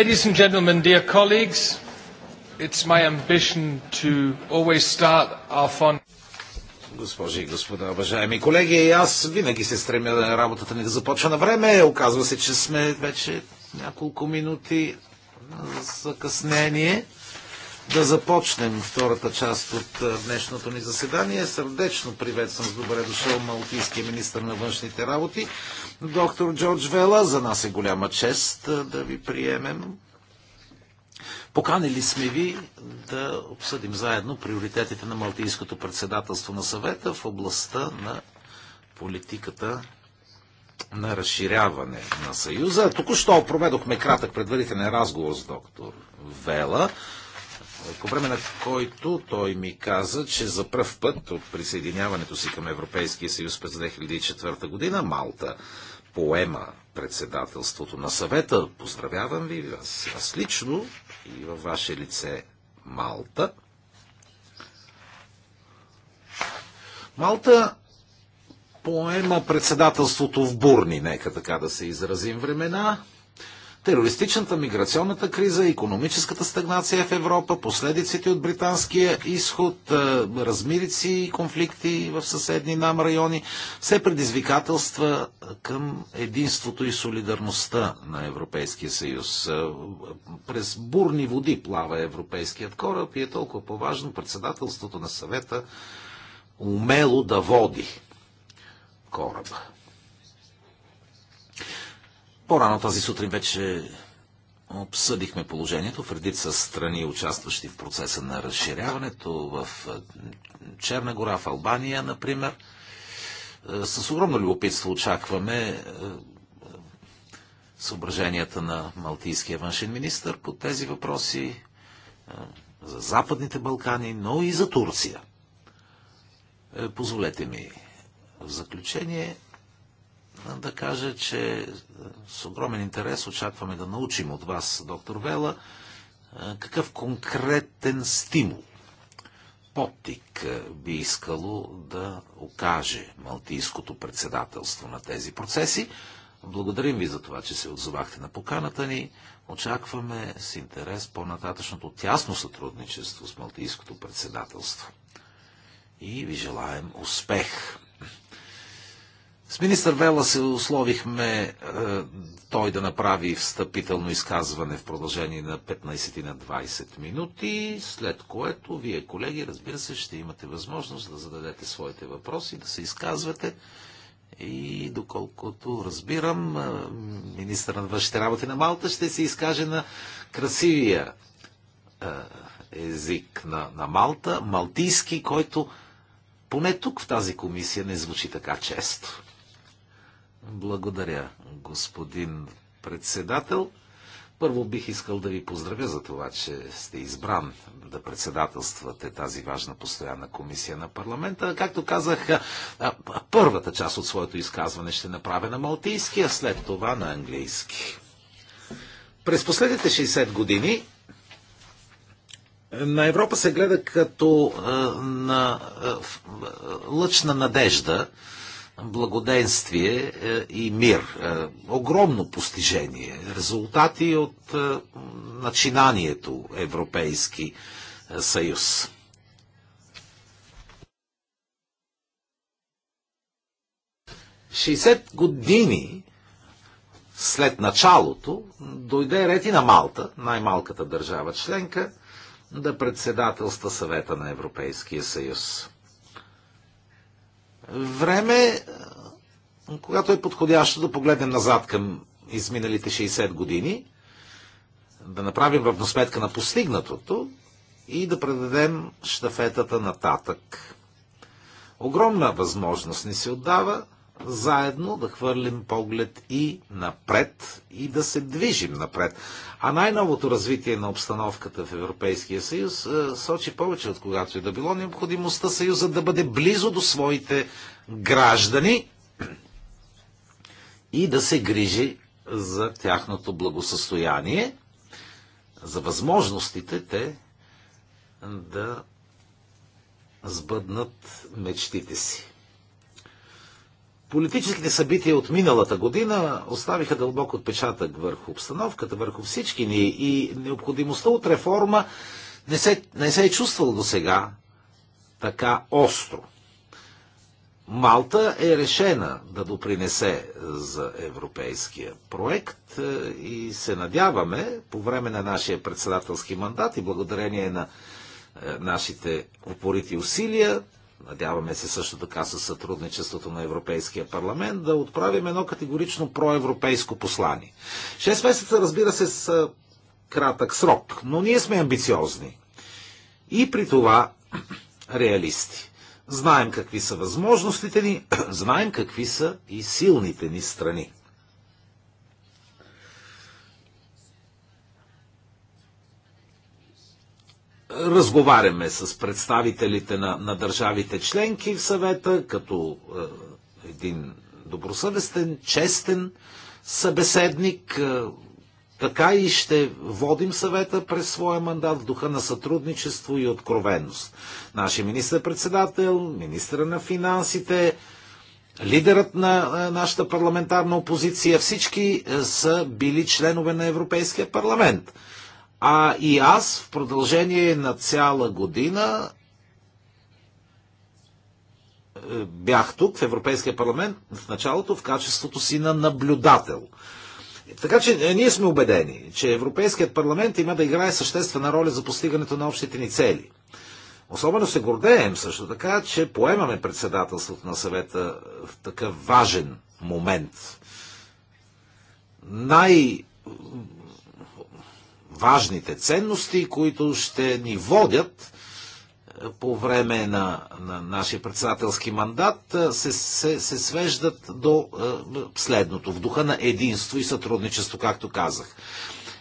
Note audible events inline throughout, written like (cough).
Ladies and gentlemen, dear colleagues, it's my ambition to always start our fun. Госпожи и господа, уважаеми колеги, аз винаги се стремя да работата ни да започва на време. Оказва се, че сме вече няколко минути закъснение да започнем втората част от е, днешното ни заседание. Сърдечно приветствам с добре дошъл малтийския министр на външните работи, доктор Джордж Вела. За нас е голяма чест е, да ви приемем. Поканили сме ви да обсъдим заедно приоритетите на Малтийското председателство на съвета в областта на политиката на разширяване на Съюза. Току-що проведохме кратък предварителен разговор с доктор Вела по време на който той ми каза, че за пръв път от присъединяването си към Европейския съюз през 2004 година Малта поема председателството на съвета. Поздравявам ви, вас, вас лично и във ваше лице Малта. Малта поема председателството в бурни, нека така да се изразим времена. Терористичната миграционната криза, економическата стагнация в Европа, последиците от британския изход, е, размирици и конфликти в съседни нам райони, все предизвикателства към единството и солидарността на Европейския съюз. Е, през бурни води плава европейският кораб и е толкова по-важно председателството на съвета умело да води кораба. По-рано тази сутрин вече обсъдихме положението в редица страни, участващи в процеса на разширяването в е, Черна гора, в Албания, например. Е, с огромно любопитство очакваме е, съображенията на малтийския външен министр по тези въпроси за Западните Балкани, но и за Турция. Позволете ми в заключение да кажа, че е, с огромен интерес очакваме да научим от вас, доктор Вела, е, какъв конкретен стимул, потик е, би искало да окаже Малтийското председателство на тези процеси. Благодарим ви за това, че се отзовахте на поканата ни. Очакваме с интерес по-нататъчното тясно сътрудничество с Малтийското председателство. И ви желаем успех! С министър Вела се условихме е, той да направи встъпително изказване в продължение на 15 на 20 минути, след което вие, колеги, разбира се, ще имате възможност да зададете своите въпроси, да се изказвате. И доколкото разбирам, е, министър на външните работи на Малта ще се изкаже на красивия е, език на, на Малта, малтийски, който поне тук в тази комисия не звучи така често. Благодаря, господин председател. Първо бих искал да ви поздравя за това, че сте избран да председателствате тази важна постоянна комисия на парламента. Както казах, първата част от своето изказване ще направя на малтийски, а след това на английски. През последните 60 години на Европа се гледа като на лъчна надежда благоденствие е, и мир. Е, огромно постижение. Резултати от е, начинанието Европейски съюз. Шестдесет години след началото дойде рети на Малта, най-малката държава членка, да председателства съвета на Европейския съюз време, когато е подходящо да погледнем назад към изминалите 60 години, да направим равносметка на постигнатото и да предадем штафетата нататък. Огромна възможност ни се отдава заедно, да хвърлим поглед и напред и да се движим напред. А най-новото развитие на обстановката в Европейския съюз е, сочи повече от когато и да било необходимостта съюза да бъде близо до своите граждани и да се грижи за тяхното благосъстояние, за възможностите те да сбъднат мечтите си. Политическите събития от миналата година оставиха дълбок отпечатък върху обстановката, върху всички ни и необходимостта от реформа не се, не се е чувствала до сега така остро. Малта е решена да допринесе за европейския проект е, и се надяваме по време на нашия председателски мандат и благодарение на е, нашите упорити усилия надяваме се също така с сътрудничеството на Европейския парламент, да отправим едно категорично проевропейско послание. Шест месеца, разбира се, с кратък срок, но ние сме амбициозни. И при това (clears throat) реалисти. Знаем какви са възможностите ни, (clears throat) знаем какви са и силните ни страни. Разговаряме с представителите на, на държавите членки в съвета, като е, един добросъвестен, честен събеседник. Е, така и ще водим съвета през своя мандат в духа на сътрудничество и откровенност. Нашия министър-председател, министра на финансите, лидерът на е, нашата парламентарна опозиция, всички е, са били членове на Европейския парламент. А и аз в продължение на цяла година е, бях тук в Европейския парламент в началото в качеството си на наблюдател. Така че е, ние сме убедени, че Европейският парламент има да играе съществена роля за постигането на общите ни цели. Особено се гордеем също така, че поемаме председателството на съвета в такъв важен момент. Най- важните ценности, които ще ни водят е, по време на, на нашия председателски мандат, е, се, се, се свеждат до е, следното. В духа на единство и сътрудничество, както казах.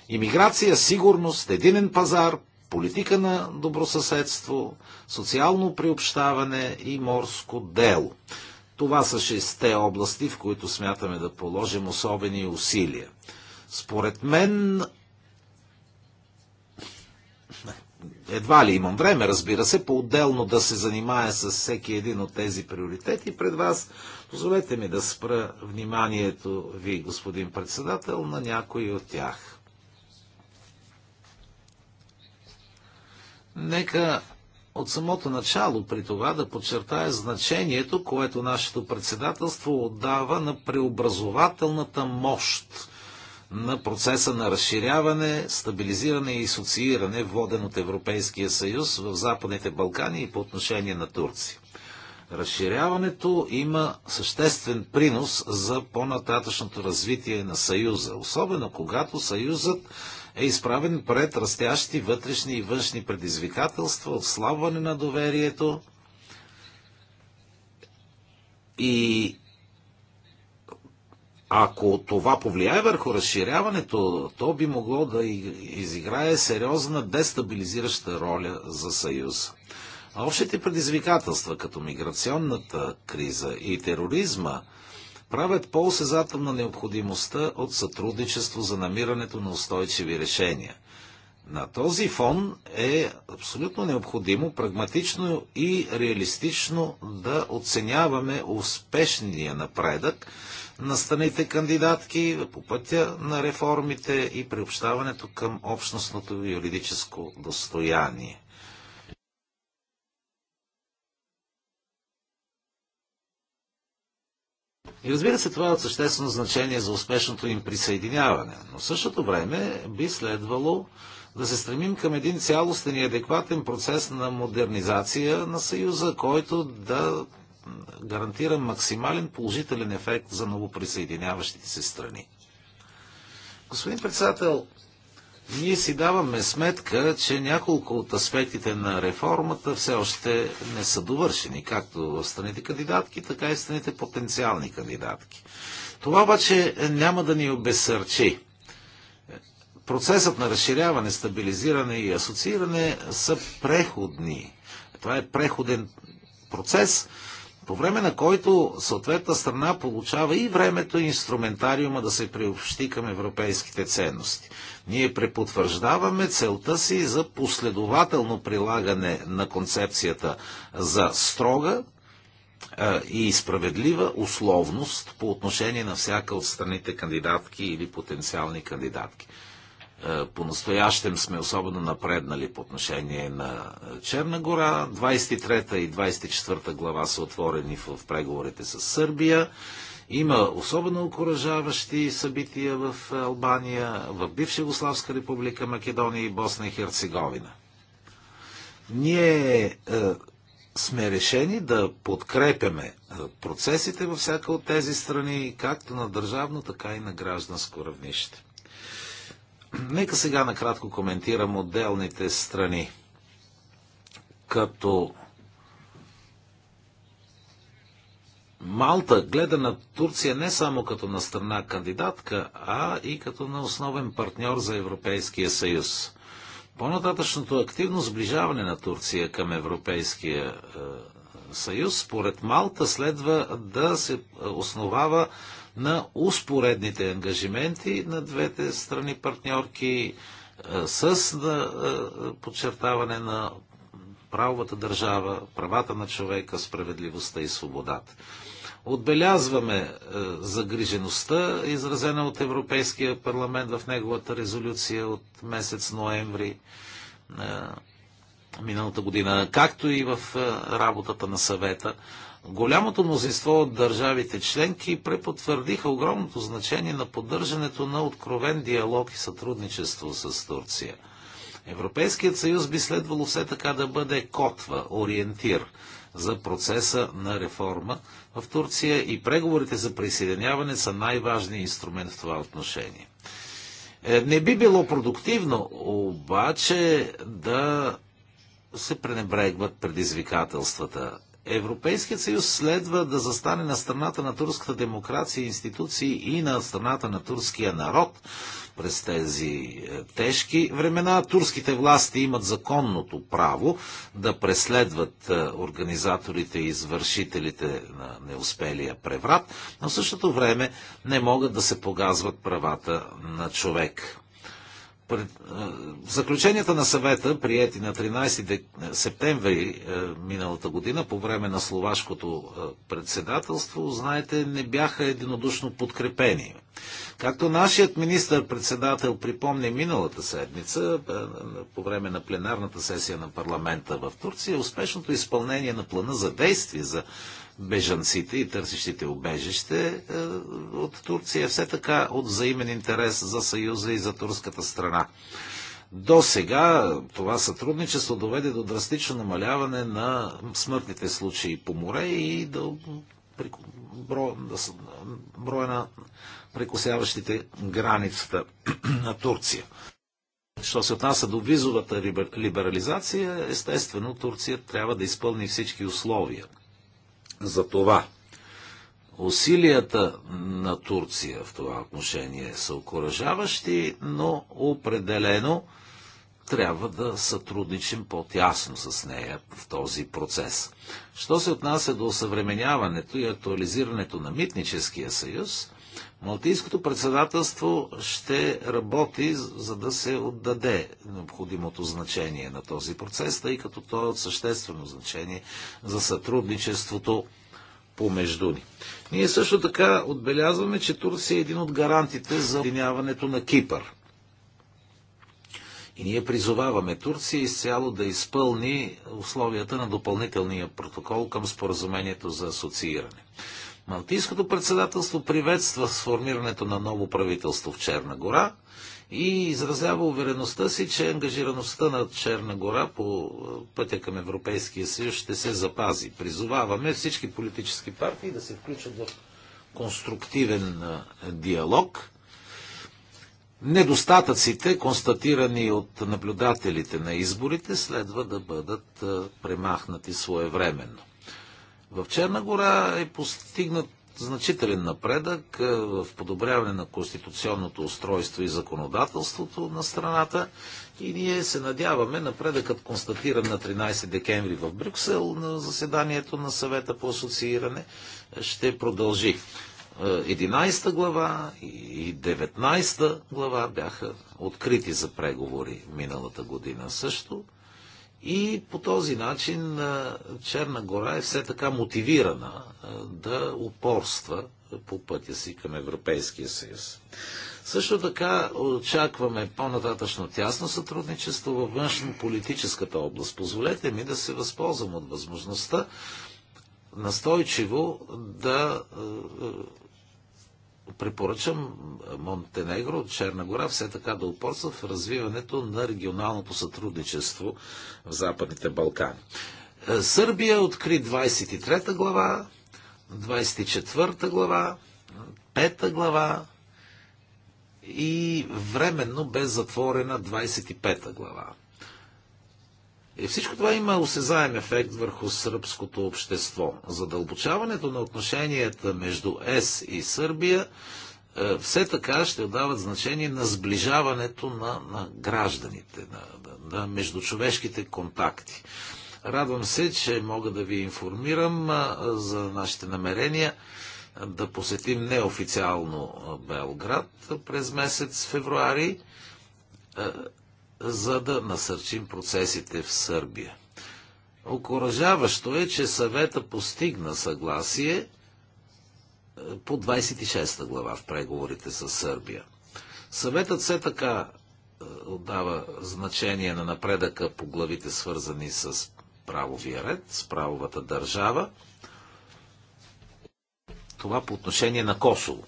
Имиграция, сигурност, единен пазар, политика на добросъседство, социално приобщаване и морско дело. Това са шесте области, в които смятаме да положим особени усилия. Според мен Едва ли имам време, разбира се, по-отделно да се занимая с всеки един от тези приоритети пред вас. Позволете ми да спра вниманието ви, господин председател, на някои от тях. Нека от самото начало при това да подчертая значението, което нашето председателство отдава на преобразователната мощ на процеса на разширяване, стабилизиране и асоцииране, воден от Европейския съюз в Западните Балкани и по отношение на Турция. Разширяването има съществен принос за по-нататъчното развитие на Съюза, особено когато Съюзът е изправен пред растящи вътрешни и външни предизвикателства, отслабване на доверието и ако това повлияе върху разширяването, то би могло да изиграе сериозна дестабилизираща роля за Съюз. Общите предизвикателства, като миграционната криза и тероризма, правят по-осезателна необходимостта от сътрудничество за намирането на устойчиви решения. На този фон е абсолютно необходимо прагматично и реалистично да оценяваме успешния напредък, на страните кандидатки по пътя на реформите и приобщаването към общностното юридическо достояние. И разбира се, това е от съществено значение за успешното им присъединяване. Но в същото време би следвало да се стремим към един цялостен и адекватен процес на модернизация на Съюза, който да гарантира максимален положителен ефект за новоприсъединяващите се страни. Господин председател, ние си даваме сметка, че няколко от аспектите на реформата все още не са довършени, както в страните кандидатки, така и в страните потенциални кандидатки. Това обаче няма да ни обесърчи. Процесът на разширяване, стабилизиране и асоцииране са преходни. Това е преходен процес, по време на който съответна страна получава и времето и инструментариума да се приобщи към европейските ценности. Ние препотвърждаваме целта си за последователно прилагане на концепцията за строга и справедлива условност по отношение на всяка от страните кандидатки или потенциални кандидатки. Е, по-настоящем сме особено напреднали по отношение на е, Черна гора. 23 и 24 глава са отворени в преговорите с Сърбия. Има особено окоръжаващи събития в е, Албания, в бивша Югославска република Македония и Босна и Херцеговина. Ние е, сме решени да подкрепяме процесите във всяка от тези страни, както на държавно, така и на гражданско равнище. Нека сега накратко коментирам отделните страни. Като Малта гледа на Турция не само като на страна кандидатка, а и като на основен партньор за Европейския съюз. По-нататъчното активно сближаване на Турция към Европейския е, съюз, според Малта, следва да се е, основава на успоредните ангажименти на двете страни партньорки е, с е, подчертаване на правовата държава, правата на човека, справедливостта и свободата. Отбелязваме е, загрижеността, изразена от Европейския парламент в неговата резолюция от месец ноември миналата година, както и в работата на съвета. Голямото мнозинство от държавите членки препотвърдиха огромното значение на поддържането на откровен диалог и сътрудничество с Турция. Европейският съюз би следвало все така да бъде котва, ориентир за процеса на реформа в Турция и преговорите за присъединяване са най-важният инструмент в това отношение. Е, не би било продуктивно обаче да се пренебрегват предизвикателствата Европейският съюз следва да застане на страната на турската демокрация, и институции и на страната на турския народ през тези е, тежки времена. Турските власти имат законното право да преследват е, организаторите и извършителите на неуспелия преврат, но в същото време не могат да се погазват правата на човек. Заключенията на съвета, приети на 13 септември е, миналата година по време на словашкото е, председателство, знаете, не бяха единодушно подкрепени. Както нашият министър-председател припомни миналата седмица, е, по време на пленарната сесия на парламента в Турция, успешното изпълнение на плана за действие за бежанците и търсещите убежище е, от Турция. Все така от взаимен интерес за Съюза и за турската страна. До сега това сътрудничество доведе до драстично намаляване на смъртните случаи по море и до броя на прекусяващите границата на Турция. Що се отнася до визовата либерализация, естествено Турция трябва да изпълни всички условия – за това. Усилията на Турция в това отношение са окоръжаващи, но определено трябва да сътрудничим по-тясно с нея в този процес. Що се отнася до съвременяването и актуализирането на митническия съюз, Малтийското председателство ще работи, за да се отдаде необходимото значение на този процес, тъй като то е от съществено значение за сътрудничеството помежду ни. Ние също така отбелязваме, че Турция е един от гарантите за обединяването на Кипър. И ние призоваваме Турция изцяло да изпълни условията на допълнителния протокол към споразумението за асоцииране. Малтийското председателство приветства сформирането на ново правителство в Черна гора и изразява увереността си, че ангажираността на Черна гора по пътя към Европейския съюз ще се запази. Призоваваме всички политически партии да се включат в конструктивен диалог. Недостатъците, констатирани от наблюдателите на изборите, следва да бъдат премахнати своевременно. В Черна гора е постигнат значителен напредък е, в подобряване на конституционното устройство и законодателството на страната и ние се надяваме напредъкът констатиран на 13 декември в Брюксел на заседанието на съвета по асоцииране ще продължи. 11 е, глава и 19 глава бяха открити за преговори миналата година също. И по този начин Черна гора е все така мотивирана да упорства по пътя си към Европейския съюз. Също така очакваме по-нататъчно тясно сътрудничество във външно-политическата област. Позволете ми да се възползвам от възможността настойчиво да препоръчам Монтенегро Черна гора все така да упорства в развиването на регионалното сътрудничество в Западните Балкани. Сърбия откри 23 глава, 24 глава, 5 глава и временно бе затворена 25 глава. И всичко това има осезаем ефект върху сръбското общество. Задълбочаването на отношенията между ЕС и Сърбия е, все така ще отдават значение на сближаването на, на гражданите, на, на, на междучовешките контакти. Радвам се, че мога да ви информирам е, за нашите намерения е, да посетим неофициално Белград през месец февруари за да насърчим процесите в Сърбия. Окоръжаващо е, че съвета постигна съгласие е, по 26 глава в преговорите с Сърбия. Съветът все така е, отдава значение на напредъка по главите, свързани с правовия ред, с правовата държава. Това по отношение на Косово.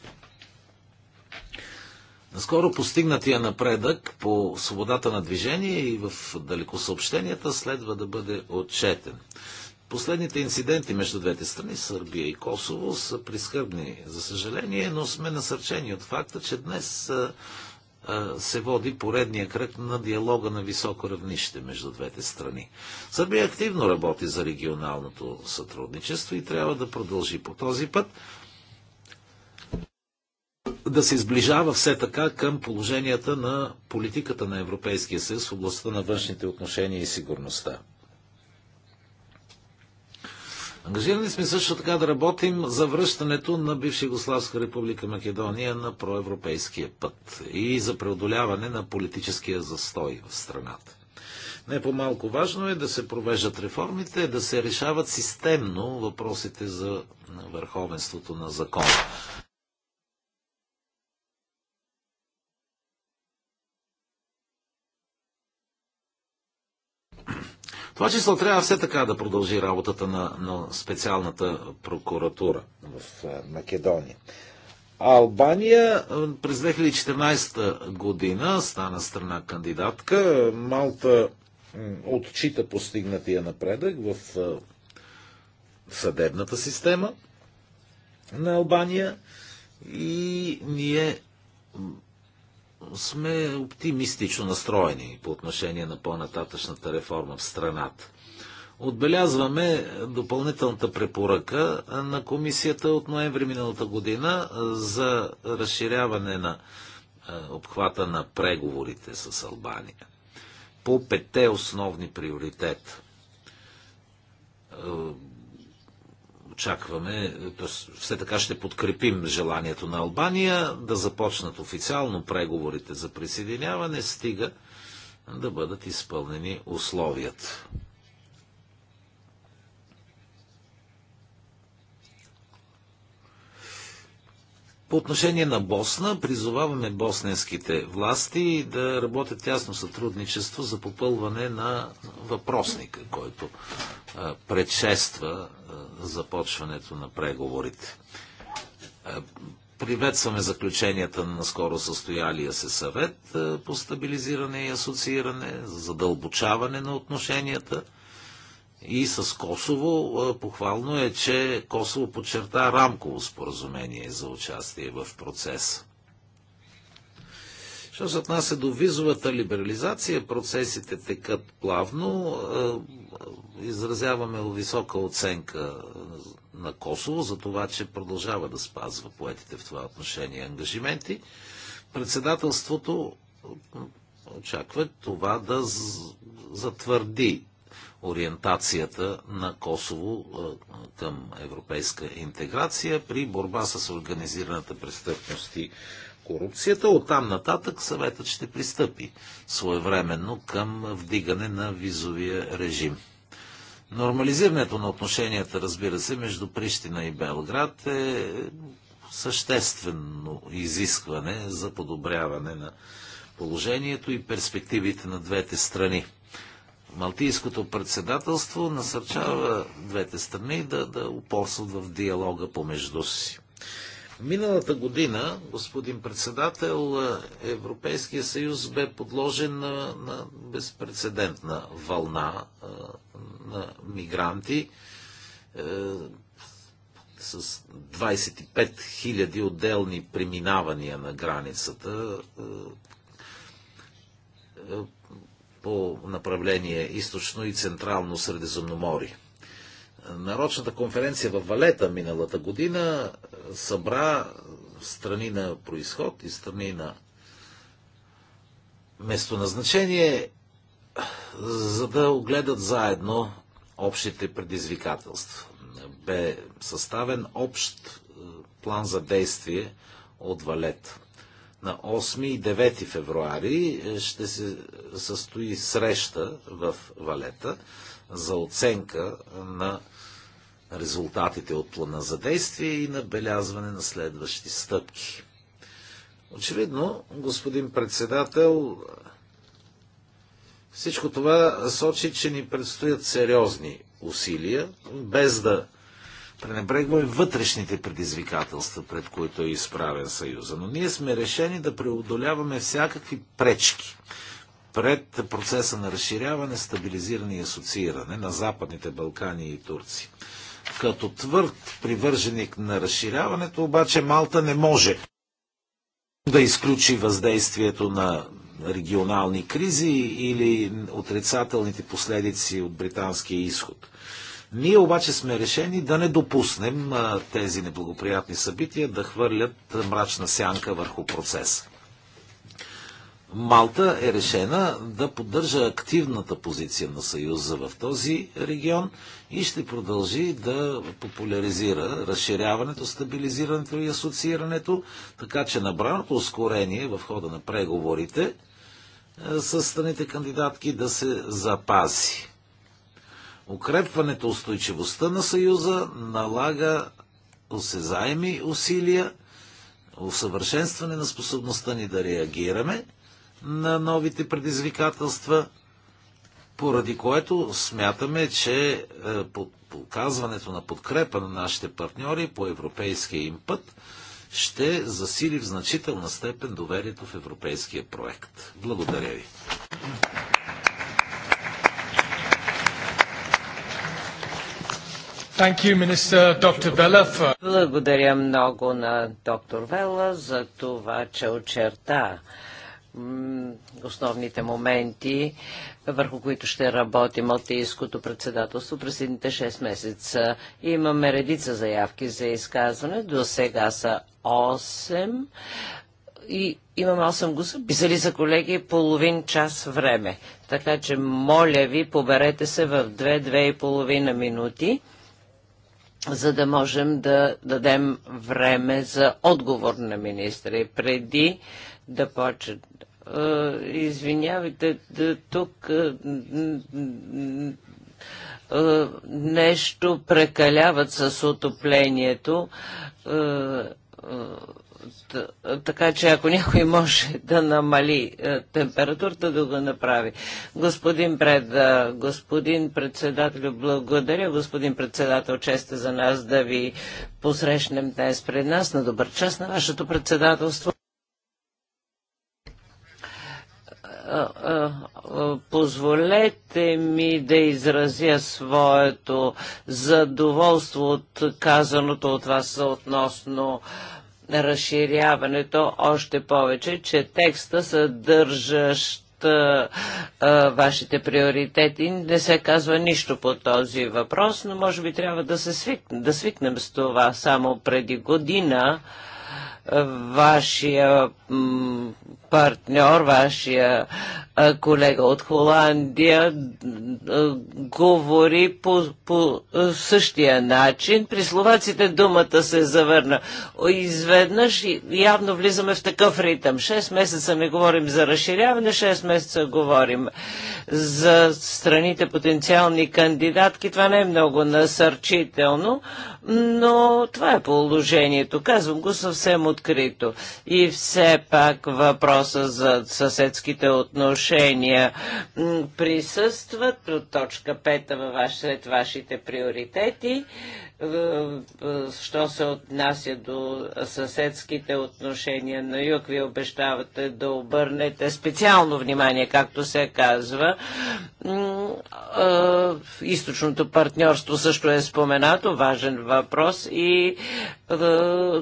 Наскоро постигнатия напредък по свободата на движение и в далекосъобщенията следва да бъде отчетен. Последните инциденти между двете страни, Сърбия и Косово, са прискърбни, за съжаление, но сме насърчени от факта, че днес се води поредния кръг на диалога на високо равнище между двете страни. Сърбия активно работи за регионалното сътрудничество и трябва да продължи по този път да се изближава все така към положенията на политиката на Европейския съюз в областта на външните отношения и сигурността. Ангажирани сме също така да работим за връщането на бивша Югославска република Македония на проевропейския път и за преодоляване на политическия застой в страната. Не по-малко важно е да се провеждат реформите, да се решават системно въпросите за върховенството на закона. това число трябва все така да продължи работата на, на специалната прокуратура в е, Македония. Албания е, през 2014 година стана страна кандидатка. Малта отчита постигнатия напредък в е, съдебната система на Албания и ние сме оптимистично настроени по отношение на по-нататъчната реформа в страната. Отбелязваме допълнителната препоръка на комисията от ноември миналата година за разширяване на е, обхвата на преговорите с Албания по пете основни приоритета е, очакваме, т.е. все така ще подкрепим желанието на Албания да започнат официално преговорите за присъединяване, стига да бъдат изпълнени условията. По отношение на Босна, призоваваме босненските власти да работят тясно сътрудничество за попълване на въпросника, който предшества започването на преговорите. Приветстваме заключенията на скоро състоялия се съвет по стабилизиране и асоцииране, задълбочаване на отношенията – и с Косово. Похвално е, че Косово подчерта рамково споразумение за участие в процеса. Що се отнася до визовата либерализация, процесите текат плавно. Изразяваме висока оценка на Косово за това, че продължава да спазва поетите в това отношение ангажименти. Председателството очаква това да затвърди ориентацията на Косово към европейска интеграция при борба с организираната престъпност и корупцията. Оттам нататък съветът ще пристъпи своевременно към вдигане на визовия режим. Нормализирането на отношенията, разбира се, между Прищина и Белград е съществено изискване за подобряване на положението и перспективите на двете страни. Малтийското председателство насърчава двете страни да, да упорстват в диалога помежду си. Миналата година, господин председател, Европейския съюз бе подложен на, на безпредседентна вълна а, на мигранти а, е, с 25 000 отделни преминавания на границата. а, е, е, по направление източно и централно Средиземноморие. Нарочната конференция в Валета миналата година е, събра страни на происход и страни на местоназначение, е, за да огледат заедно общите предизвикателства. Бе съставен общ е, план за действие от Валета. На 8 и 9 февруари е, ще се състои среща в Валета за оценка на резултатите от плана за действие и набелязване на следващи стъпки. Очевидно, господин председател, всичко това сочи, че ни предстоят сериозни усилия, без да пренебрегва и вътрешните предизвикателства, пред които е изправен Съюза. Но ние сме решени да преодоляваме всякакви пречки пред процеса на разширяване, стабилизиране и асоцииране на Западните Балкани и Турци. Като твърд привърженик на разширяването, обаче Малта не може да изключи въздействието на регионални кризи или отрицателните последици от британския изход – ние обаче сме решени да не допуснем тези неблагоприятни събития да хвърлят мрачна сянка върху процеса. Малта е решена да поддържа активната позиция на Съюза в този регион и ще продължи да популяризира разширяването, стабилизирането и асоциирането, така че набраното ускорение в хода на преговорите с страните кандидатки да се запази. Укрепването устойчивостта на Съюза налага осезаеми усилия, усъвършенстване на способността ни да реагираме на новите предизвикателства, поради което смятаме, че е, показването на подкрепа на нашите партньори по европейския им път ще засили в значителна степен доверието в европейския проект. Благодаря ви. Благодаря много на доктор Вела за това, че очерта основните моменти, върху които ще работи Малтийското председателство през следните 6 месеца. Имаме редица заявки за изказване. До сега са 8 и имаме 8 гласа. Писали са колеги половин час време. Така че, моля ви, поберете се в 2-2,5 минути за да можем да дадем време за отговор на министри. Преди да почне. Извинявайте, да, тук нещо прекаляват с отоплението така че ако някой може (laughs) да намали е, температурата, да го направи. Господин пред, е, господин председател, благодаря, господин председател, честа е за нас да ви посрещнем днес пред нас на добър час на вашето председателство. позволете ми да изразя своето задоволство от казаното от вас относно а, разширяването още повече, че текста съдържащ вашите приоритети. Не се казва нищо по този въпрос, но може би трябва да се свикнем, да свикнем с това. Само преди година вашия партньор, вашия колега от Холандия говори по, по същия начин. При словаците думата се завърна. Изведнъж явно влизаме в такъв ритъм. 6 месеца ми говорим за разширяване, 6 месеца говорим за страните потенциални кандидатки. Това не е много насърчително, но това е положението. Казвам го съвсем от открито. И все пак въпроса за съседските отношения присъстват от точка 5 във ваш, сред вашите приоритети е, е, що се отнася до съседските отношения на юг, ви обещавате да обърнете специално внимание, както се казва. Е, източното партньорство също е споменато, важен въпрос и е,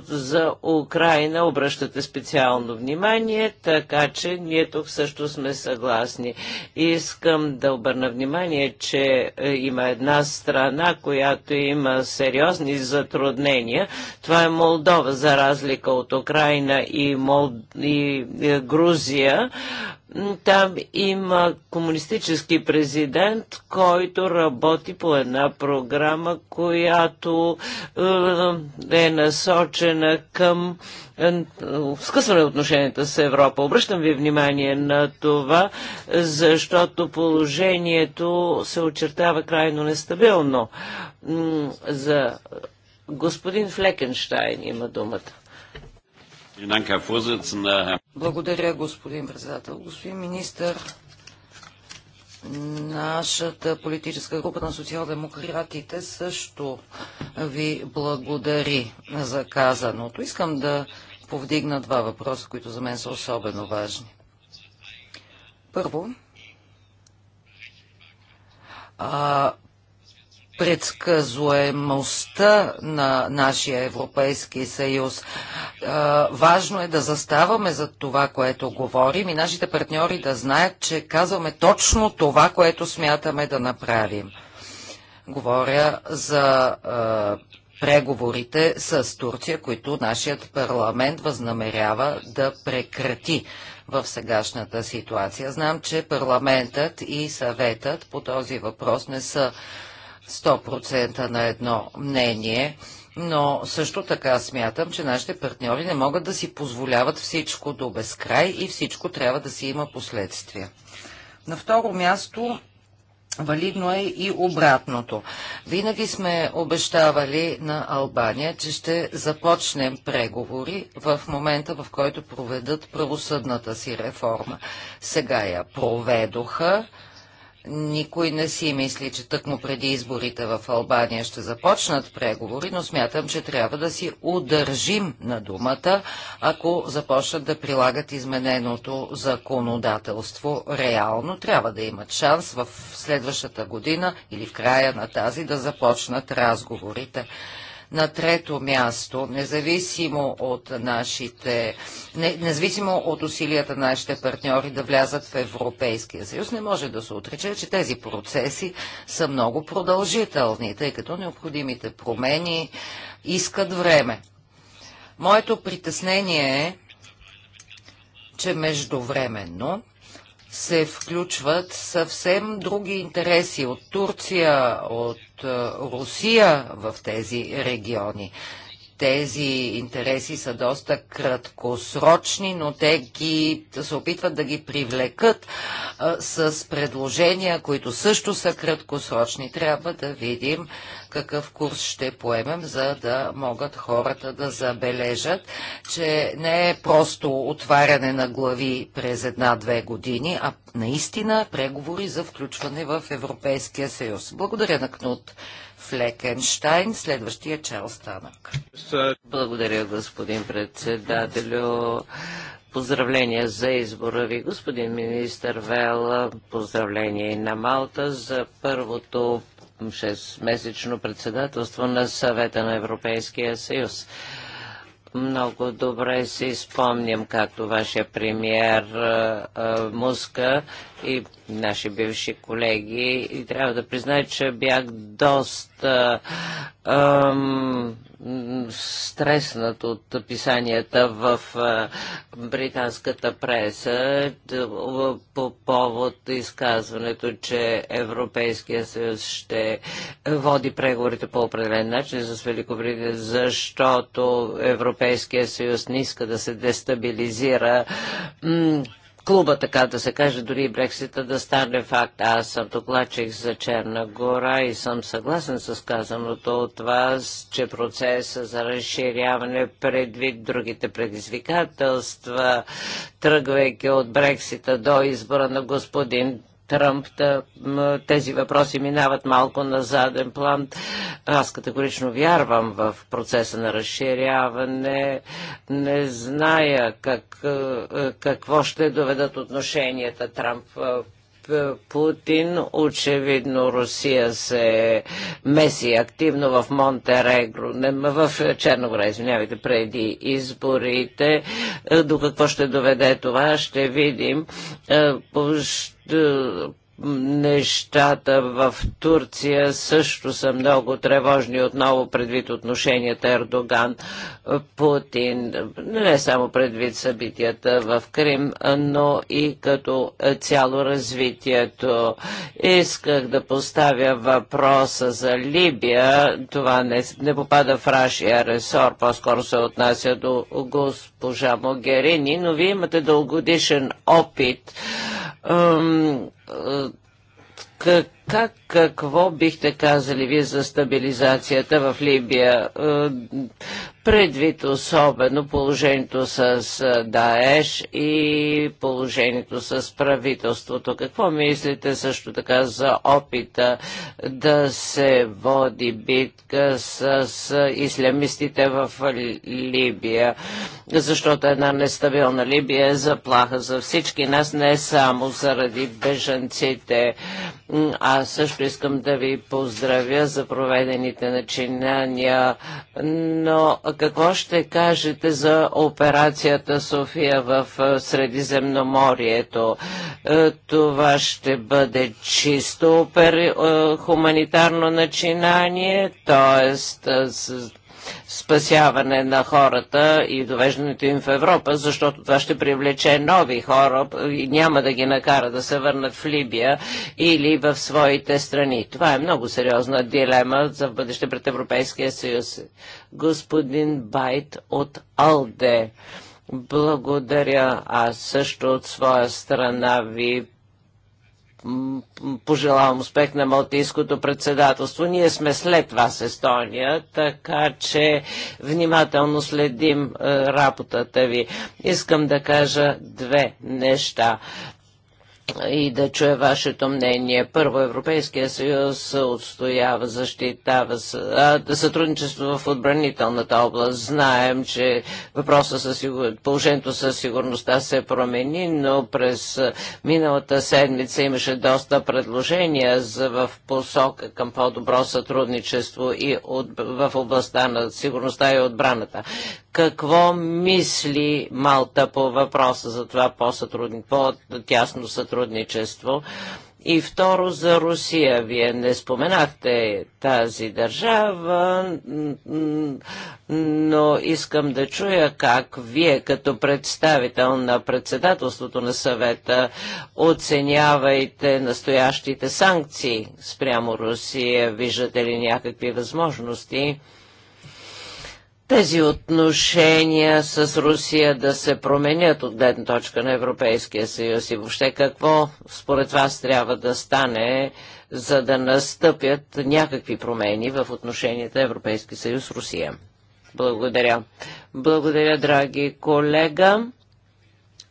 за Украина обръщате специално внимание, така че ние тук също сме съгласни. Искам да обърна внимание, че е, има една страна, която има сериозни затруднения. Това е Молдова, за разлика от Украина и, Мол... и е, Грузия. Там има комунистически президент, който работи по една програма, която е, е насочена към е, скъсване отношенията с Европа. Обръщам ви внимание на това, защото положението се очертава крайно нестабилно. За господин Флекенштайн има думата. Благодаря, господин председател. Господин министър, нашата политическа група на социал-демократите също ви благодари за казаното. Искам да повдигна два въпроса, които за мен са особено важни. Първо, а, предсказуемостта на нашия Европейски съюз. Важно е да заставаме за това, което говорим и нашите партньори да знаят, че казваме точно това, което смятаме да направим. Говоря за преговорите с Турция, които нашият парламент възнамерява да прекрати в сегашната ситуация. Знам, че парламентът и съветът по този въпрос не са 100% на едно мнение, но също така смятам, че нашите партньори не могат да си позволяват всичко до безкрай и всичко трябва да си има последствия. На второ място Валидно е и обратното. Винаги сме обещавали на Албания, че ще започнем преговори в момента, в който проведат правосъдната си реформа. Сега я проведоха никой не си мисли, че тъкмо преди изборите в Албания ще започнат преговори, но смятам, че трябва да си удържим на думата, ако започнат да прилагат измененото законодателство реално. Трябва да имат шанс в следващата година или в края на тази да започнат разговорите. На трето място, независимо от нашите, независимо от усилията на нашите партньори да влязат в Европейския съюз, не може да се отрече, че тези процеси са много продължителни, тъй като необходимите промени искат време. Моето притеснение е, че междувременно се включват съвсем други интереси от Турция, от Русия в тези региони тези интереси са доста краткосрочни, но те ги, се опитват да ги привлекат а, с предложения, които също са краткосрочни. Трябва да видим какъв курс ще поемем, за да могат хората да забележат, че не е просто отваряне на глави през една-две години, а наистина преговори за включване в Европейския съюз. Благодаря на Кнут Флекенштайн. Следващия Чарлз останък. Благодаря, господин председателю. Поздравления за избора ви, господин министър Вел, Поздравления и на Малта за първото 6-месечно председателство на съвета на Европейския съюз. Много добре си спомням, както вашия премиер Муска и наши бивши колеги, и трябва да призная, че бях доста ам, стреснат от писанията в британската преса по повод изказването, че Европейския съюз ще води преговорите по определен начин с Великобритания, защото Европейския съюз не иска да се дестабилизира клуба, така да се каже, дори Брексита да стане факт. Аз съм докладчик за Черна гора и съм съгласен с казаното от вас, че процеса за разширяване предвид другите предизвикателства, тръгвайки от Брексита до избора на господин Тръмп, тези въпроси минават малко на заден план. Аз категорично вярвам в процеса на разширяване. Не зная как, е, какво ще доведат отношенията Трамп е, Путин. Очевидно Русия се меси активно в Монтерегро, не, в Черногора, извинявайте, преди изборите. Е, до какво ще доведе това, ще видим. Е, нещата в Турция също са много тревожни отново предвид отношенията Ердоган-Путин, е, не само предвид събитията в Крим, но и като цяло развитието. Исках да поставя въпроса за Либия. Това не, не попада в нашия ресор, по-скоро се отнася до госпожа Могерини, но вие имате дългодишен опит как как, какво бихте казали вие за стабилизацията в Либия? Е, предвид особено положението с е, Даеш и положението с правителството. Какво мислите също така за опита да се води битка с ислямистите в Либия? Защото една нестабилна Либия е заплаха за всички нас, не само заради бежанците, а аз също искам да ви поздравя за проведените начинания, но какво ще кажете за операцията София в Средиземноморието? Е, това ще бъде чисто е, хуманитарно начинание, т.е спасяване на хората и довеждането им в Европа, защото това ще привлече нови хора и няма да ги накара да се върнат в Либия или в своите страни. Това е много сериозна дилема за бъдеще пред Европейския съюз. Господин Байт от Алде. Благодаря. Аз също от своя страна ви пожелавам успех на Малтийското председателство. Ние сме след вас Естония, така че внимателно следим е, работата ви. Искам да кажа две неща и да чуя вашето мнение. Първо, Европейския съюз отстоява, защитава сътрудничество в отбранителната област. Знаем, че въпроса със сигур... положението със сигурността се промени, но през миналата седмица имаше доста предложения за в посока към по-добро сътрудничество и от... в областта на сигурността и отбраната. Какво мисли Малта по въпроса за това по-тясно сътрудничество? сътрудничество. И второ за Русия. Вие не споменахте тази държава, но искам да чуя как вие като представител на председателството на съвета оценявайте настоящите санкции спрямо Русия. Виждате ли някакви възможности? тези отношения с Русия да се променят от гледна точка на Европейския съюз и въобще какво според вас трябва да стане, за да настъпят някакви промени в отношенията Европейски съюз-Русия? Благодаря. Благодаря, драги колега.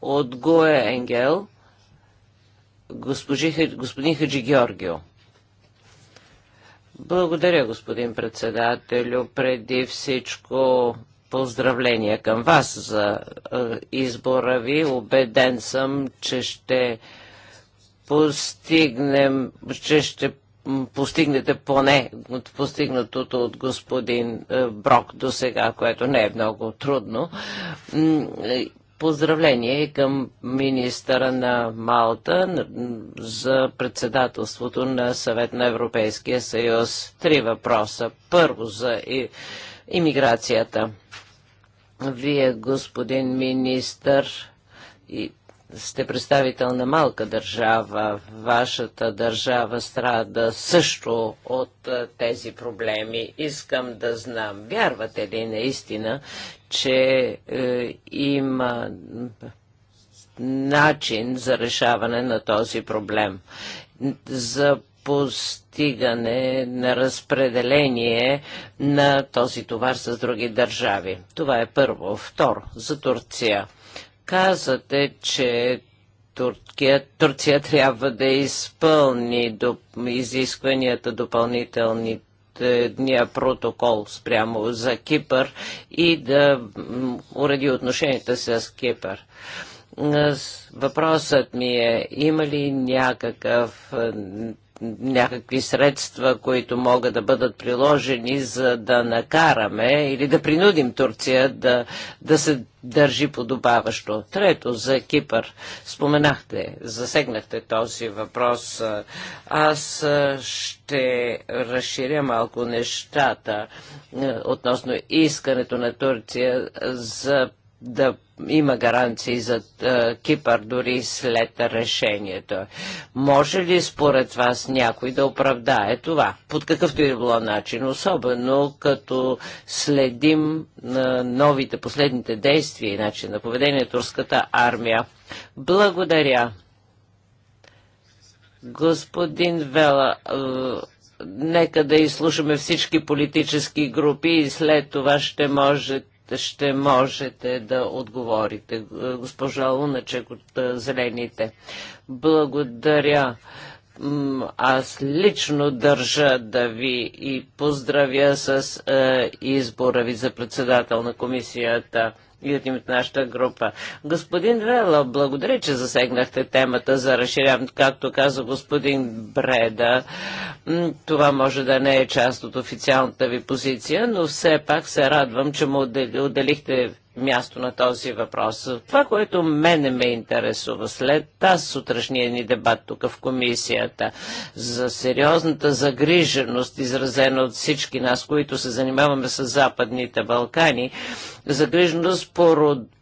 От Гоя Енгел, госпожи, господин Хаджи Георгио. Благодаря, господин председателю. Преди всичко поздравления към вас за е, избора ви. Обеден съм, че ще постигнем, че ще постигнете поне постигнатото от господин е, Брок до сега, което не е много трудно. Поздравление към министъра на Малта за председателството на Съвет на Европейския съюз. Три въпроса. Първо за имиграцията. Вие, господин министър, и сте представител на малка държава, вашата държава страда също от е, тези проблеми. Искам да знам, вярвате ли наистина, че е, има начин за решаване на този проблем? За постигане на разпределение на този товар с други държави. Това е първо. Второ, за Турция казвате, че Туркия, Турция трябва да изпълни до, изискванията допълнителни дния протокол спрямо за Кипър и да уреди отношенията с Кипър. Въпросът ми е, има ли някакъв някакви средства, които могат да бъдат приложени, за да накараме или да принудим Турция да, да се държи подобаващо. Трето, за Кипър. Споменахте, засегнахте този въпрос. Аз ще разширя малко нещата относно искането на Турция за да има гаранции за Кипър дори след решението. Може ли според вас някой да оправдае това? Под какъвто и е било начин, особено като следим на новите, последните действия и начин на поведение турската армия. Благодаря. Господин Вела, нека да изслушаме всички политически групи и след това ще може ще можете да отговорите. Госпожа Луначек от Зелените. Благодаря аз лично държа да ви и поздравя с избора ви за председател на комисията и от името нашата група. Господин Вела, благодаря, че засегнахте темата за разширяването, както каза господин Бреда. Това може да не е част от официалната ви позиция, но все пак се радвам, че му отделихте място на този въпрос. Това, което мене ме интересува след тази сутрешния ни дебат тук в комисията за сериозната загриженост, изразена от всички нас, които се занимаваме с Западните Балкани, загриженост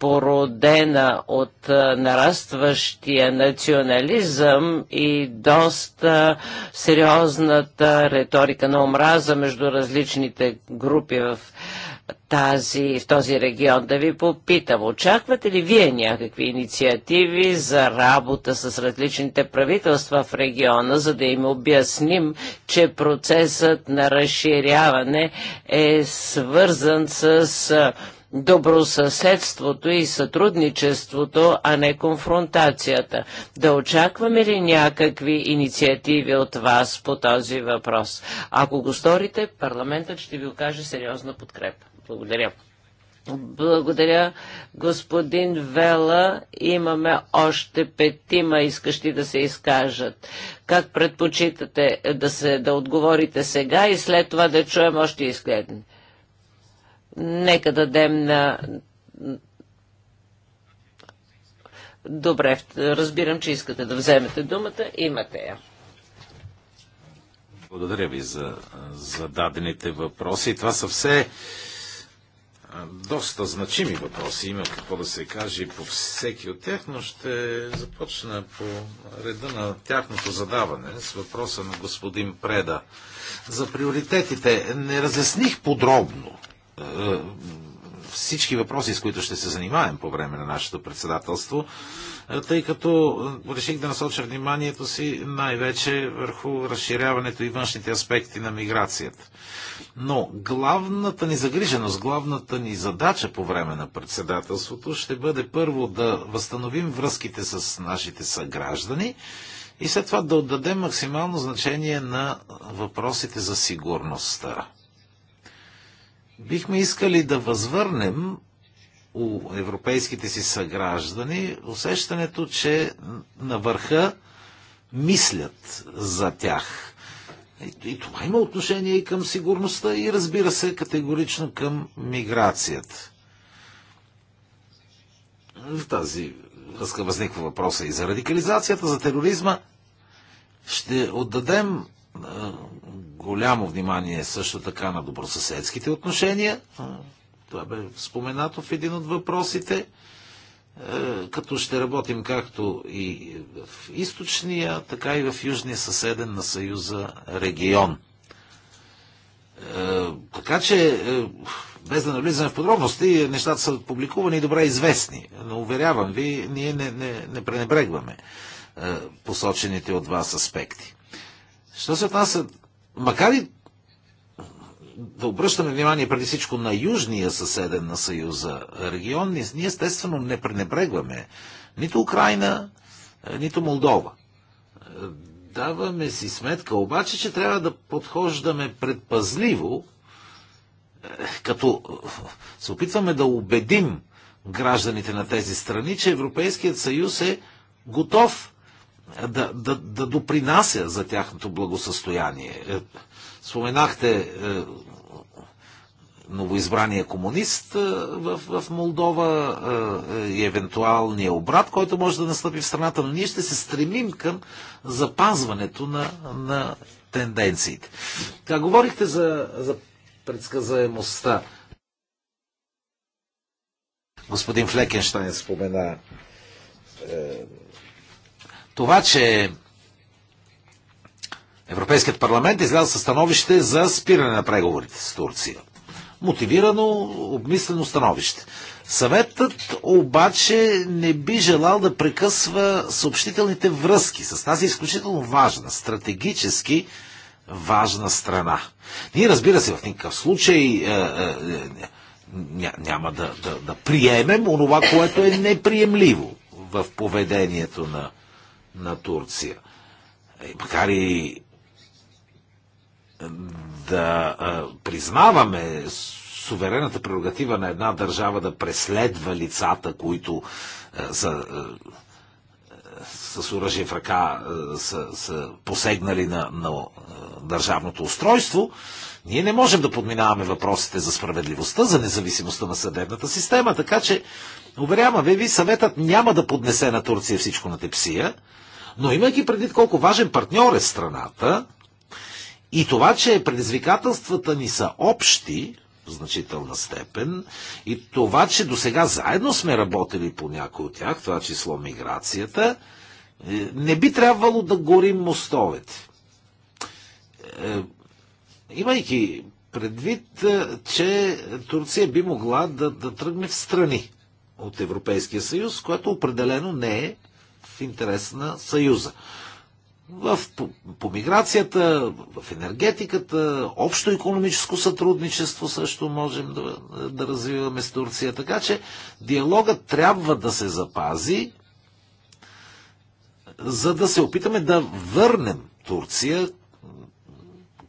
породена от нарастващия национализъм и доста сериозната риторика на омраза между различните групи в тази, в този регион. Да ви попитам, очаквате ли вие някакви инициативи за работа с различните правителства в региона, за да им обясним, че процесът на разширяване е свързан с добросъседството и сътрудничеството, а не конфронтацията. Да очакваме ли някакви инициативи от вас по този въпрос? Ако го сторите, парламентът ще ви окаже сериозна подкрепа. Благодаря. Благодаря, господин Вела. Имаме още петима искащи да се изкажат. Как предпочитате да, се, да отговорите сега и след това да чуем още изгледни? Нека дадем на... Добре, разбирам, че искате да вземете думата. Имате я. Благодаря ви за, зададените въпроси. Това са все доста значими въпроси. Има какво да се каже по всеки от тях, но ще започна по реда на тяхното задаване с въпроса на господин Преда. За приоритетите не разясних подробно е, всички въпроси, с които ще се занимаем по време на нашето председателство, е, тъй като е, реших да насоча вниманието си най-вече върху разширяването и външните аспекти на миграцията. Но главната ни загриженост, главната ни задача по време на председателството ще бъде първо да възстановим връзките с нашите съграждани и след това да отдадем максимално значение на въпросите за сигурността. Бихме искали да възвърнем у европейските си съграждани усещането, че на върха мислят за тях. И, и това има отношение и към сигурността, и разбира се, категорично към миграцията. В тази връзка възниква въпроса и за радикализацията, за тероризма. Ще отдадем голямо внимание също така на добросъседските отношения, това бе споменато в един от въпросите. Е, като ще работим както и в източния, така и в южния съседен на Съюза регион. Е, така че, е, без да навлизаме в подробности, нещата са публикувани и добре известни. Но уверявам ви, ние не, не, не пренебрегваме посочените от вас аспекти. Що се отнася, макар и да обръщаме внимание преди всичко на южния съседен на Съюза регион, ние, естествено не пренебрегваме нито Украина, е, нито Молдова. Е, даваме си сметка обаче, че трябва да подхождаме предпазливо, е, като се опитваме да убедим гражданите на тези страни, че Европейският съюз е готов да, да, да допринася за тяхното благосъстояние. Споменахте новоизбрания комунист в, в Молдова и евентуалния обрат, който може да настъпи в страната, но ние ще се стремим към запазването на, на тенденциите. Така, говорихте за, за предсказаемостта. Господин Флекенштайн спомена е, това, че Европейският парламент изляза със становище за спиране на преговорите с Турция мотивирано, обмислено становище. Съветът обаче не би желал да прекъсва съобщителните връзки с тази изключително важна, стратегически важна страна. Ние, разбира се, в никакъв случай е, е, е, няма да, да, да приемем онова, което е неприемливо в поведението на, на Турция. Е, макар и да признаваме суверената прерогатива на една държава да преследва лицата, които са с оръжие в ръка са, са посегнали на, на държавното устройство, ние не можем да подминаваме въпросите за справедливостта, за независимостта на съдебната система. Така че, уверявам ви, съветът няма да поднесе на Турция всичко на тепсия, но имайки предвид колко важен партньор е страната, и това, че предизвикателствата ни са общи, в значителна степен, и това, че до сега заедно сме работили по някои от тях, това число миграцията, е, не би трябвало да горим мостовете. Е, имайки предвид, е, че Турция би могла да, да тръгне в страни от Европейския съюз, което определено не е в интерес на Съюза в, по, по миграцията, в енергетиката, общо економическо сътрудничество също можем да, да развиваме с Турция. Така че диалогът трябва да се запази, за да се опитаме да върнем Турция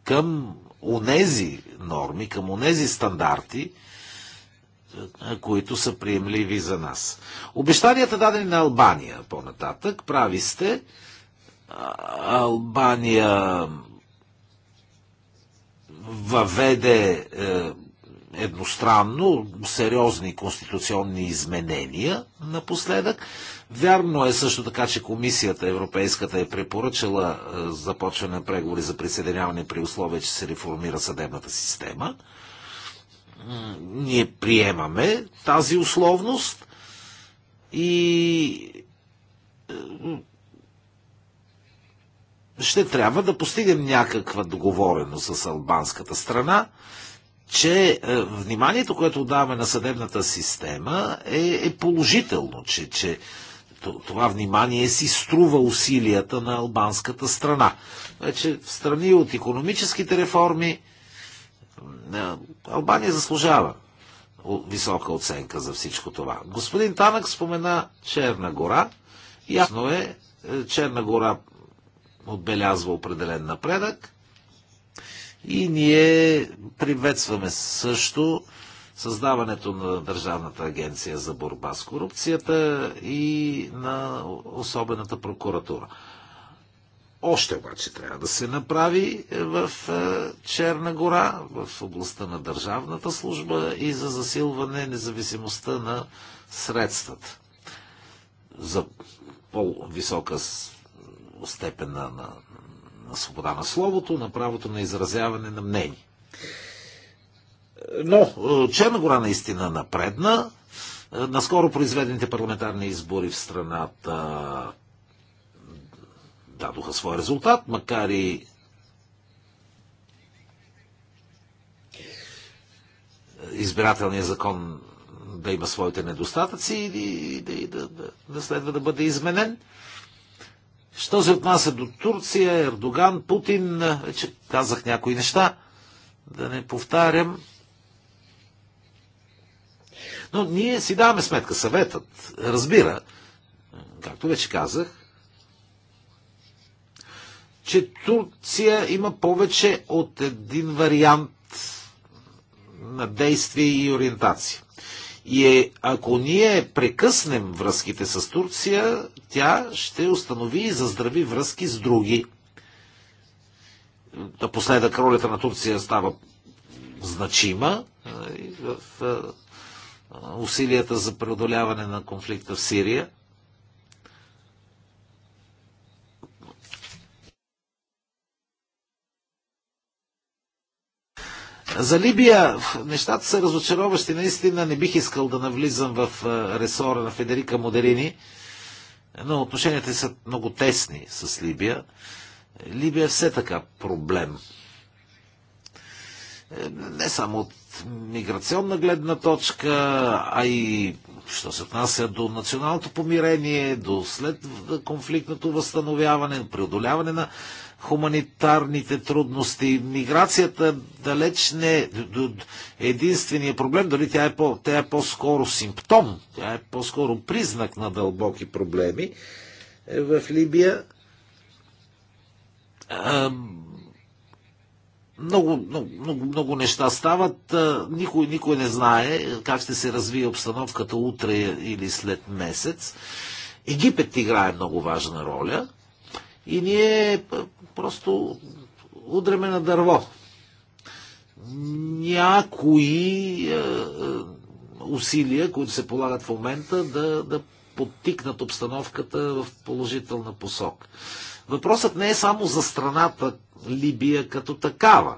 към онези норми, към онези стандарти, които са приемливи за нас. Обещанията дадени на Албания по-нататък, прави сте, Албания въведе е, едностранно сериозни конституционни изменения напоследък. Вярно е също така, че комисията европейската е препоръчала е, започване на преговори за присъединяване при условие, че се реформира съдебната система. Ние приемаме тази условност и е, ще трябва да постигнем някаква договореност с албанската страна, че е, вниманието, което даваме на съдебната система е, е положително, че, че това внимание си струва усилията на албанската страна. Вече в страни от економическите реформи е, Албания заслужава висока оценка за всичко това. Господин Танък спомена Черна гора. Ясно е, е Черна гора отбелязва определен напредък. И ние приветстваме също създаването на Държавната агенция за борба с корупцията и на особената прокуратура. Още обаче трябва да се направи в е, Черна гора, в областта на държавната служба и за засилване независимостта на средствата. За по-висока Степена на, на, свобода на словото, на правото на изразяване на мнение. Но е, Черна гора наистина напредна. Е, наскоро произведените парламентарни избори в страната е, дадоха своя резултат, макар и избирателният закон да има своите недостатъци и да, да, да, да следва да бъде изменен. Що се отнася до Турция, Ердоган, Путин, вече казах някои неща, да не повтарям. Но ние си даваме сметка, съветът разбира, както вече казах, че Турция има повече от един вариант на действие и ориентация. И е, ако ние прекъснем връзките с Турция, тя ще установи и заздрави връзки с други. Напоследък ролята на Турция става значима в усилията за преодоляване на конфликта в Сирия – За Либия нещата са разочароващи. Наистина не бих искал да навлизам в ресора на Федерика Модерини, но отношенията са много тесни с Либия. Либия е все така проблем. Е, не само от миграционна гледна точка, а и що се отнася до националното помирение, до след конфликтното възстановяване, преодоляване на хуманитарните трудности. Миграцията далеч не е единствения проблем, дали тя е, по, тя е по-скоро симптом, тя е по-скоро признак на дълбоки проблеми е, в Либия. Много, много, много неща стават. Никой, никой не знае как ще се развие обстановката утре или след месец. Египет играе много важна роля и ние просто удреме на дърво. Някои е, е, усилия, които се полагат в момента, да, да подтикнат обстановката в положителна посок. Въпросът не е само за страната Либия като такава.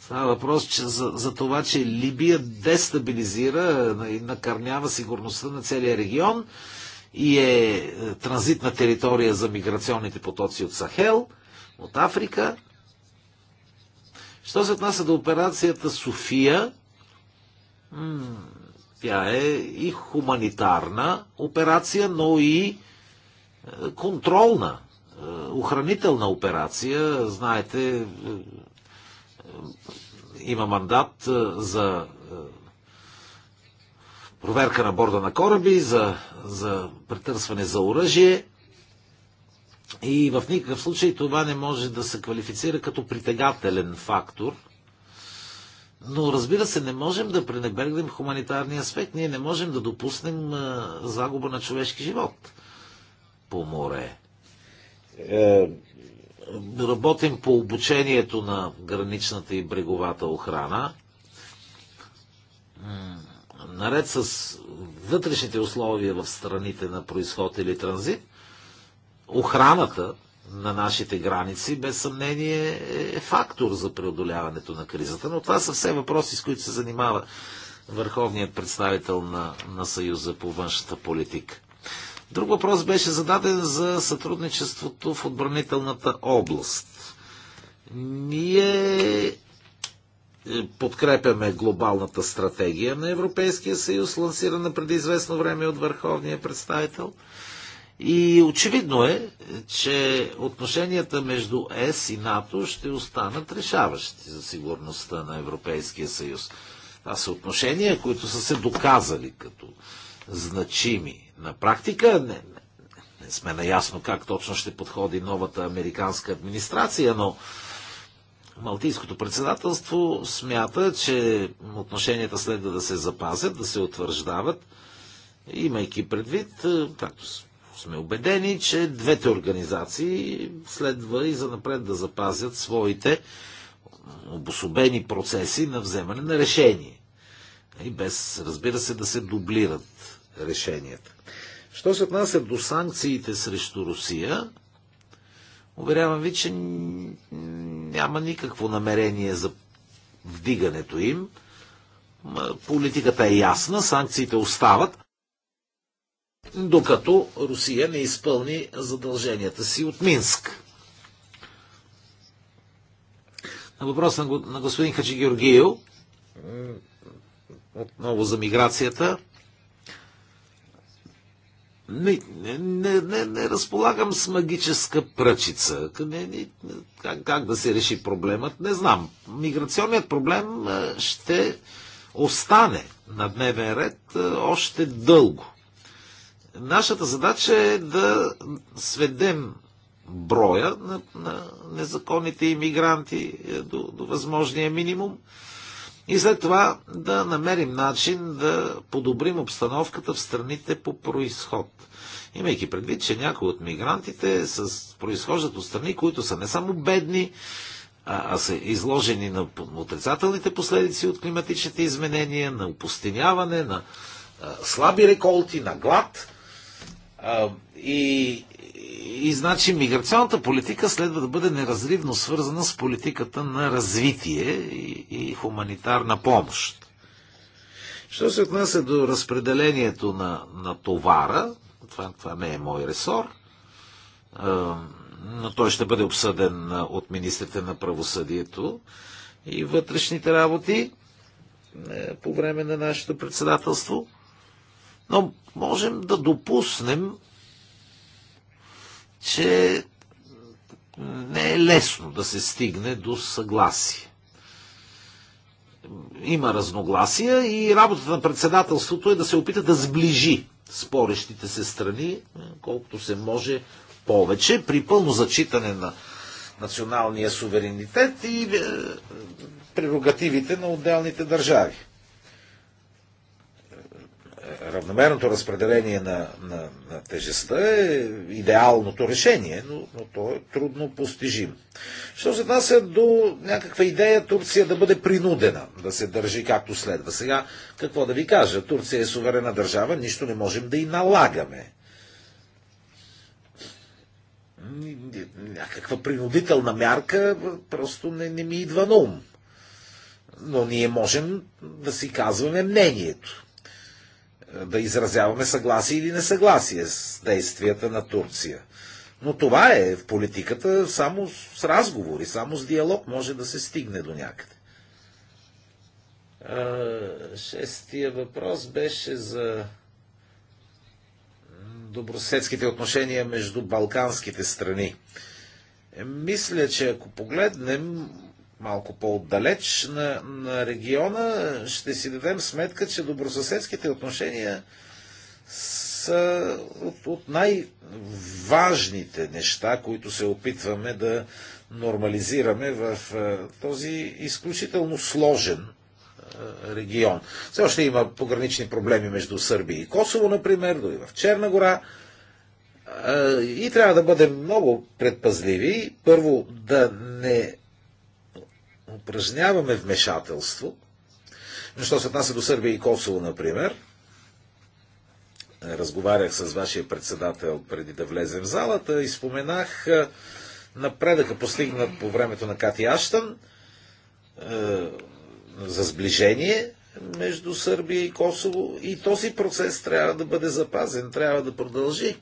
Става въпрос че за, за това, че Либия дестабилизира и е, накърнява сигурността на целия регион и е, е транзитна територия за миграционните потоци от Сахел, от Африка. Що се отнася до операцията София, тя е и хуманитарна операция, но и е, контролна, е, охранителна операция. Знаете, има мандат за проверка на борда на кораби, за, за претърсване за оръжие. И в никакъв случай това не може да се квалифицира като притегателен фактор. Но разбира се, не можем да пренебрегнем хуманитарния аспект. Ние не можем да допуснем загуба на човешки живот по море. Е, работим по обучението на граничната и бреговата охрана наред с вътрешните условия в страните на происход или транзит, охраната на нашите граници, без съмнение, е фактор за преодоляването на кризата. Но това са все въпроси, с които се занимава върховният представител на, на Съюза по външната политика. Друг въпрос беше зададен за сътрудничеството в отбранителната област. Ние подкрепяме глобалната стратегия на Европейския съюз, лансирана преди известно време от върховния представител. И очевидно е, че отношенията между ЕС и НАТО ще останат решаващи за сигурността на Европейския съюз. Това са отношения, които са се доказали като значими. На практика не, не, не сме наясно как точно ще подходи новата американска администрация, но Малтийското председателство смята, че отношенията следва да се запазят, да се утвърждават, имайки предвид, е, както сме убедени, че двете организации следва и занапред да запазят своите обособени процеси на вземане на решение. И без, разбира се, да се дублират решенията. Що се отнася до санкциите срещу Русия, Уверявам ви, че няма никакво намерение за вдигането им. Политиката е ясна, санкциите остават, докато Русия не изпълни задълженията си от Минск. На въпрос на господин Хачи Георгиев, отново за миграцията, не, не, не, не разполагам с магическа пръчица. Не, не, как, как да се реши проблемът, не знам. Миграционният проблем ще остане на дневен ред още дълго. Нашата задача е да сведем броя на, на незаконните иммигранти е, до, до възможния минимум и след това да намерим начин да подобрим обстановката в страните по происход. Имайки предвид, че някои от мигрантите с, произхождат от страни, които са не само бедни, а, а са изложени на отрицателните последици от климатичните изменения, на опустеняване, на а, слаби реколти, на глад. А, и, и значи миграционната политика следва да бъде неразривно свързана с политиката на развитие и, и хуманитарна помощ. Що се отнася до разпределението на, на товара, това, това не е мой ресор, но той ще бъде обсъден от министрите на правосъдието и вътрешните работи е, по време на нашето председателство. Но можем да допуснем че не е лесно да се стигне до съгласие. Има разногласия и работата на председателството е да се опита да сближи спорещите се страни, колкото се може повече, при пълно зачитане на националния суверенитет и е, прерогативите на отделните държави равномерното разпределение на, на, на тежестта е идеалното решение, но, но то е трудно постижимо. Що се отнася до някаква идея Турция да бъде принудена да се държи както следва. Сега, какво да ви кажа? Турция е суверена държава, нищо не можем да и налагаме. Някаква принудителна мярка просто не, не ми идва на ум. Но ние можем да си казваме мнението да изразяваме съгласие или несъгласие с действията на Турция. Но това е в политиката само с разговори, само с диалог може да се стигне до някъде. Шестия въпрос беше за добросетските отношения между балканските страни. Е, мисля, че ако погледнем малко по-отдалеч на, на региона, ще си дадем сметка, че добросъседските отношения са от, от най-важните неща, които се опитваме да нормализираме в този изключително сложен регион. Все още има погранични проблеми между Сърбия и Косово, например, дори в Черна гора. И трябва да бъдем много предпазливи. Първо, да не упражняваме вмешателство, защото се отнася до Сърбия и Косово, например, разговарях с вашия председател преди да влезем в залата и споменах е, напредъка постигнат по времето на Кати Аштан е, за сближение между Сърбия и Косово и този процес трябва да бъде запазен, трябва да продължи.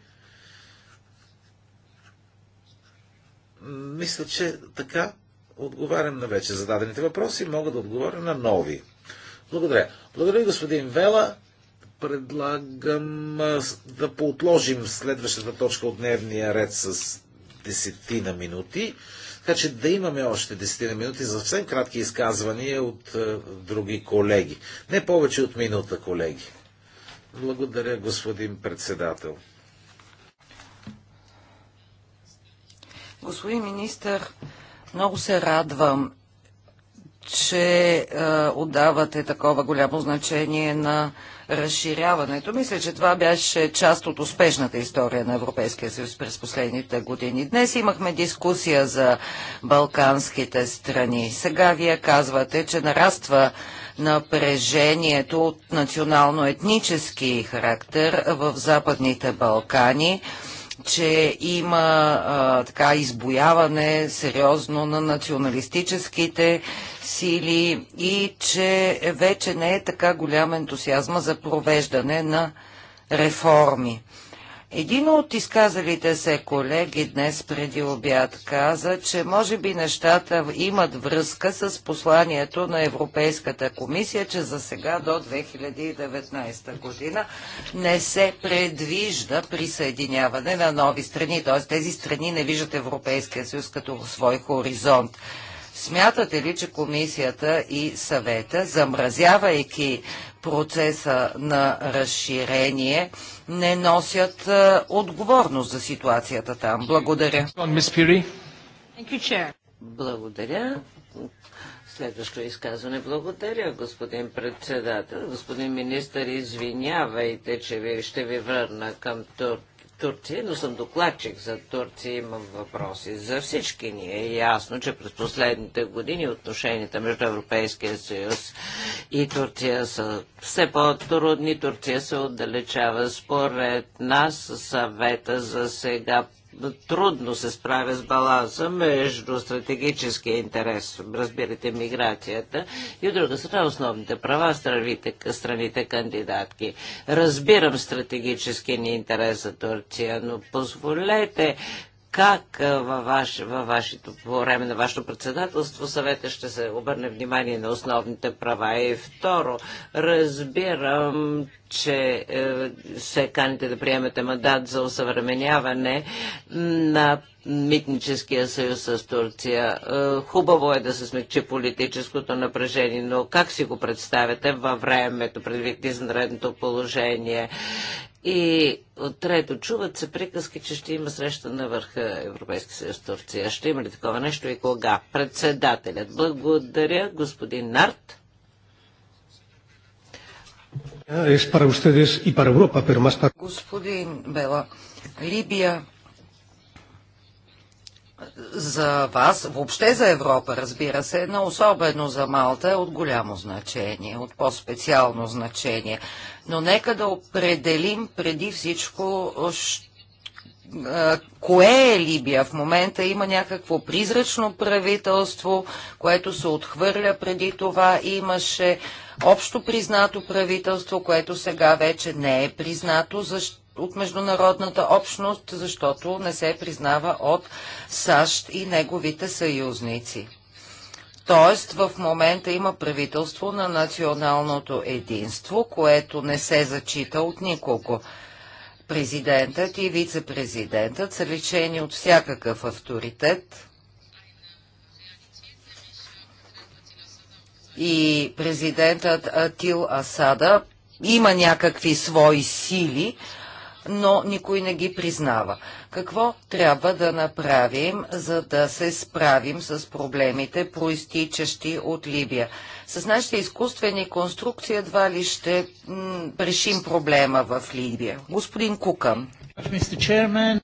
Мисля, че така отговарям на вече зададените въпроси, мога да отговоря на нови. Благодаря. Благодаря, господин Вела. Предлагам да поотложим следващата точка от дневния ред с десетина минути, така че да имаме още десетина минути за съвсем кратки изказвания от други колеги. Не повече от минута, колеги. Благодаря, господин председател. Господин министър, много се радвам, че е, отдавате такова голямо значение на разширяването. Мисля, че това беше част от успешната история на Европейския съюз през последните години. Днес имахме дискусия за балканските страни. Сега вие казвате, че нараства напрежението от национално-етнически характер в Западните Балкани че има а, така избояване сериозно на националистическите сили и че вече не е така голям ентусиазма за провеждане на реформи. Един от изказалите се колеги днес преди обяд каза, че може би нещата имат връзка с посланието на Европейската комисия, че за сега до 2019 година не се предвижда присъединяване на нови страни, т.е. тези страни не виждат Европейския съюз като свой хоризонт. Смятате ли, че комисията и съвета, замразявайки процеса на разширение, не носят е, отговорност за ситуацията там? Благодаря. Благодаря. Следващо изказване. Благодаря, господин председател. Господин министър, извинявайте, че ви, ще ви върна към Тур Турция, но съм докладчик за Турция, имам въпроси. За всички ни е ясно, че през последните години отношенията между Европейския съюз и Турция са все по-трудни. Турция се отдалечава. Според нас съвета за сега трудно се справя с баланса между стратегическия интерес, разбирате, миграцията и от друга страна основните права страните, страните кандидатки. Разбирам стратегически ни интерес за Турция, но позволете как във, ваш, във вашето, по време на вашето председателство съвета ще се обърне внимание на основните права. И второ, разбирам, че е, се каните да приемете мандат за усъвременяване на митническия съюз с Турция. Е, хубаво е да се смекчи политическото напрежение, но как си го представяте във времето, предвид изнаредното положение? И от трето, чуват се приказки, че ще има среща на върха Европейски съюз Турция. Ще има ли такова нещо и кога? Председателят. Благодаря, господин Нарт. Господин Бела, Либия за вас, въобще за Европа, разбира се, но особено за Малта е от голямо значение, от по-специално значение. Но нека да определим преди всичко, кое е Либия. В момента има някакво призрачно правителство, което се отхвърля преди това. Имаше общо признато правителство, което сега вече не е признато, защото от международната общност, защото не се признава от САЩ и неговите съюзници. Тоест в момента има правителство на националното единство, което не се зачита от никого. Президентът и вице-президентът са лечени от всякакъв авторитет и президентът Атил Асада има някакви свои сили – но никой не ги признава. Какво трябва да направим, за да се справим с проблемите, проистичащи от Либия? С нашите изкуствени конструкции едва ли ще решим проблема в Либия. Господин Кукан.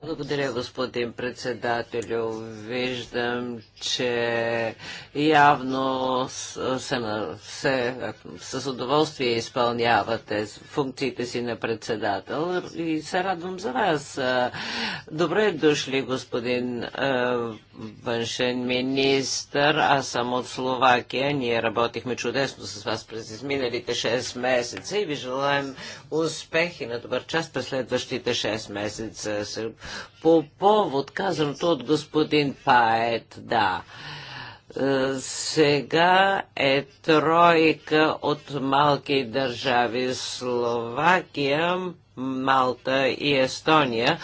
Благодаря, господин председателю. Виждам, че явно се, се, с удоволствие изпълнявате функциите си на председател и се радвам за вас. Добре дошли, господин е, външен министр. Аз съм от Словакия. Ние работихме чудесно с вас през изминалите 6 месеца и ви желаем успех и на добър част през следващите 6 месеца. По повод казаното от господин Пает, да е, сега е тройка от малки държави Словакия, Малта и Естония,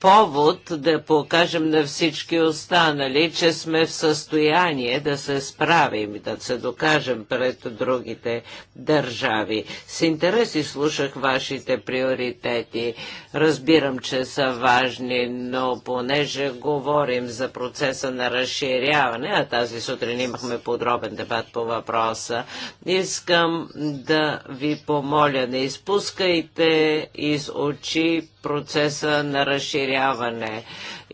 повод да покажем на всички останали, че сме в състояние да се справим, да се докажем пред другите държави. С интерес и слушах вашите приоритети. Разбирам, че са важни, но понеже говорим за процеса на разширяване, а тази сутрин имахме подробен дебат по въпроса, искам да ви помоля, не изпускайте из очи процеса на разширяване разширяване.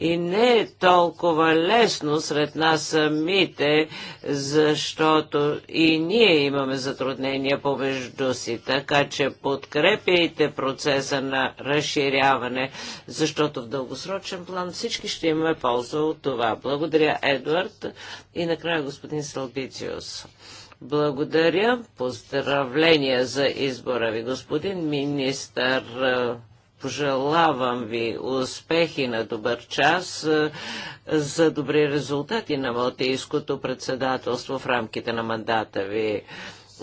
И не е толкова лесно сред нас самите, защото и ние имаме затруднения помежду си. Така че подкрепяйте процеса на разширяване, защото в дългосрочен план всички ще имаме полза от това. Благодаря, Едвард. И накрая господин Салбициус. Благодаря. Поздравления за избора ви, господин министър. Пожелавам ви успехи на добър час е, за добри резултати на Малтийското председателство в рамките на мандата ви.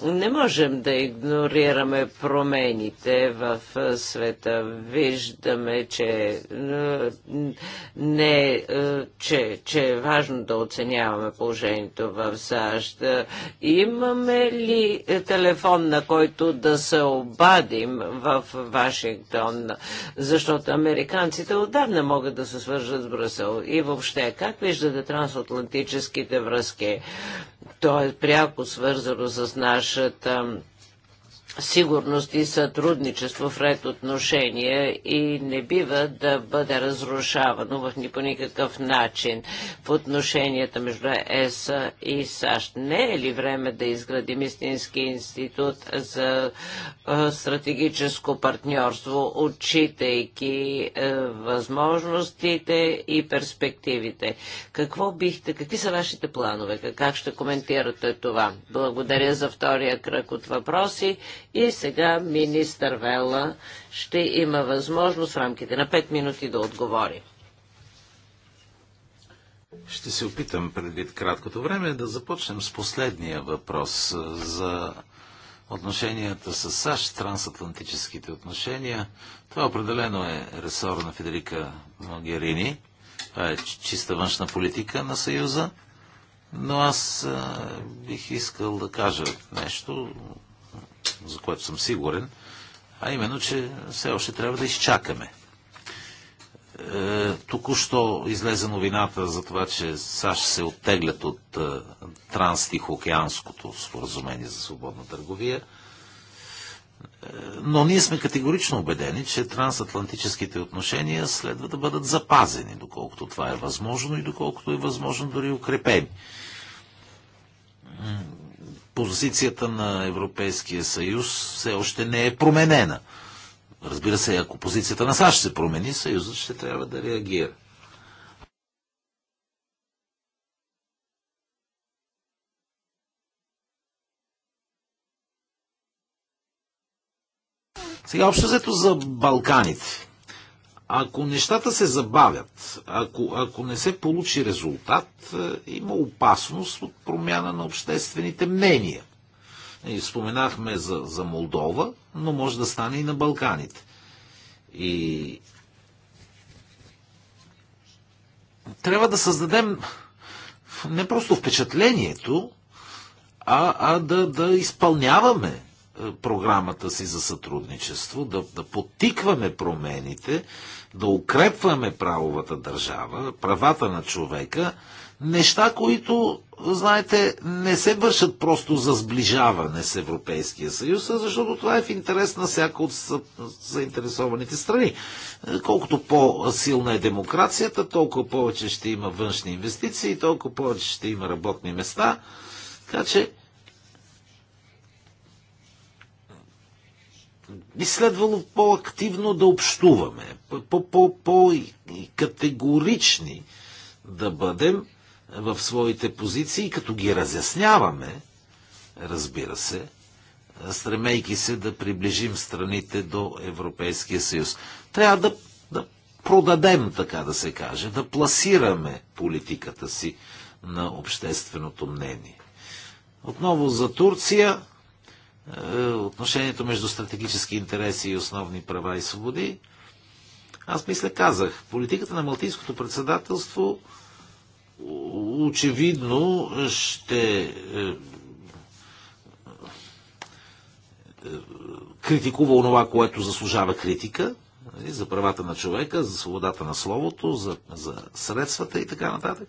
Не можем да игнорираме промените в света. Виждаме, че, не, че, че е важно да оценяваме положението в САЩ. Имаме ли телефон, на който да се обадим в Вашингтон? Защото американците отдавна могат да се свържат с Брюсел. И въобще, как виждате трансатлантическите връзки? То е пряко свързано с нашата сигурност и сътрудничество в ред отношения и не бива да бъде разрушавано в ни по никакъв начин в отношенията между ЕС и САЩ. Не е ли време да изградим истински институт за стратегическо партньорство, отчитайки възможностите и перспективите? Какво бихте, какви са вашите планове? Как ще коментирате това? Благодаря за втория кръг от въпроси и сега министър Вела ще има възможност в рамките на 5 минути да отговори. Ще се опитам предвид краткото време да започнем с последния въпрос за отношенията с САЩ, трансатлантическите отношения. Това определено е ресор на Федерика Могерини. Това е чиста външна политика на Съюза. Но аз бих искал да кажа нещо за което съм сигурен, а именно, че все още трябва да изчакаме. Е, Току-що излезе новината за това, че САЩ се оттеглят от е, транстихоокеанското споразумение за свободна търговия. Е, но ние сме категорично убедени, че трансатлантическите отношения следва да бъдат запазени, доколкото това е възможно и доколкото е възможно дори укрепени позицията на Европейския съюз все още не е променена. Разбира се, ако позицията на САЩ се промени, съюзът ще трябва да реагира. Сега общо взето за Балканите. Ако нещата се забавят, ако, ако не се получи резултат, е, има опасност от промяна на обществените мнения. И споменахме за, за Молдова, но може да стане и на Балканите. И трябва да създадем не просто впечатлението, а, а да, да изпълняваме е, програмата си за сътрудничество, да, да потикваме промените, да укрепваме правовата държава, правата на човека, неща, които, знаете, не се вършат просто за сближаване с Европейския съюз, защото това е в интерес на всяка от заинтересованите страни. Е, колкото по-силна е демокрацията, толкова повече ще има външни инвестиции, толкова повече ще има работни места. Така че, би следвало по-активно да общуваме, по-категорични -по да бъдем в своите позиции, като ги разясняваме, разбира се, стремейки се да приближим страните до Европейския съюз. Трябва да, да продадем, така да се каже, да пласираме политиката си на общественото мнение. Отново за Турция е, отношението между стратегически интереси и основни права и свободи. Аз мисля, казах, политиката на Малтийското председателство очевидно ще е, е, критикува онова, което заслужава критика, нали, за правата на човека, за свободата на словото, за, за средствата и така нататък.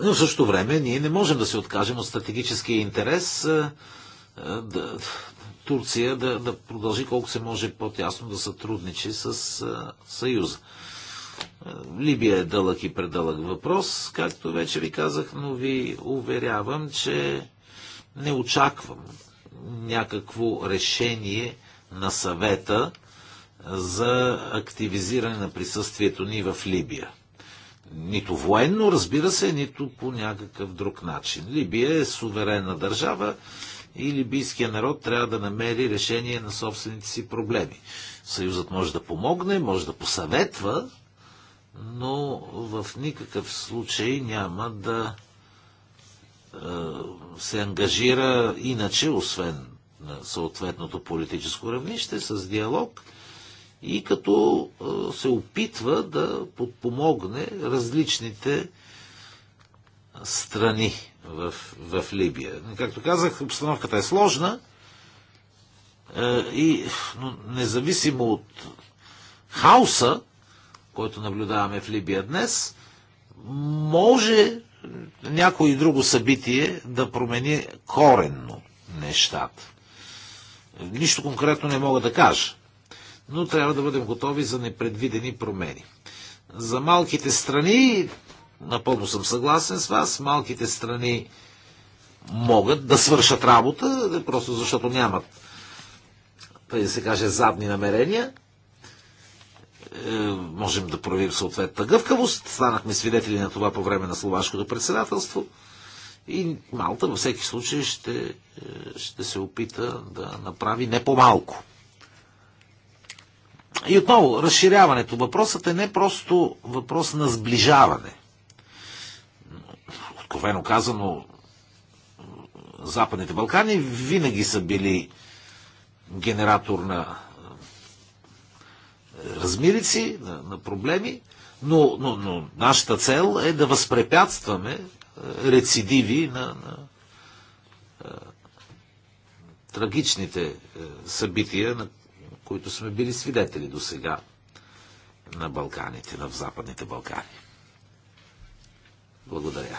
Но в същото време ние не можем да се откажем от стратегическия интерес да, Турция да, да продължи колко се може по-тясно да сътрудничи с Съюза. Либия е дълъг и предълъг въпрос, както вече ви казах, но ви уверявам, че не очаквам някакво решение на съвета за активизиране на присъствието ни в Либия. Нито военно, разбира се, нито по някакъв друг начин. Либия е суверенна държава и либийския народ трябва да намери решение на собствените си проблеми. Съюзът може да помогне, може да посъветва, но в никакъв случай няма да е, се ангажира иначе, освен на съответното политическо равнище, с диалог – и като се опитва да подпомогне различните страни в, в Либия. Както казах, обстановката е сложна и но независимо от хаоса, който наблюдаваме в Либия днес, може някое друго събитие да промени коренно нещата. Нищо конкретно не мога да кажа но трябва да бъдем готови за непредвидени промени. За малките страни, напълно съм съгласен с вас, малките страни могат да свършат работа, просто защото нямат, тъй да се каже, задни намерения. Е, можем да проявим съответна гъвкавост. Станахме свидетели на това по време на словашкото председателство. И Малта във всеки случай ще, е, ще се опита да направи не по-малко. И отново, разширяването. Въпросът е не просто въпрос на сближаване. Откровено казано, Западните Балкани винаги са били генератор на е, размирици, на, на проблеми, но, но, но нашата цел е да възпрепятстваме е, рецидиви на, на е, трагичните събития, на които сме били свидетели до сега на Балканите, на Западните Балкани. Благодаря.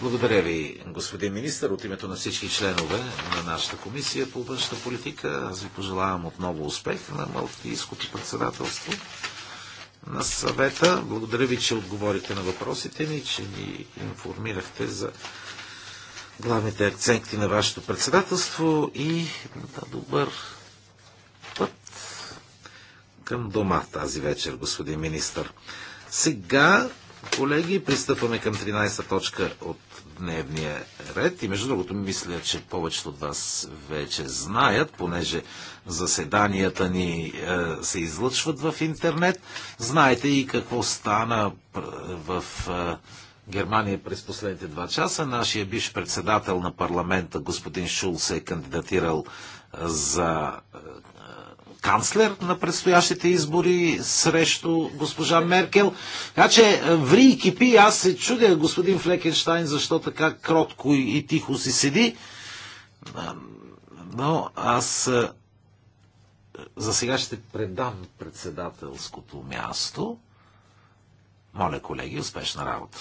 Благодаря ви, господин министр, от името на всички членове на нашата комисия по външна политика. Аз ви пожелавам отново успех на Малтийското председателство на съвета. Благодаря ви, че отговорите на въпросите ни, че ни информирахте за главните акценти на вашето председателство и да, добър път към дома тази вечер, господин министър. Сега, колеги, пристъпваме към 13-та точка от дневния ред. И между другото, мисля, че повечето от вас вече знаят, понеже заседанията ни е, се излъчват в интернет. Знаете и какво стана в. Е, Германия през последните два часа. Нашия биш председател на парламента, господин Шул, се е кандидатирал за канцлер на предстоящите избори срещу госпожа Меркел. Така че ври и кипи, аз се чудя господин Флекенштайн защо така кротко и тихо си седи. Но аз за сега ще предам председателското място. Моля, колеги, успешна работа!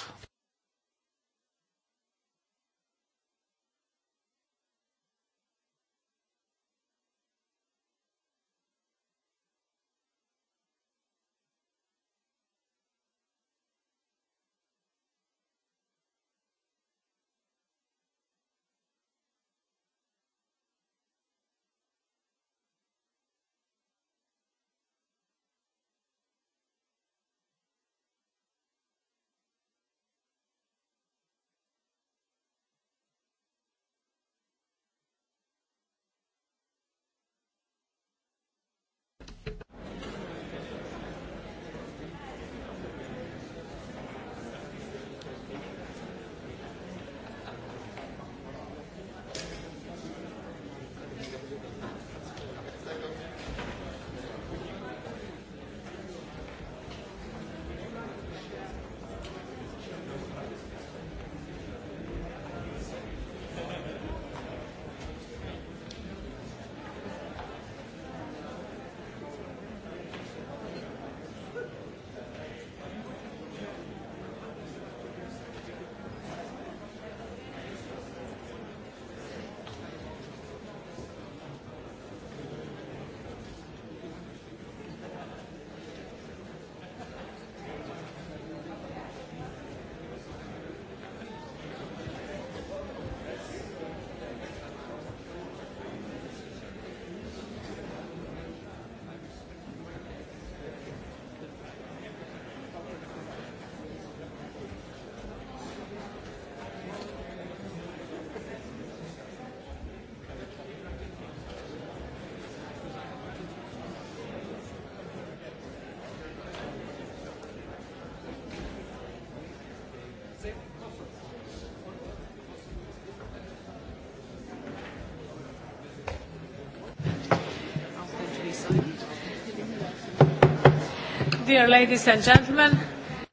Dear ladies and gentlemen.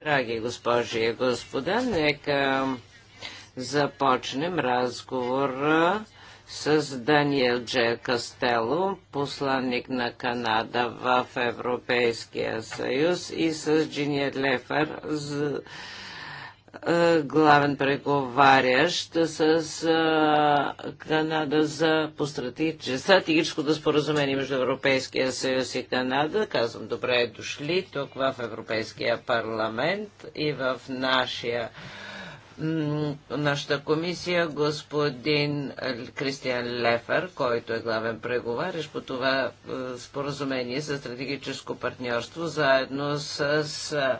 Драги госпожи и господа, нека започнем разговора с Даниел Дже Кастело, посланник на Канада в Европейския съюз и с Джиният Лефер, е, главен преговарящ с е, Канада за стратегическото споразумение между Европейския съюз и Канада. Казвам, добре е дошли тук в Европейския парламент и в нашия нашата комисия господин Кристиан Лефер, който е главен преговарящ по това е, споразумение за стратегическо партньорство, заедно с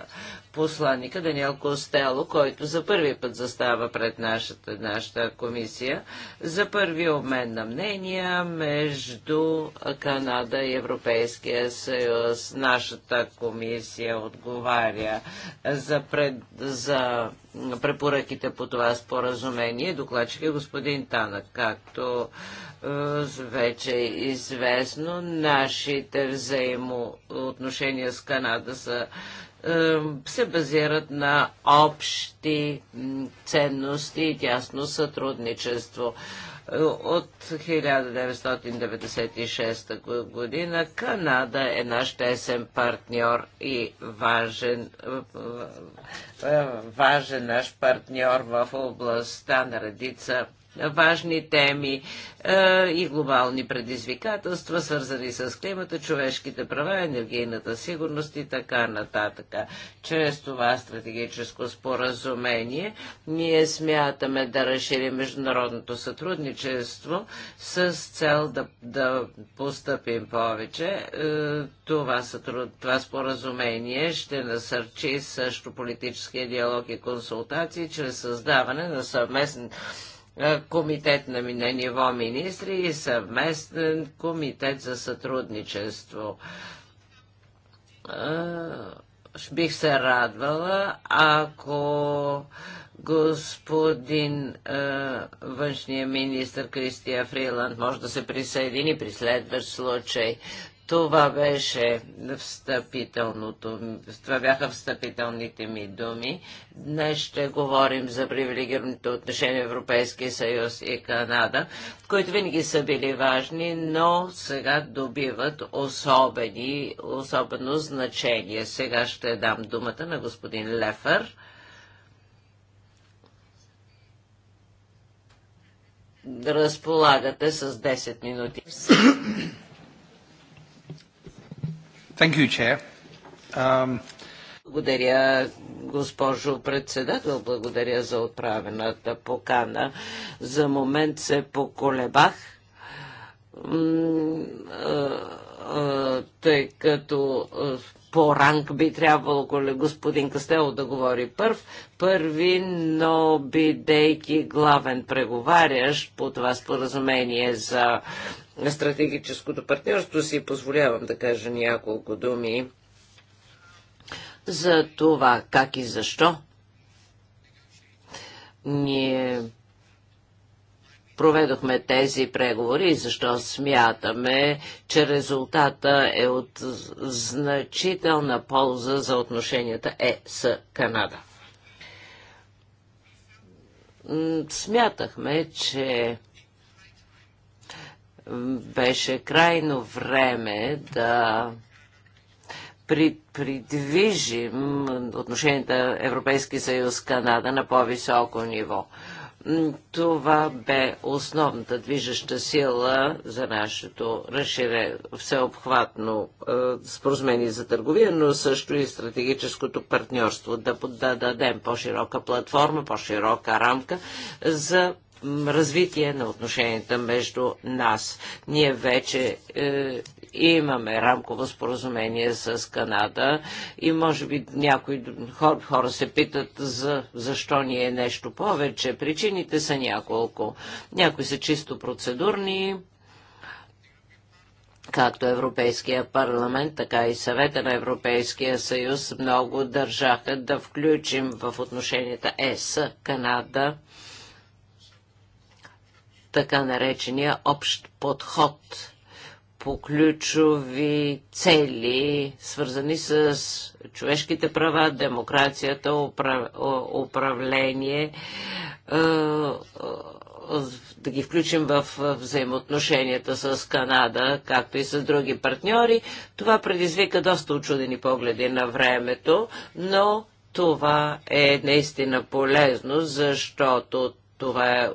посланника Даниел Костело, който за първи път застава пред нашата, нашата комисия за първи обмен на мнения между Канада и Европейския съюз. Нашата комисия отговаря за, пред, за препоръки мерките по това споразумение. Докладчик е господин Танък, както е, вече е известно. Нашите взаимоотношения с Канада са е, се базират на общи ценности и тясно сътрудничество. От 1996 година Канада е наш тесен партньор и важен, важен наш партньор в областта на редица важни теми е, и глобални предизвикателства, свързани с климата, човешките права, енергийната сигурност и така нататък. Чрез това стратегическо споразумение ние смятаме да разширим международното сътрудничество с цел да, да постъпим повече. Е, това, сътруд, това споразумение ще насърчи също политическия диалог и консултации чрез създаване на съвместни комитет на, на ниво министри и съвместен комитет за сътрудничество. Бих се радвала, ако господин е, външния министр Кристия Фриланд може да се присъедини при следващ случай. Това беше встъпителното, това бяха встъпителните ми думи. Днес ще говорим за привилегираните отношения в Европейския съюз и Канада, които винаги са били важни, но сега добиват особени, особено значение. Сега ще дам думата на господин Лефър. Разполагате с 10 минути. (coughs) Thank you, Chair. Um... Благодаря, госпожо председател. Благодаря за отправената покана. За момент се поколебах тъй като по ранг би трябвало господин Кастело да говори първ, първи, но бидейки главен преговарящ по това споразумение за стратегическото партньорство, си позволявам да кажа няколко думи за това как и защо ние проведохме тези преговори и защо смятаме, че резултата е от значителна полза за отношенията е с Канада. Смятахме, че беше крайно време да придвижим отношенията Европейски съюз-Канада на по-високо ниво. Това бе основната движеща сила за нашето разшире, всеобхватно е, споразумение за търговия, но също и стратегическото партньорство, да, да дадем по-широка платформа, по-широка рамка за развитие на отношенията между нас. Ние вече е, Имаме рамково споразумение с Канада и може би някои хора, хора се питат за, защо ни е нещо повече. Причините са няколко. Някои са чисто процедурни, както Европейския парламент, така и съвета на Европейския съюз много държаха да включим в отношенията ЕС, Канада, така наречения общ подход по ключови цели, свързани с човешките права, демокрацията, управ... управление, е, е, да ги включим в взаимоотношенията с Канада, както и с други партньори. Това предизвика доста очудени погледи на времето, но това е наистина полезно, защото това е,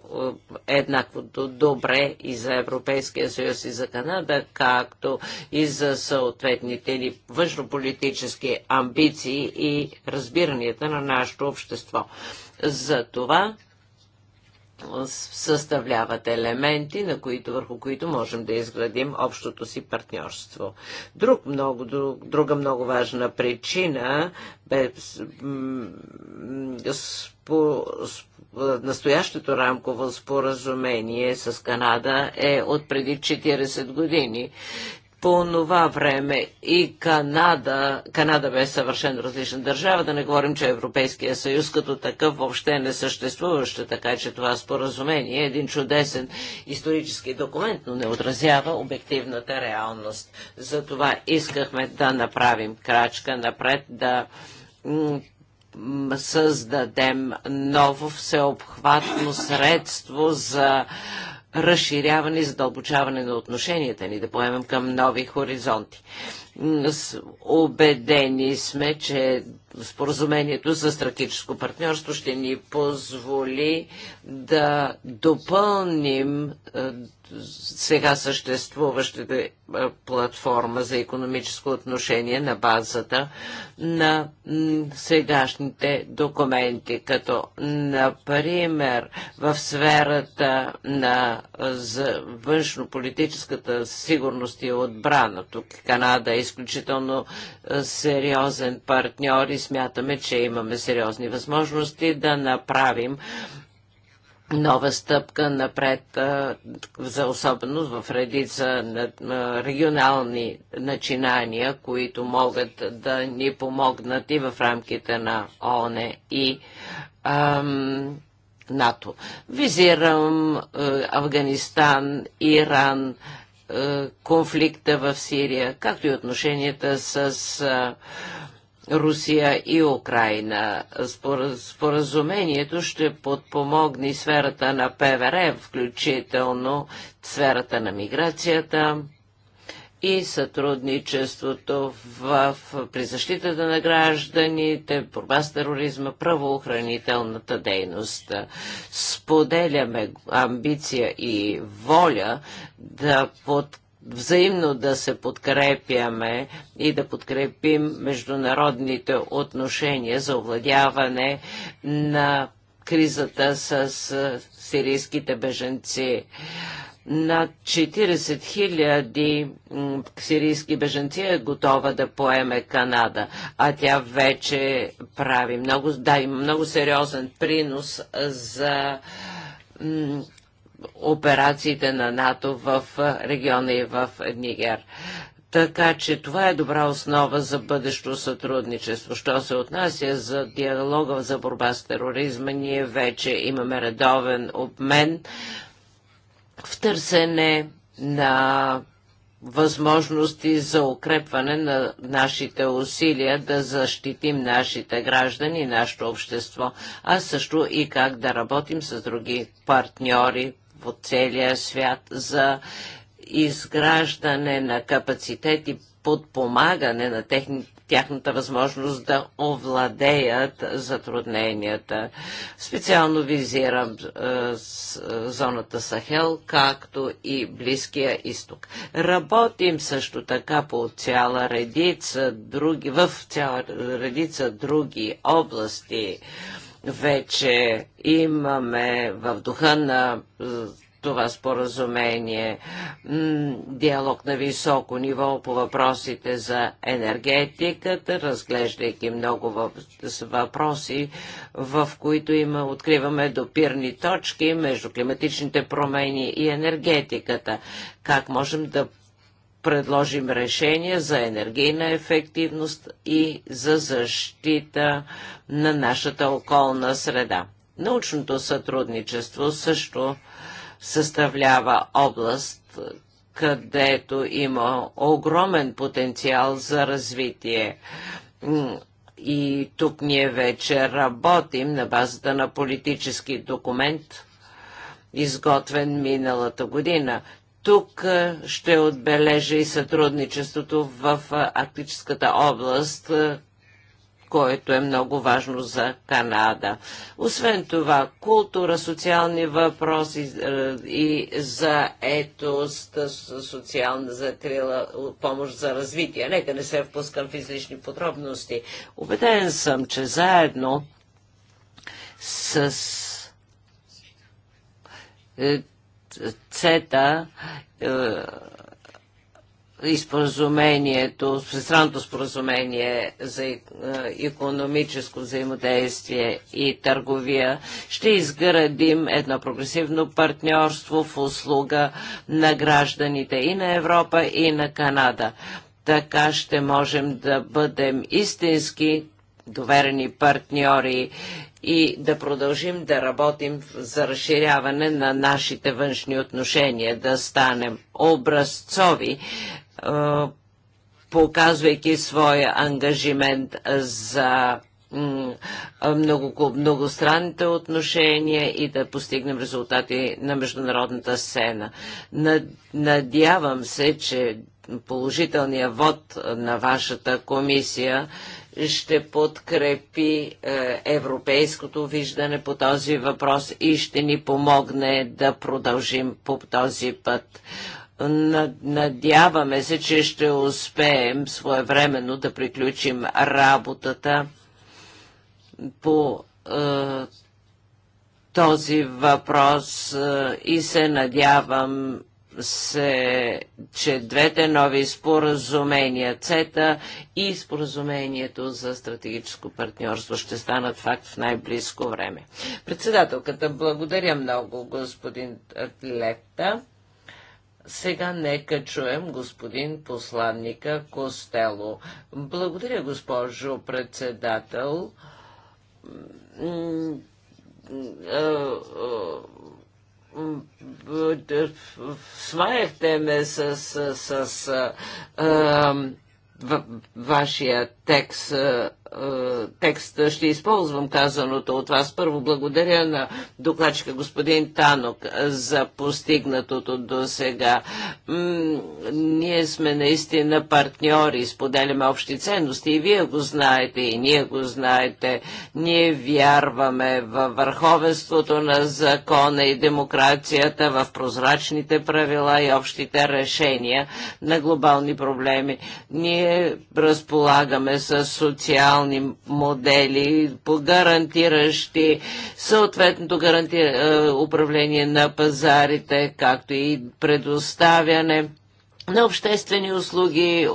е еднакво добре и за Европейския съюз и за Канада, както и за съответните ни външнополитически амбиции и разбиранията на нашето общество. За това съставляват елементи, на които, върху които можем да изградим общото си партньорство. Друг много, друг, друга много важна причина бе настоящото рамково споразумение с Канада е от преди 40 години по това време и Канада, Канада бе съвършен различна държава, да не говорим, че Европейския съюз като такъв въобще не съществуваше, така че това споразумение е един чудесен исторически документ, но не отразява обективната реалност. Затова искахме да направим крачка напред, да създадем ново всеобхватно средство за разширяване и задълбочаване на отношенията ни, да поемем към нови хоризонти. Обедени сме, че споразумението за стратегическо партньорство ще ни позволи да допълним е, сега съществуващата платформа за економическо отношение на базата на сегашните документи, като например в сферата на външнополитическата сигурност и отбрана. Тук Канада е изключително сериозен партньор и смятаме, че имаме сериозни възможности да направим нова стъпка напред за особеност в редица регионални начинания, които могат да ни помогнат и в рамките на ООН и ам, НАТО. Визирам е, Афганистан, Иран, е, конфликта в Сирия, както и отношенията с е, Русия и Украина. Споразумението ще подпомогне сферата на ПВР, включително сферата на миграцията и сътрудничеството в, в, при защитата на гражданите, борба с тероризма, правоохранителната дейност. Споделяме амбиция и воля да подкрепим взаимно да се подкрепяме и да подкрепим международните отношения за овладяване на кризата с сирийските беженци. Над 40 хиляди сирийски беженци е готова да поеме Канада, а тя вече прави много, да, има много сериозен принос за операциите на НАТО в региона и в Нигер. Така че това е добра основа за бъдещо сътрудничество. Що се отнася за диалога за борба с тероризма, ние вече имаме редовен обмен в търсене на възможности за укрепване на нашите усилия да защитим нашите граждани, нашето общество, а също и как да работим с други партньори по целия свят за изграждане на капацитет и подпомагане на техни, тяхната възможност да овладеят затрудненията. Специално визирам е, с, е, зоната Сахел, както и Близкия изток. Работим също така по цяла редица други, в цяла редица други области. Е, вече имаме в духа на е, това споразумение, диалог на високо ниво по въпросите за енергетиката, разглеждайки много въпроси, в които има, откриваме допирни точки между климатичните промени и енергетиката. Как можем да предложим решения за енергийна ефективност и за защита на нашата околна среда. Научното сътрудничество също съставлява област, където има огромен потенциал за развитие. И тук ние вече работим на базата на политически документ, изготвен миналата година. Тук ще отбележа и сътрудничеството в Арктическата област, което е много важно за Канада. Освен това, култура, социални въпроси и за етост, социална закрила, помощ за развитие. Нека не се впускам в излишни подробности. Обеден съм, че заедно с е, ЦЕТА е, и споразумението, всестранното споразумение за економическо взаимодействие и търговия, ще изградим едно прогресивно партньорство в услуга на гражданите и на Европа, и на Канада. Така ще можем да бъдем истински доверени партньори и да продължим да работим за разширяване на нашите външни отношения, да станем образцови, е, показвайки своя ангажимент за много, многостранните отношения и да постигнем резултати на международната сцена. Надявам се, че положителният вод на вашата комисия ще подкрепи е, европейското виждане по този въпрос и ще ни помогне да продължим по този път. Надяваме се, че ще успеем своевременно да приключим работата по е, този въпрос е, и се надявам се, че двете нови споразумения ЦЕТА и споразумението за стратегическо партньорство ще станат факт в най-близко време. Председателката, благодаря много, господин Атлета. Сега нека чуем господин посланника Костело. Благодаря, госпожо председател смаяхте ме с, с, с, с а, вашия текст. А, е, текста ще използвам казаното от вас. Първо благодаря на докладчика господин Танок за постигнатото до сега. Ние сме наистина партньори, споделяме общи ценности и вие го знаете, и ние го знаете. Ние вярваме във върховенството на закона и демокрацията, в прозрачните правила и общите решения на глобални проблеми. Ние разполагаме с социал социални модели, по гарантиращи съответното гаранти... Е, управление на пазарите, както и предоставяне на обществени услуги,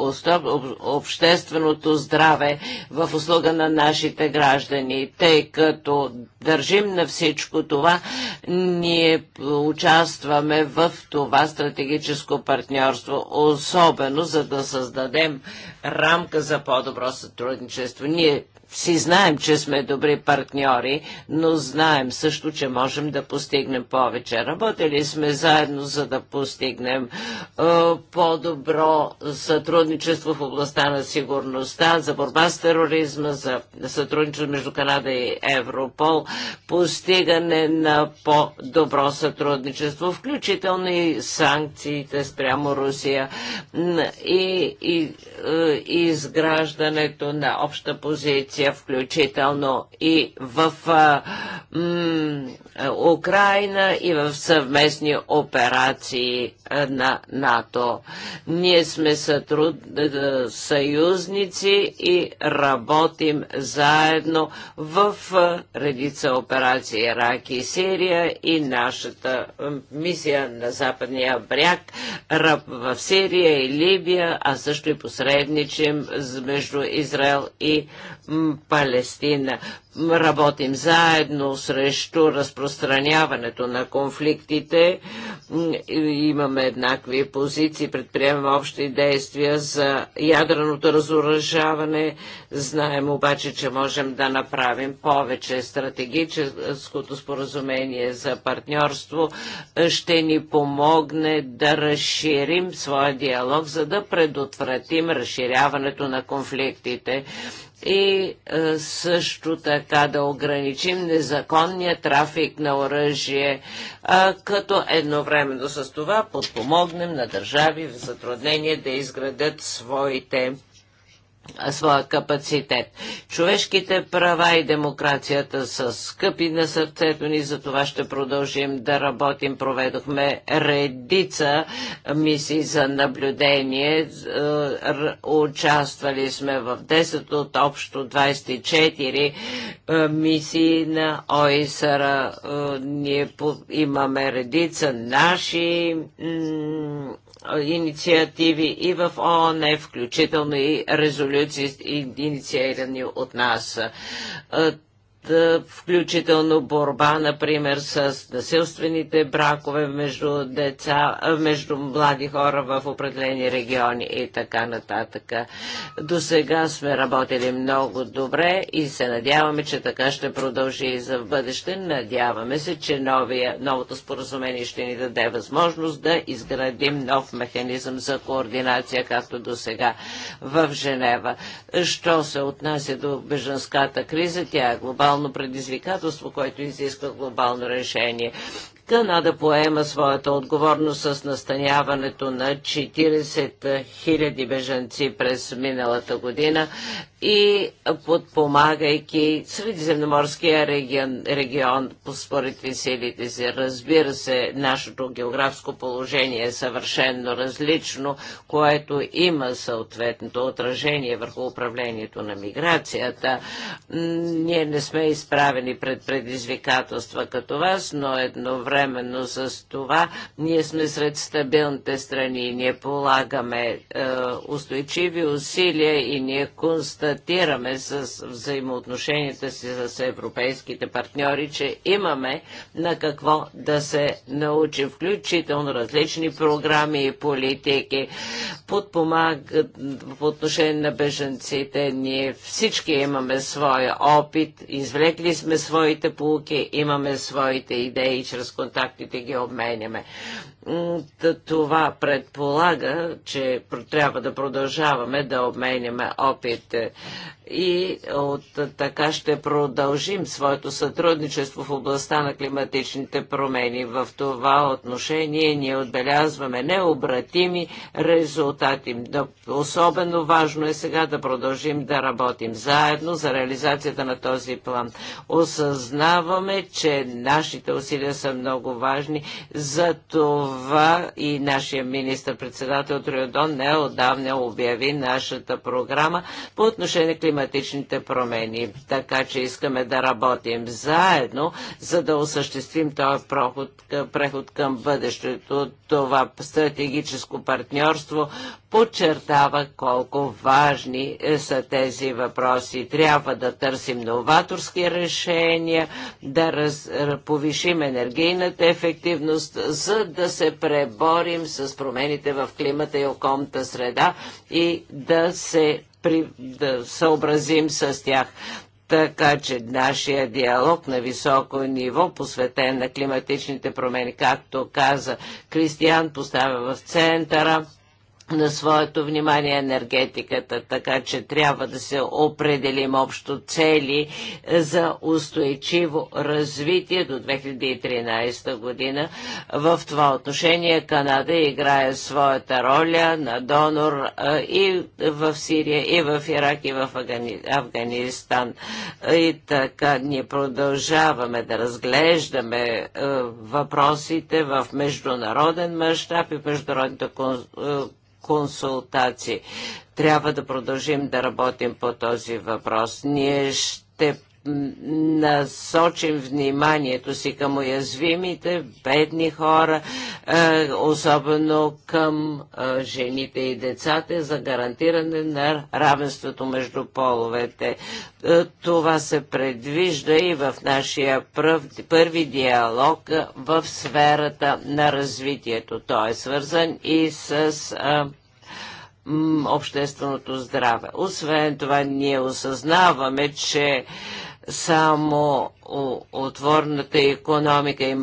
общественото здраве в услуга на нашите граждани. Тъй като държим на всичко това, ние участваме в това стратегическо партньорство, особено за да създадем рамка за по-добро сътрудничество. Ние си знаем, че сме добри партньори, но знаем също, че можем да постигнем повече. Работили сме заедно, за да постигнем е, по-добро сътрудничество в областта на сигурността, за борба с тероризма, за сътрудничество между Канада и Европол, постигане на по-добро сътрудничество, включително и санкциите спрямо Русия и, и, и е, изграждането на обща позиция Русия, включително и в а, м, Украина и в съвместни операции на НАТО. Ние сме сътруд... съюзници и работим заедно в редица операции Ирак и Сирия и нашата мисия на Западния бряг в Сирия и Либия, а също и посредничим между Израел и Палестина. Работим заедно срещу разпространяването на конфликтите. Имаме еднакви позиции, предприемаме общи действия за ядреното разоръжаване. Знаем обаче, че можем да направим повече. Стратегическото споразумение за партньорство ще ни помогне да разширим своя диалог, за да предотвратим разширяването на конфликтите и е, също така да ограничим незаконния трафик на оръжие, е, като едновременно с това подпомогнем на държави в затруднение да изградят своите своя капацитет. Човешките права и демокрацията са скъпи на сърцето ни, за това ще продължим да работим. Проведохме редица мисии за наблюдение. Е, участвали сме в 10 от общо 24 е, мисии на ОИСР. Е, ние имаме редица наши инициативи и в ООН, включително и резолюции, инициирани от нас включително борба, например, с насилствените бракове между деца, между млади хора в определени региони и така нататък. До сега сме работили много добре и се надяваме, че така ще продължи и за в бъдеще. Надяваме се, че новия, новото споразумение ще ни даде възможност да изградим нов механизъм за координация, както до сега в Женева. Що се отнася до беженската криза, тя е глобална глобално предизвикателство, което изисква глобално решение. Канада поема своята отговорност с настаняването на 40 000 бежанци през миналата година и подпомагайки Средиземноморския регион, регион според веселите си. Разбира се, нашето географско положение е съвършенно различно, което има съответното отражение върху управлението на миграцията. Ние не сме изправени пред предизвикателства като вас, но едновременно с това ние сме сред стабилните страни. Ние полагаме е, устойчиви усилия и ние констатираме констатираме с взаимоотношенията си с европейските партньори, че имаме на какво да се научим, включително различни програми и политики, подпомагат по отношение на беженците. Ние всички имаме своя опит, извлекли сме своите полуки, имаме своите идеи и чрез контактите ги обменяме. Това предполага, че трябва да продължаваме да обменяме опит. Е, и от така ще продължим своето сътрудничество в областта на климатичните промени. В това отношение ние отбелязваме необратими резултати. особено важно е сега да продължим да работим заедно за реализацията на този план. Осъзнаваме, че нашите усилия са много важни, за това и нашия министр-председател Триодон отдавна обяви нашата програма по отношение на климатичните промени. Така че искаме да работим заедно, за да осъществим този проход, преход към бъдещето. Това стратегическо партньорство подчертава колко важни е, са тези въпроси. Трябва да търсим новаторски решения, да раз, е, повишим енергийната ефективност, за да се преборим с промените в климата и околната среда и да се при, да съобразим с тях. Така че нашия диалог на високо ниво, посветен на климатичните промени, както каза Кристиян, поставя в центъра на своето внимание енергетиката, така че трябва да се определим общо цели е, за устойчиво развитие до 2013 година. В това отношение Канада играе своята роля на донор е, и в Сирия, и в Ирак, и в Афганистан. И така ние продължаваме да разглеждаме е, въпросите в международен мащаб и международните консултации консултации. Трябва да продължим да работим по този въпрос. Ние ще насочим вниманието си към уязвимите, бедни хора, е, особено към е, жените и децата за гарантиране на равенството между половете. Е, това се предвижда и в нашия първи диалог в сферата на развитието. Той е свързан и с общественото здраве. Освен това, ние осъзнаваме, че само отворната економика и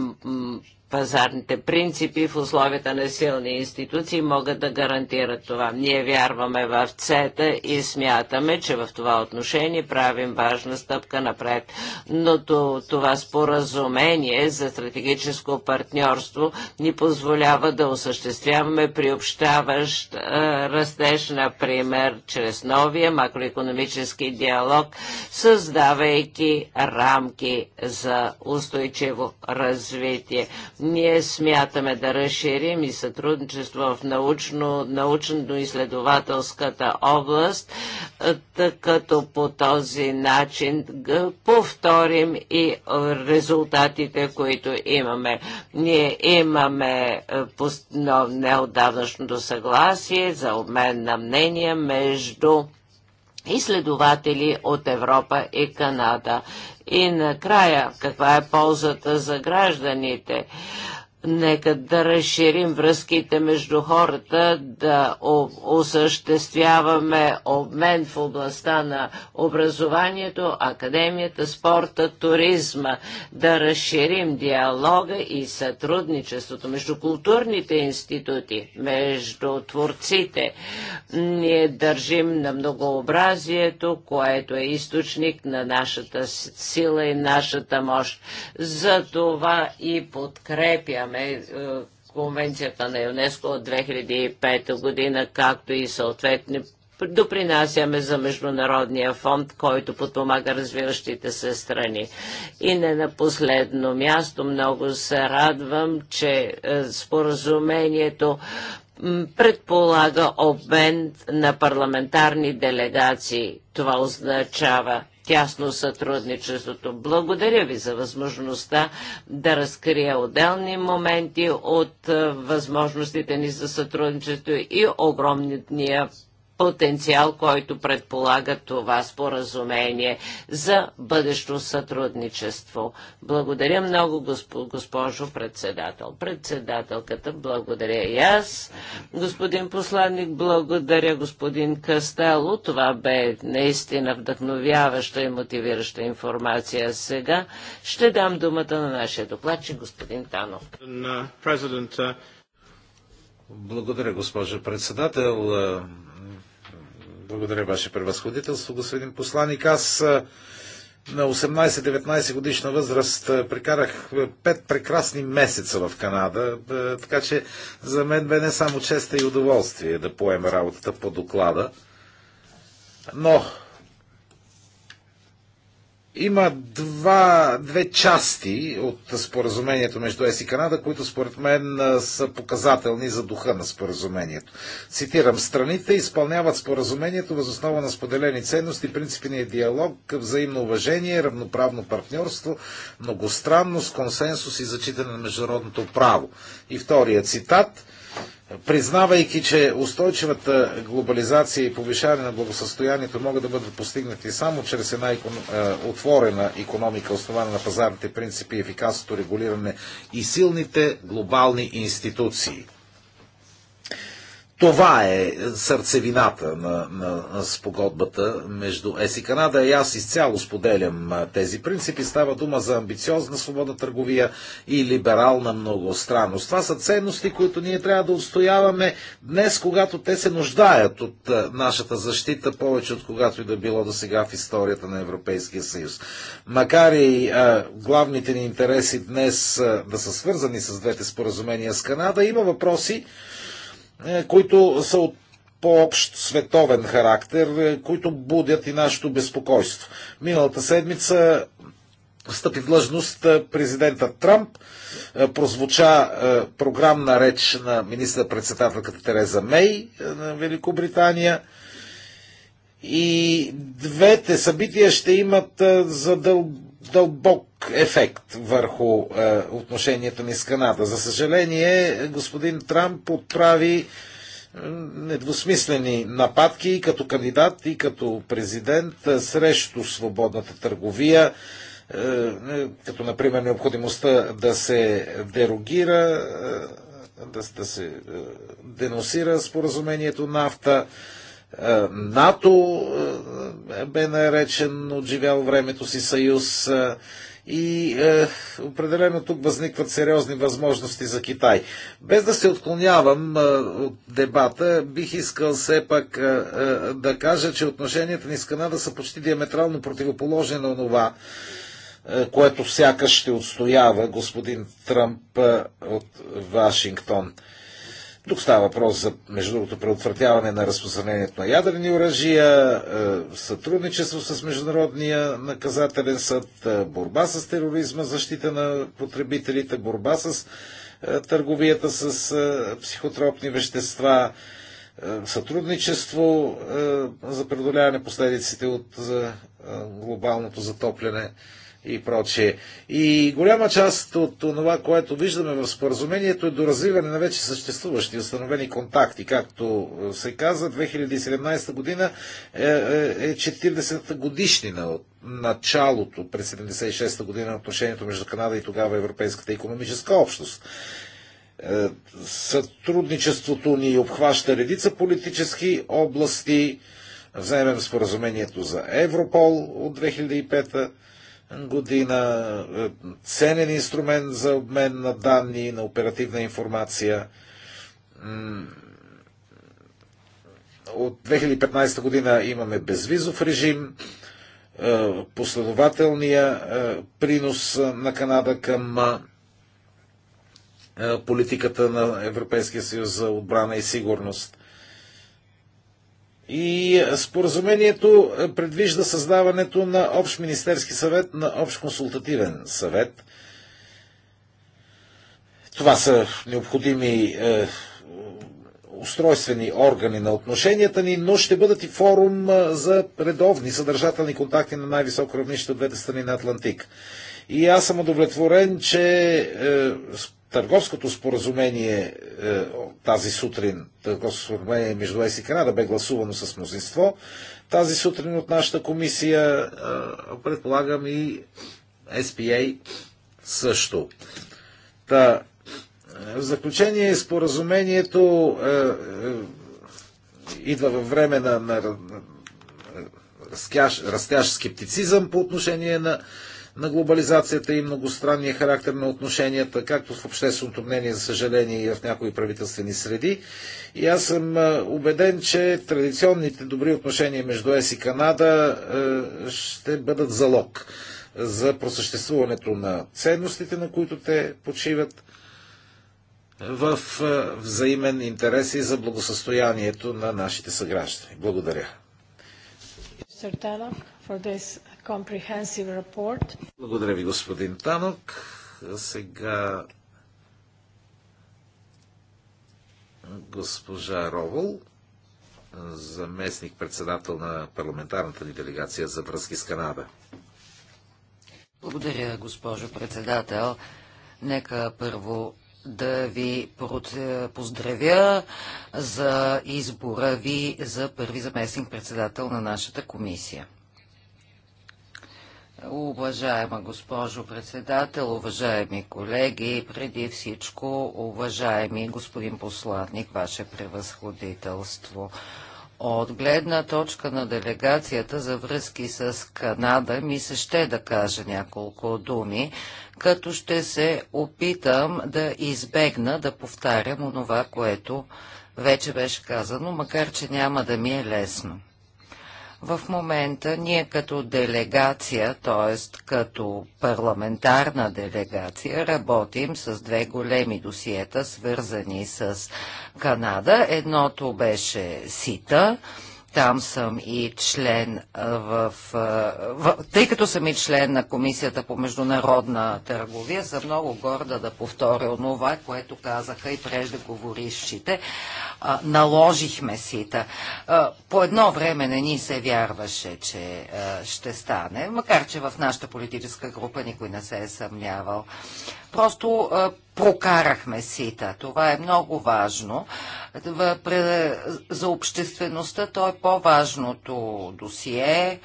пазарните принципи в условията на силни институции могат да гарантират това. Ние вярваме в ЦЕТА и смятаме, че в това отношение правим важна стъпка напред. Но това споразумение за стратегическо партньорство ни позволява да осъществяваме приобщаващ растеж, например, чрез новия макроекономически диалог, създавайки рамки за устойчиво развитие. Ние смятаме да разширим и сътрудничество в научно, научно-изследователската област, като по този начин повторим и резултатите, които имаме. Ние имаме неодавнашното съгласие за обмен на мнения между изследователи от Европа и Канада. И накрая, каква е ползата за гражданите? Нека да разширим връзките между хората, да осъществяваме обмен в областта на образованието, академията, спорта, туризма, да разширим диалога и сътрудничеството между културните институти, между творците. Ние държим на многообразието, което е източник на нашата сила и нашата мощ. За това и подкрепям спазваме е, Конвенцията на ЮНЕСКО от 2005 година, както и съответни допринасяме за Международния фонд, който подпомага развиващите се страни. И не на последно място, много се радвам, че е, споразумението предполага обмен на парламентарни делегации. Това означава, тясно сътрудничеството. Благодаря ви за възможността да разкрия отделни моменти от е, възможностите ни за сътрудничество и огромният потенциал, който предполага това споразумение за бъдещо сътрудничество. Благодаря много, госпожо председател. Председателката, благодаря и аз. Господин посланник, благодаря господин Кастело. Това бе наистина вдъхновяваща и мотивираща информация. Сега ще дам думата на нашия докладчик, господин Танов. Благодаря, госпожо председател. Благодаря, Ваше превъзходителство, господин посланик. Аз на 18-19 годишна възраст прекарах пет прекрасни месеца в Канада, така че за мен бе не само честа и удоволствие да поема работата по доклада. Но има два, две части от споразумението между ЕС и Канада, които според мен са показателни за духа на споразумението. Цитирам, страните изпълняват споразумението въз основа на споделени ценности, принципния диалог, взаимно уважение, равноправно партньорство, многостранност, консенсус и зачитане на международното право. И втория цитат – признавайки, че устойчивата глобализация и повишаване на благосъстоянието могат да бъдат постигнати само чрез една е, отворена економика, основана на пазарните принципи, ефикасното регулиране и силните глобални институции. Това е сърцевината на, на, на спогодбата между ЕС и Канада. И аз изцяло споделям тези принципи. Става дума за амбициозна свободна търговия и либерална многостранност. Това са ценности, които ние трябва да отстояваме днес, когато те се нуждаят от нашата защита, повече от когато и да било до сега в историята на Европейския съюз. Макар и а, главните ни интереси днес а, да са свързани с двете споразумения с Канада, има въпроси, е, които са от по-общ световен характер, е, които будят и нашето безпокойство. Миналата седмица встъпи в длъжност е, президента Трамп, прозвуча програмна реч на министър-председателката Тереза Мей на Великобритания. И двете събития ще имат задълб дълбок ефект върху е, отношението ни с Канада. За съжаление, господин Трамп отправи е, недвусмислени нападки и като кандидат, и като президент е, срещу свободната търговия, е, е, като например необходимостта да се дерогира, е, да, да се деносира споразумението нафта. На е, НАТО е, е, бе наречен отживял времето си съюз и е, определено тук възникват сериозни възможности за Китай. Без да се отклонявам е, от дебата, бих искал все пак е, е, да кажа, че отношенията ни с Канада са почти диаметрално противоположни на това, е, което сякаш ще отстоява господин Тръмп е, от Вашингтон. Е, тук става въпрос за, между другото, предотвратяване на разпространението на ядрени оръжия, е, сътрудничество с Международния наказателен съд, е, борба с тероризма, защита на потребителите, борба с е, търговията с психотропни вещества, сътрудничество за преодоляване последиците от глобалното затопляне и прочее. И голяма част от това, което виждаме в споразумението е доразвиване на вече съществуващи установени контакти. Както е, се каза, 2017 година е 40-та е, е годишнина от началото през 76-та година на отношението между Канада и тогава Европейската економическа общност. Сътрудничеството ни обхваща редица политически области. Вземем споразумението за Европол от 2005 -та година, е, ценен инструмент за обмен на данни, на оперативна информация. От 2015 година имаме безвизов режим, е, последователния е, принос на Канада към политиката на Европейския съюз за отбрана и сигурност. И споразумението е, предвижда създаването на общ министерски съвет, на общ консултативен съвет. Това са необходими е, устройствени органи на отношенията ни, но ще бъдат и форум е, за редовни съдържателни контакти на най-високо равнище от двете страни на Атлантик. И аз съм удовлетворен, че е, търговското споразумение е, тази сутрин, търговското споразумение между ЕС и Канада бе гласувано с мнозинство. Тази сутрин от нашата комисия, е, предполагам и SPA също. Та, в заключение, споразумението е, е, идва във време на, на, на на растящ скептицизъм по отношение на на глобализацията и многостранния характер на отношенията, както в общественото мнение, за съжаление, и в някои правителствени среди. И аз съм убеден, че традиционните добри отношения между ЕС и Канада ще бъдат залог за просъществуването на ценностите, на които те почиват в взаимен интерес и за благосъстоянието на нашите съграждани. Благодаря comprehensive report. Благодаря ви, господин Танок. Сега госпожа Ровол, заместник-председател на парламентарната ни делегация за връзки с Канада. Благодаря, госпожо председател. Нека първо да ви поздравя за избора ви за първи заместник-председател на нашата комисия. Уважаема госпожо председател, уважаеми колеги, преди всичко, уважаеми господин посланник, ваше превъзходителство. От гледна точка на делегацията за връзки с Канада ми се ще да кажа няколко думи, като ще се опитам да избегна да повтарям онова, което вече беше казано, макар че няма да ми е лесно. В момента ние като делегация, т.е. като парламентарна делегация, работим с две големи досиета, свързани с Канада. Едното беше СИТА, там съм и член в, в... Тъй като съм и член на Комисията по международна търговия, съм много горда да повторя онова, което казаха и преждеговорившите. Наложихме сита. По едно време не ни се вярваше, че ще стане, макар че в нашата политическа група никой не се е съмнявал. Просто прокарахме сита. Това е много важно. За обществеността то е по-важното досие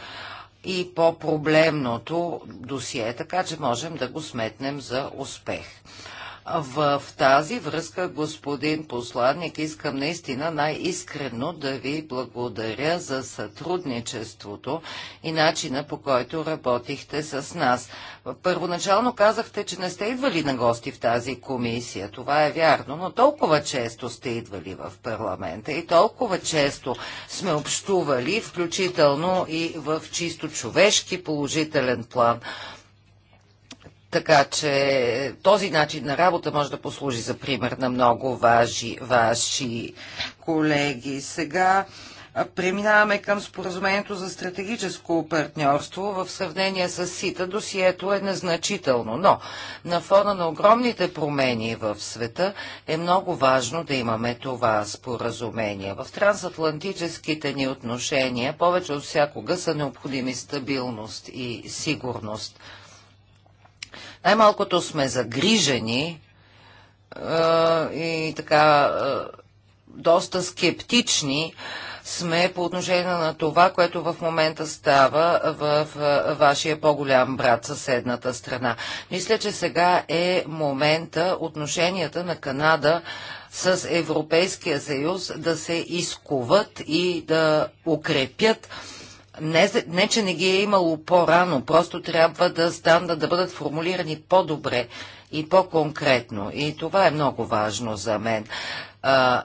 и по-проблемното досие, така че можем да го сметнем за успех. В тази връзка, господин посланник, искам наистина най-искрено да ви благодаря за сътрудничеството и начина по който работихте с нас. Първоначално казахте, че не сте идвали на гости в тази комисия. Това е вярно, но толкова често сте идвали в парламента и толкова често сме общували, включително и в чисто човешки положителен план така че този начин на работа може да послужи за пример на много ваши, ваши колеги. Сега преминаваме към споразумението за стратегическо партньорство в сравнение с СИТА. Досието е незначително, но на фона на огромните промени в света е много важно да имаме това споразумение. В трансатлантическите ни отношения повече от всякога са необходими стабилност и сигурност. Най-малкото сме загрижени и така доста скептични сме по отношение на това, което в момента става в вашия по-голям брат съседната страна. Мисля, че сега е момента отношенията на Канада с Европейския съюз да се изкуват и да укрепят не, не, че не ги е имало по-рано, просто трябва да станат да бъдат формулирани по-добре и по-конкретно. И това е много важно за мен. А,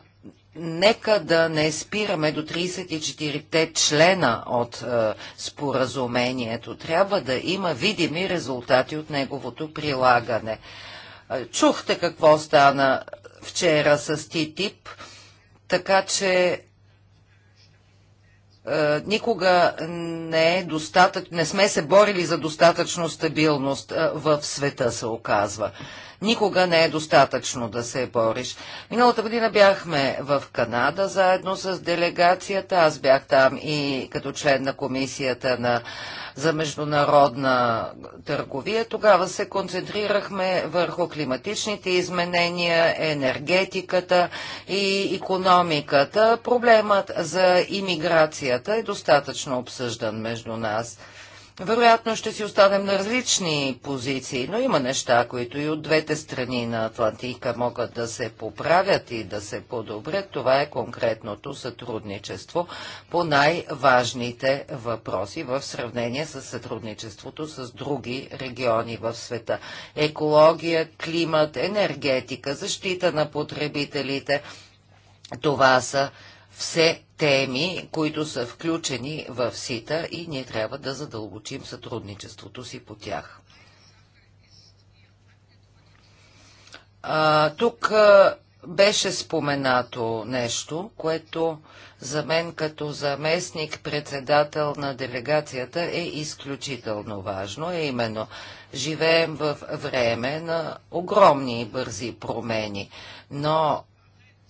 нека да не спираме до 34-те члена от а, споразумението. Трябва да има видими резултати от неговото прилагане. А, чухте какво стана вчера с ТИТИП, така че е, никога не, е достатък, не сме се борили за достатъчно стабилност е, в света, се оказва. Никога не е достатъчно да се бориш. Миналата година бяхме в Канада заедно с делегацията. Аз бях там и като член на комисията на за международна търговия. Тогава се концентрирахме върху климатичните изменения, енергетиката и економиката. Проблемът за имиграцията е достатъчно обсъждан между нас. Вероятно ще си останем на различни позиции, но има неща, които и от двете страни на Атлантика могат да се поправят и да се подобрят. Това е конкретното сътрудничество по най-важните въпроси в сравнение с сътрудничеството с други региони в света. Екология, климат, енергетика, защита на потребителите. Това са все теми, които са включени в СИТА и ние трябва да задълбочим сътрудничеството си по тях. А, тук а, беше споменато нещо, което за мен като заместник-председател на делегацията е изключително важно, е именно живеем в време на огромни и бързи промени, но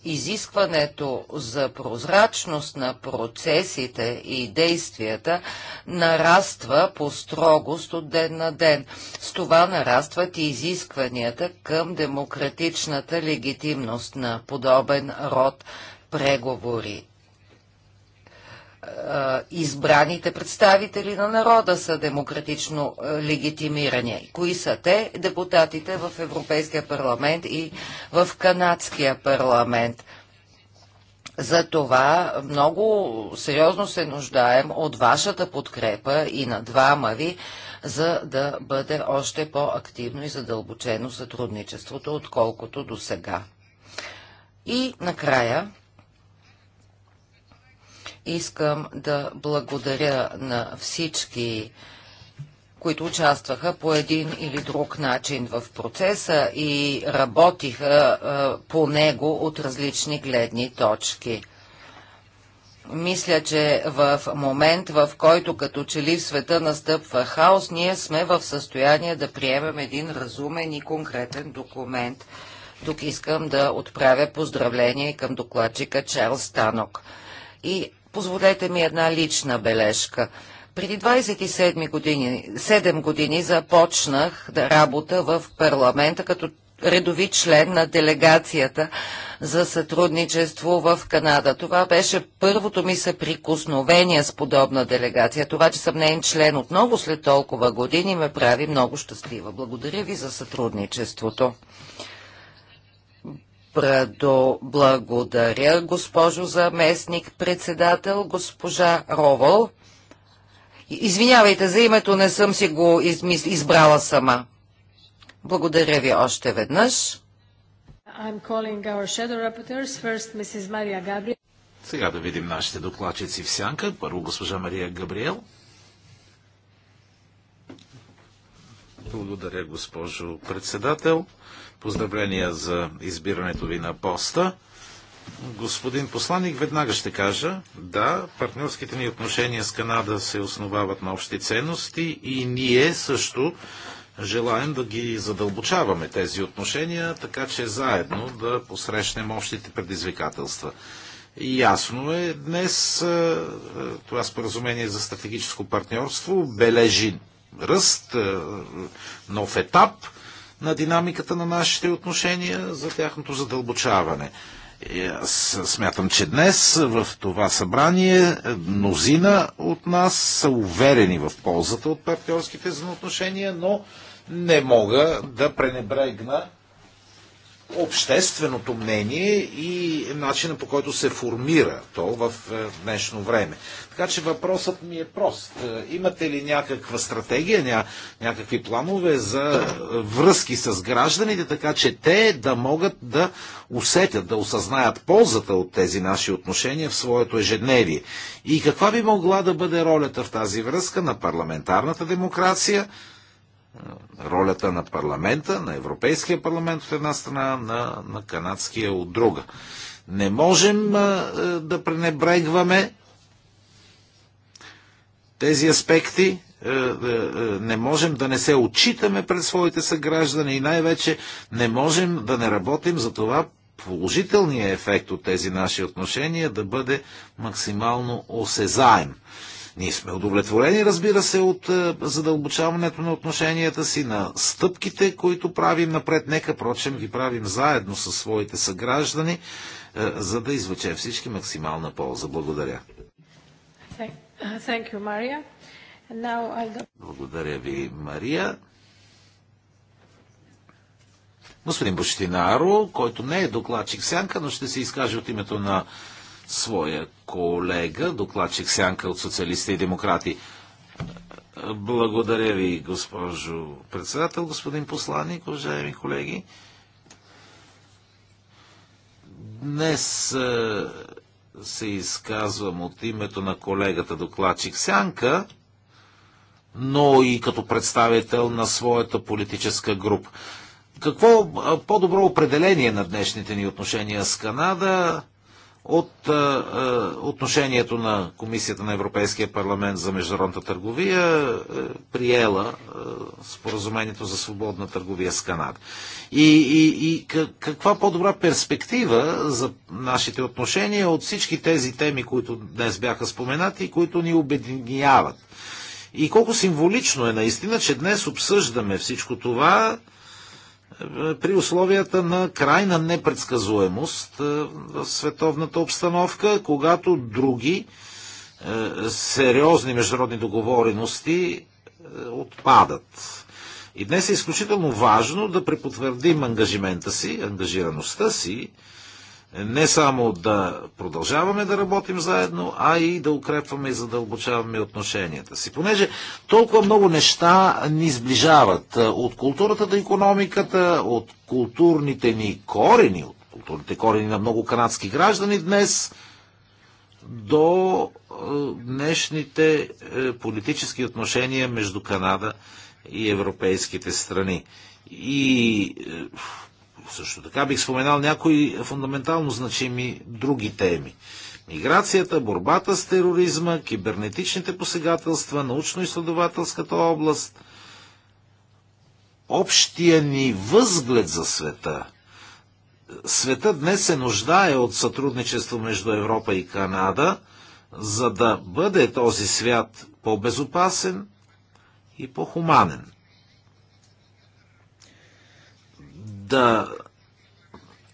изискването за прозрачност на процесите и действията нараства по строгост от ден на ден. С това нарастват и изискванията към демократичната легитимност на подобен род преговори. Е, избраните представители на народа са демократично е, легитимирани. Кои са те? Депутатите в Европейския парламент и в Канадския парламент. За това много сериозно се нуждаем от вашата подкрепа и на двама ви, за да бъде още по-активно и задълбочено сътрудничеството, отколкото до сега. И накрая Искам да благодаря на всички които участваха по един или друг начин в процеса и работиха по него от различни гледни точки. Мисля, че в момент, в който като че ли в света настъпва хаос, ние сме в състояние да приемем един разумен и конкретен документ. Тук искам да отправя поздравление към докладчика Чарлз Танок. И Позволете ми една лична бележка. Преди 27 години, 7 години започнах да работа в парламента като редови член на делегацията за сътрудничество в Канада. Това беше първото ми съприкосновение с подобна делегация. Това, че съм нейн член отново след толкова години, ме прави много щастлива. Благодаря ви за сътрудничеството. Прадо. Благодаря, госпожо заместник председател, госпожа Ровол. Извинявайте за името, не съм си го избрала сама. Благодаря ви още веднъж. First, Сега да видим нашите докладчици в сянка. Първо госпожа Мария Габриел. Благодаря, госпожо председател. Поздравления за избирането ви на поста. Господин посланник, веднага ще кажа, да, партньорските ни отношения с Канада се основават на общи ценности и ние също желаем да ги задълбочаваме тези отношения, така че заедно да посрещнем общите предизвикателства. Ясно е, днес е, е, това споразумение за стратегическо партньорство бележи ръст, е, нов етап на динамиката на нашите отношения, за тяхното задълбочаване. И аз смятам, че днес в това събрание мнозина от нас са уверени в ползата от партньорските взаимоотношения, но не мога да пренебрегна общественото мнение и начина по който се формира то в е, днешно време. Така че въпросът ми е прост. Е, имате ли някаква стратегия, ня, някакви планове за е, връзки с гражданите, така че те да могат да усетят, да осъзнаят ползата от тези наши отношения в своето ежедневие? И каква би могла да бъде ролята в тази връзка на парламентарната демокрация, ролята на парламента, на Европейския парламент от една страна, на, на канадския от друга. Не можем да пренебрегваме тези аспекти, не можем да не се отчитаме пред своите съграждани и най-вече не можем да не работим за това положителният ефект от тези наши отношения да бъде максимално осезаем. Ние сме удовлетворени, разбира се, от е, задълбочаването на отношенията си, на стъпките, които правим напред. Нека, прочем, ги правим заедно със своите съграждани, е, за да извлечем всички максимална полза. Благодаря. Thank uh, you, Maria. Now... Благодаря ви, Мария. Господин Бочетинаро, който не е докладчик сянка, но ще се изкаже от името на своя колега, докладчик Сянка от Социалисти и Демократи. Благодаря ви, госпожо председател, господин посланник, уважаеми колеги. Днес е, се изказвам от името на колегата докладчик Сянка, но и като представител на своята политическа група. Какво е, по-добро определение на днешните ни отношения с Канада от а, отношението на Комисията на Европейския парламент за международната търговия е, приела е, споразумението за свободна търговия с Канада. И, и, и каква по-добра перспектива за нашите отношения от всички тези теми, които днес бяха споменати и които ни обединяват. И колко символично е наистина, че днес обсъждаме всичко това при условията на крайна непредсказуемост е, в световната обстановка, когато други е, сериозни международни договорености е, отпадат. И днес е изключително важно да препотвърдим ангажимента си, ангажираността си не само да продължаваме да работим заедно, а и да укрепваме и задълбочаваме отношенията си. Понеже толкова много неща ни сближават е, от културата до економиката, от културните ни корени, от културните корени на много канадски граждани днес, до е, днешните е, политически отношения между Канада и европейските страни. И също така бих споменал някои фундаментално значими други теми. Миграцията, борбата с тероризма, кибернетичните посегателства, научно-изследователската област, общия ни възглед за света. Света днес се нуждае от сътрудничество между Европа и Канада, за да бъде този свят по-безопасен и по-хуманен. да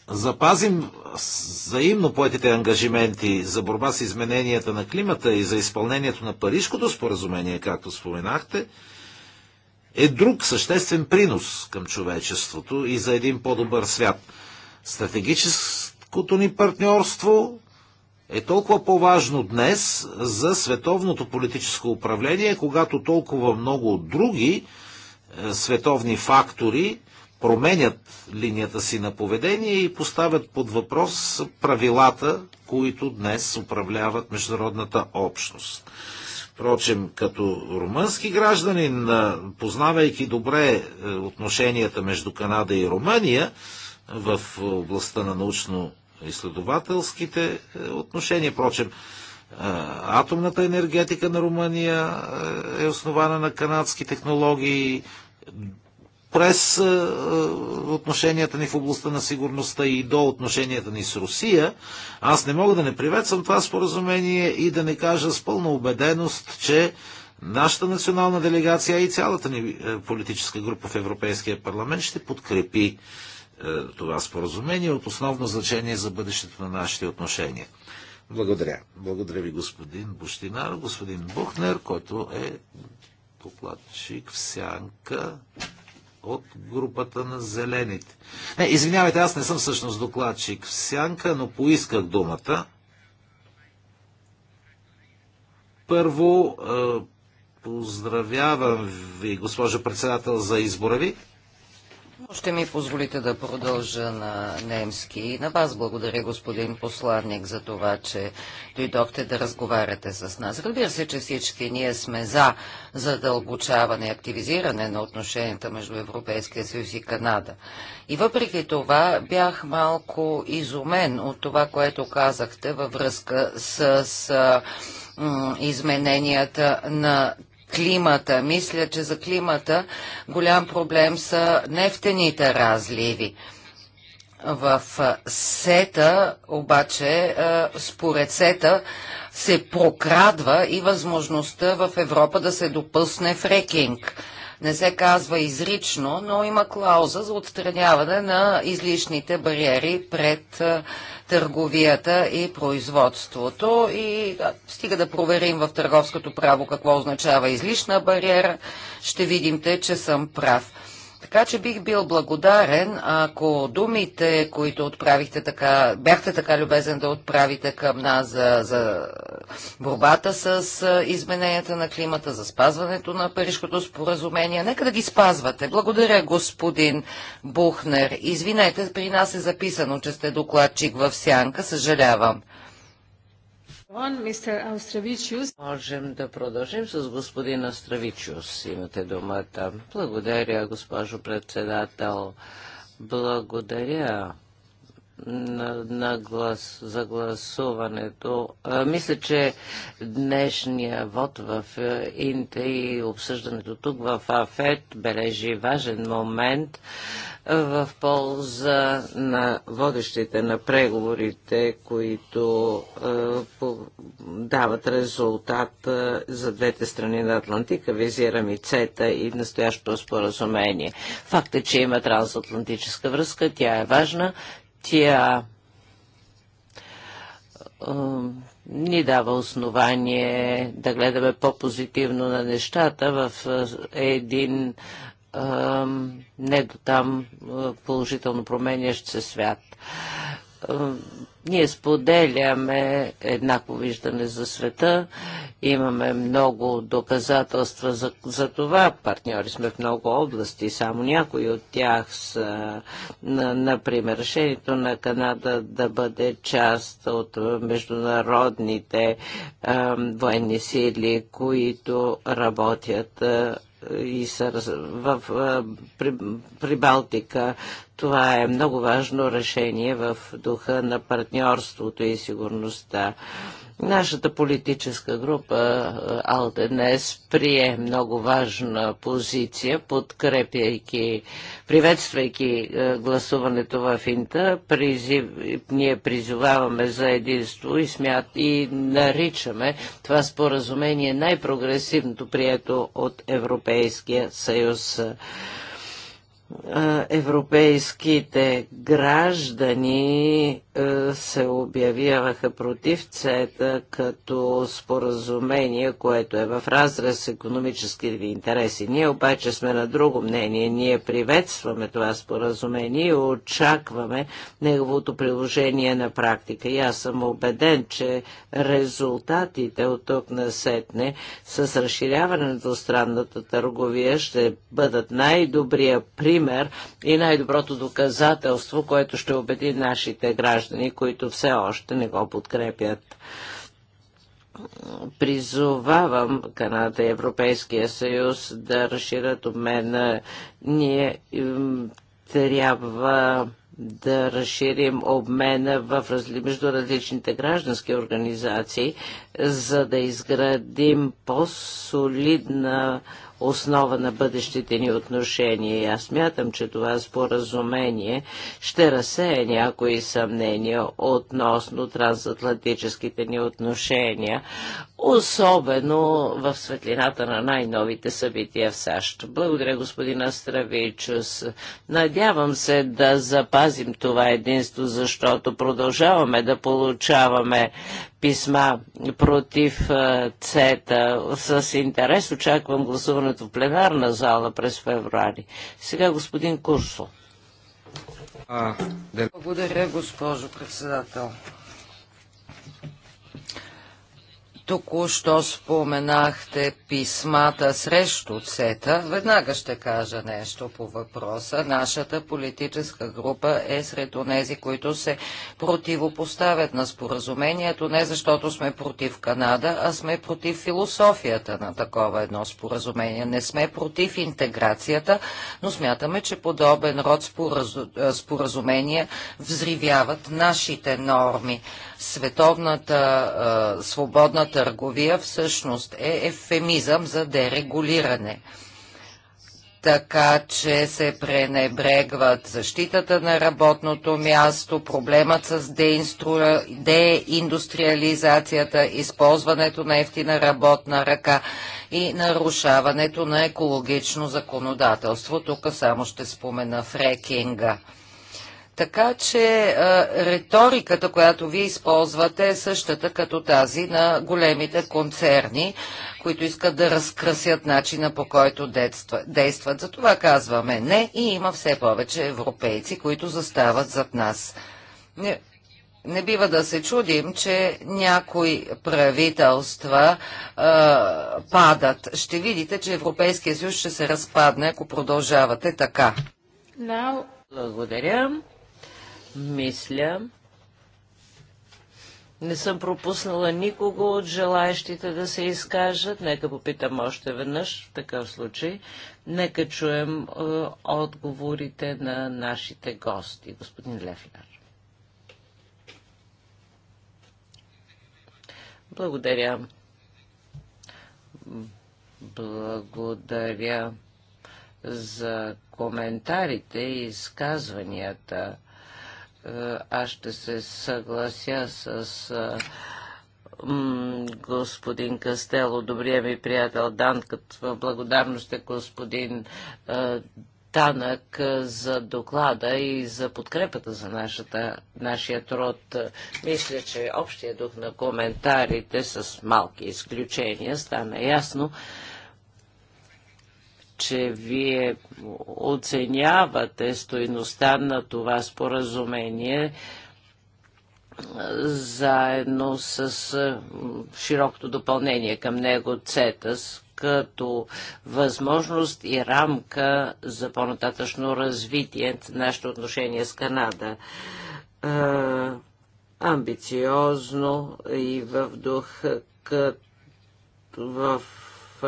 запазим взаимно поетите ангажименти за борба с измененията на климата и за изпълнението на Парижкото споразумение, както споменахте, е друг съществен принос към човечеството и за един по-добър свят. Стратегическото ни партньорство е толкова по-важно днес за световното политическо управление, когато толкова много други е, световни фактори променят линията си на поведение и поставят под въпрос правилата, които днес управляват международната общност. Впрочем, като румънски гражданин, познавайки добре е, отношенията между Канада и Румъния в областта на научно-изследователските е, отношения, впрочем, атомната енергетика на Румъния е, е основана на канадски технологии, през е, е, отношенията ни в областта на сигурността и до отношенията ни с Русия, аз не мога да не приветствам това споразумение и да не кажа с пълна убеденост, че нашата национална делегация и цялата ни е, политическа група в Европейския парламент ще подкрепи това споразумение от основно значение за бъдещето на нашите отношения. Благодаря. Благодаря ви, господин Буштинар, господин Бухнер, който е докладчик в сянка от групата на зелените. Не, извинявайте, аз не съм всъщност докладчик в сянка, но поисках думата. Първо, е, поздравявам ви, госпожо председател, за избора ви. Само ще ми позволите да продължа на немски. На вас благодаря, господин посланник, за това, че дойдохте да разговаряте с нас. Разбира се, че всички ние сме за задълбочаване и активизиране на отношенията между Европейския съюз и Канада. И въпреки това бях малко изумен от това, което казахте във връзка с измененията на климата. Мисля, че за климата голям проблем са нефтените разливи. В сета, обаче, според сета, се прокрадва и възможността в Европа да се допусне фрекинг не се казва изрично, но има клауза за отстраняване на излишните бариери пред търговията и производството. И стига да проверим в търговското право какво означава излишна бариера, ще видимте, че съм прав. Така че бих бил благодарен, ако думите, които отправихте така, бяхте така любезен да отправите към нас за, за борбата с измененията на климата, за спазването на паришкото споразумение, нека да ги спазвате. Благодаря, господин Бухнер. Извинете, при нас е записано, че сте докладчик в сянка. Съжалявам. Можем да продължим с господин Астравичус. Имате думата. Благодаря, госпожо председател. Благодаря на, на глас, за гласуването. А, мисля, че днешния вод в Инте и обсъждането тук в АФЕТ бележи важен момент в полза на водещите на преговорите, които е, дават резултат е, за двете страни на Атлантика, визирам и ЦЕТА и настоящото споразумение. Факт е, че има трансатлантическа връзка, тя е важна, тя е, ни дава основание да гледаме по-позитивно на нещата в един не до там положително променящ се свят. Ние споделяме еднакво виждане за света, имаме много доказателства за, за това. Партньори сме в много области, само някои от тях са, на, например, решението на Канада да бъде част от международните е, военни сили, които работят и са в, при, при Балтика. Това е много важно решение в духа на партньорството и сигурността. Нашата политическа група е, АЛДЕ днес прие много важна позиция, подкрепяйки, приветствайки е, гласуването в Инта. Призив, ние призоваваме за единство и, смят, и наричаме това споразумение най-прогресивното прието от Европейския съюз европейските граждани се обявяваха против ЦЕТА като споразумение, което е в разрез с економическите ви интереси. Ние обаче сме на друго мнение. Ние приветстваме това споразумение и очакваме неговото приложение на практика. И аз съм убеден, че резултатите от тук на сетне с разширяването на странната търговия ще бъдат най-добрия при пример и най-доброто доказателство, което ще убеди нашите граждани, които все още не го подкрепят призовавам Канада и Европейския съюз да разширят обмена. Ние трябва да разширим обмена в разли... между различните граждански организации, за да изградим по-солидна основа на бъдещите ни отношения. И аз мятам, че това споразумение ще разсея някои съмнения относно трансатлантическите ни отношения, особено в светлината на най-новите събития в САЩ. Благодаря, господин Астравичус. Надявам се да запазим това единство, защото продължаваме да получаваме писма против ЦЕТА. С интерес очаквам гласуването в пленарна зала през февруари. Сега господин Курсо. Благодаря, госпожо председател. Току-що споменахте писмата срещу ЦЕТА. Веднага ще кажа нещо по въпроса. Нашата политическа група е сред онези, които се противопоставят на споразумението, не защото сме против Канада, а сме против философията на такова едно споразумение. Не сме против интеграцията, но смятаме, че подобен род споразу... Е, споразумения взривяват нашите норми. Световната, е, свободната търговия всъщност е ефемизъм за дерегулиране. Така че се пренебрегват защитата на работното място, проблемът с деиндустриализацията, използването на ефтина работна ръка и нарушаването на екологично законодателство. Тук само ще спомена фрекинга. Така че риториката, която вие използвате е същата като тази на големите концерни, които искат да разкръсят начина по който действат. За това казваме не и има все повече европейци, които застават зад нас. Не, не бива да се чудим, че някои правителства а, падат. Ще видите, че Европейския съюз ще се разпадне, ако продължавате така. Благодаря. Мисля. Не съм пропуснала никого от желаящите да се изкажат. Нека попитам още веднъж в такъв случай. Нека чуем е, отговорите на нашите гости. Господин Лефляр. Благодаря. Благодаря за коментарите и изказванията. Е, аз ще се съглася с е, господин Кастело, добрия ми приятел Дан, като благодарност е господин е, Танък за доклада и за подкрепата за нашата, нашия род. Мисля, че общия дух на коментарите с малки изключения стана ясно, че вие оценявате стоиността на това споразумение заедно с широкото допълнение към него ЦЕТАС, като възможност и рамка за по-нататъчно развитие на нашето отношение с Канада. А, амбициозно и в дух като в е,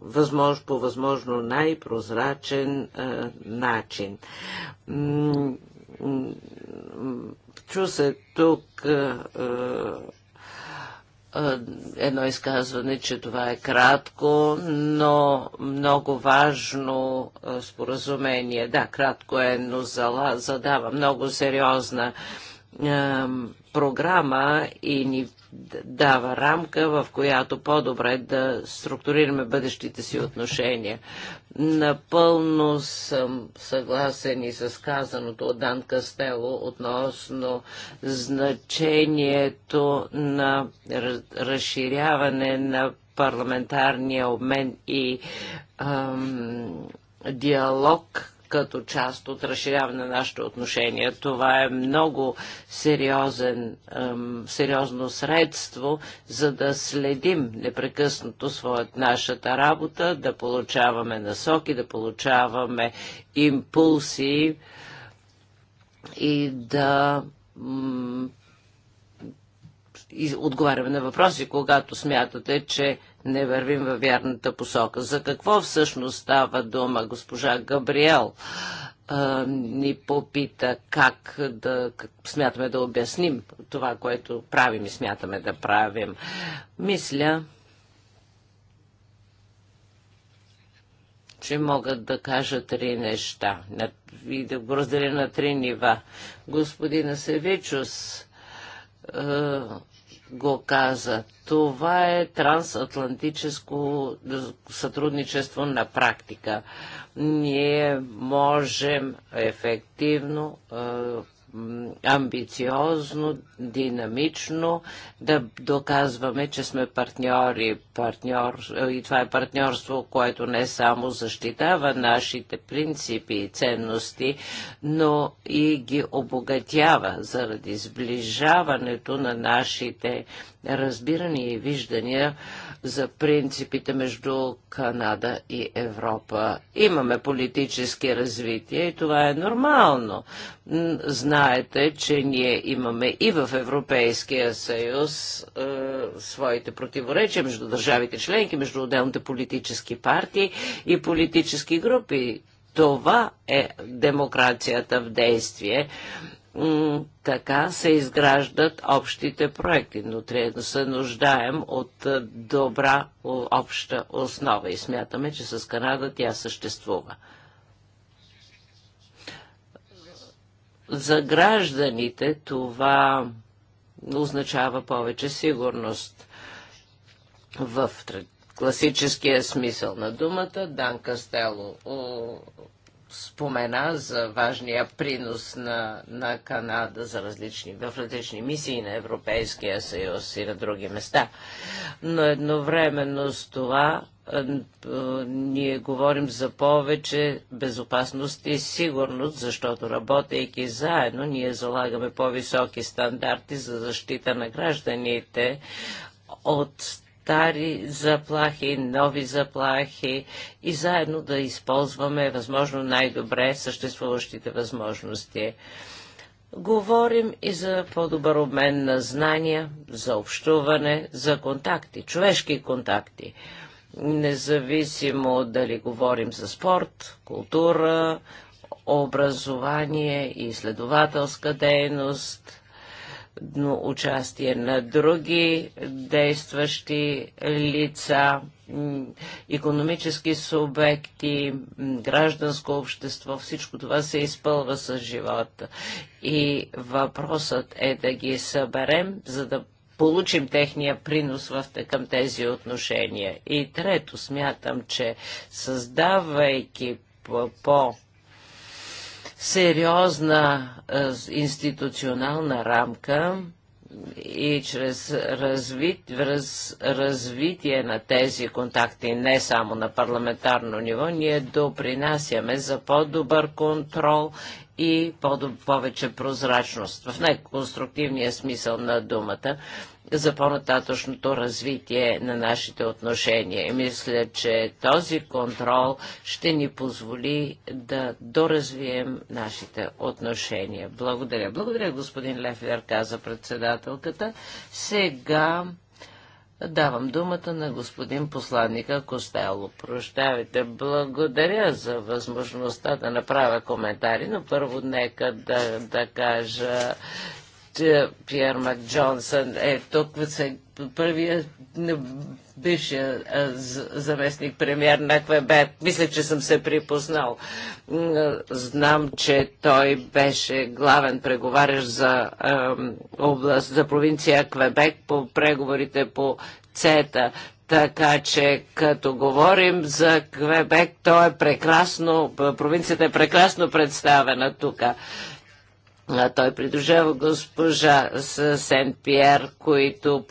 възмож, по възможно най-прозрачен е, начин. Чу се тук е, едно изказване, че това е кратко, но много важно споразумение. Да, кратко е, но задава много сериозна програма и ни дава рамка, в която по-добре да структурираме бъдещите си отношения. Напълно съм съгласен и с казаното от Дан Кастело относно значението на разширяване на парламентарния обмен и ам, диалог като част от разширяване на нашите отношения. Това е много сериозен, ем, сериозно средство, за да следим непрекъснато своят, нашата работа, да получаваме насоки, да получаваме импулси и да отговаряме на въпроси, когато смятате, че не вървим във вярната посока. За какво всъщност става дума госпожа Габриел? ни попита как да как смятаме да обясним това, което правим и смятаме да правим. Мисля, че могат да кажа три неща и да го разделя на три нива. Господина Севичус, го каза. Това е трансатлантическо сътрудничество на практика. Ние можем ефективно амбициозно, динамично да доказваме, че сме партньори. Партньор, и това е партньорство, което не само защитава нашите принципи и ценности, но и ги обогатява заради сближаването на нашите разбирания и виждания за принципите между Канада и Европа. Имаме политически развитие и това е нормално. Знаете, че ние имаме и в Европейския съюз е, своите противоречия между държавите членки, между отделните политически партии и политически групи. Това е демокрацията в действие така се изграждат общите проекти, но трябва да се нуждаем от е, добра обща основа и смятаме, че с Канада тя съществува. За гражданите това означава повече сигурност. В класическия смисъл на думата Дан Кастело спомена за важния принос на, на Канада за различни, в различни мисии на Европейския съюз и на други места. Но едновременно с това е, е, ние говорим за повече безопасност и сигурност, защото работейки заедно, ние залагаме по-високи стандарти за защита на гражданите от стари заплахи, нови заплахи и заедно да използваме възможно най-добре съществуващите възможности. Говорим и за по-добър обмен на знания, за общуване, за контакти, човешки контакти. Независимо дали говорим за спорт, култура, образование и изследователска дейност, участие на други действащи лица, економически субекти, гражданско общество, всичко това се изпълва с живота. И въпросът е да ги съберем, за да получим техния принос в, към тези отношения. И трето, смятам, че създавайки по, по сериозна е, институционална рамка и чрез развит, раз... развитие на тези контакти, не само на парламентарно ниво, ние допринасяме за по-добър контрол и по повече прозрачност. В най-конструктивния смисъл на думата за по-нататъчното развитие на нашите отношения. мисля, че този контрол ще ни позволи да доразвием нашите отношения. Благодаря. Благодаря, господин Лефер, каза председателката. Сега Давам думата на господин посланника Костело. Прощавайте, благодаря за възможността да направя коментари, но първо нека да, да кажа, е, Пьер Мак Джонсън е тук, първия бившия е, заместник премьер на Квебек. Мисля, че съм се припознал. Е, знам, че той беше главен преговарящ за област, за провинция Квебек по преговорите по ЦЕТА. Така че, като говорим за Квебек, то е прекрасно, провинцията е прекрасно представена тук. Той придружава госпожа Сен Пьер, които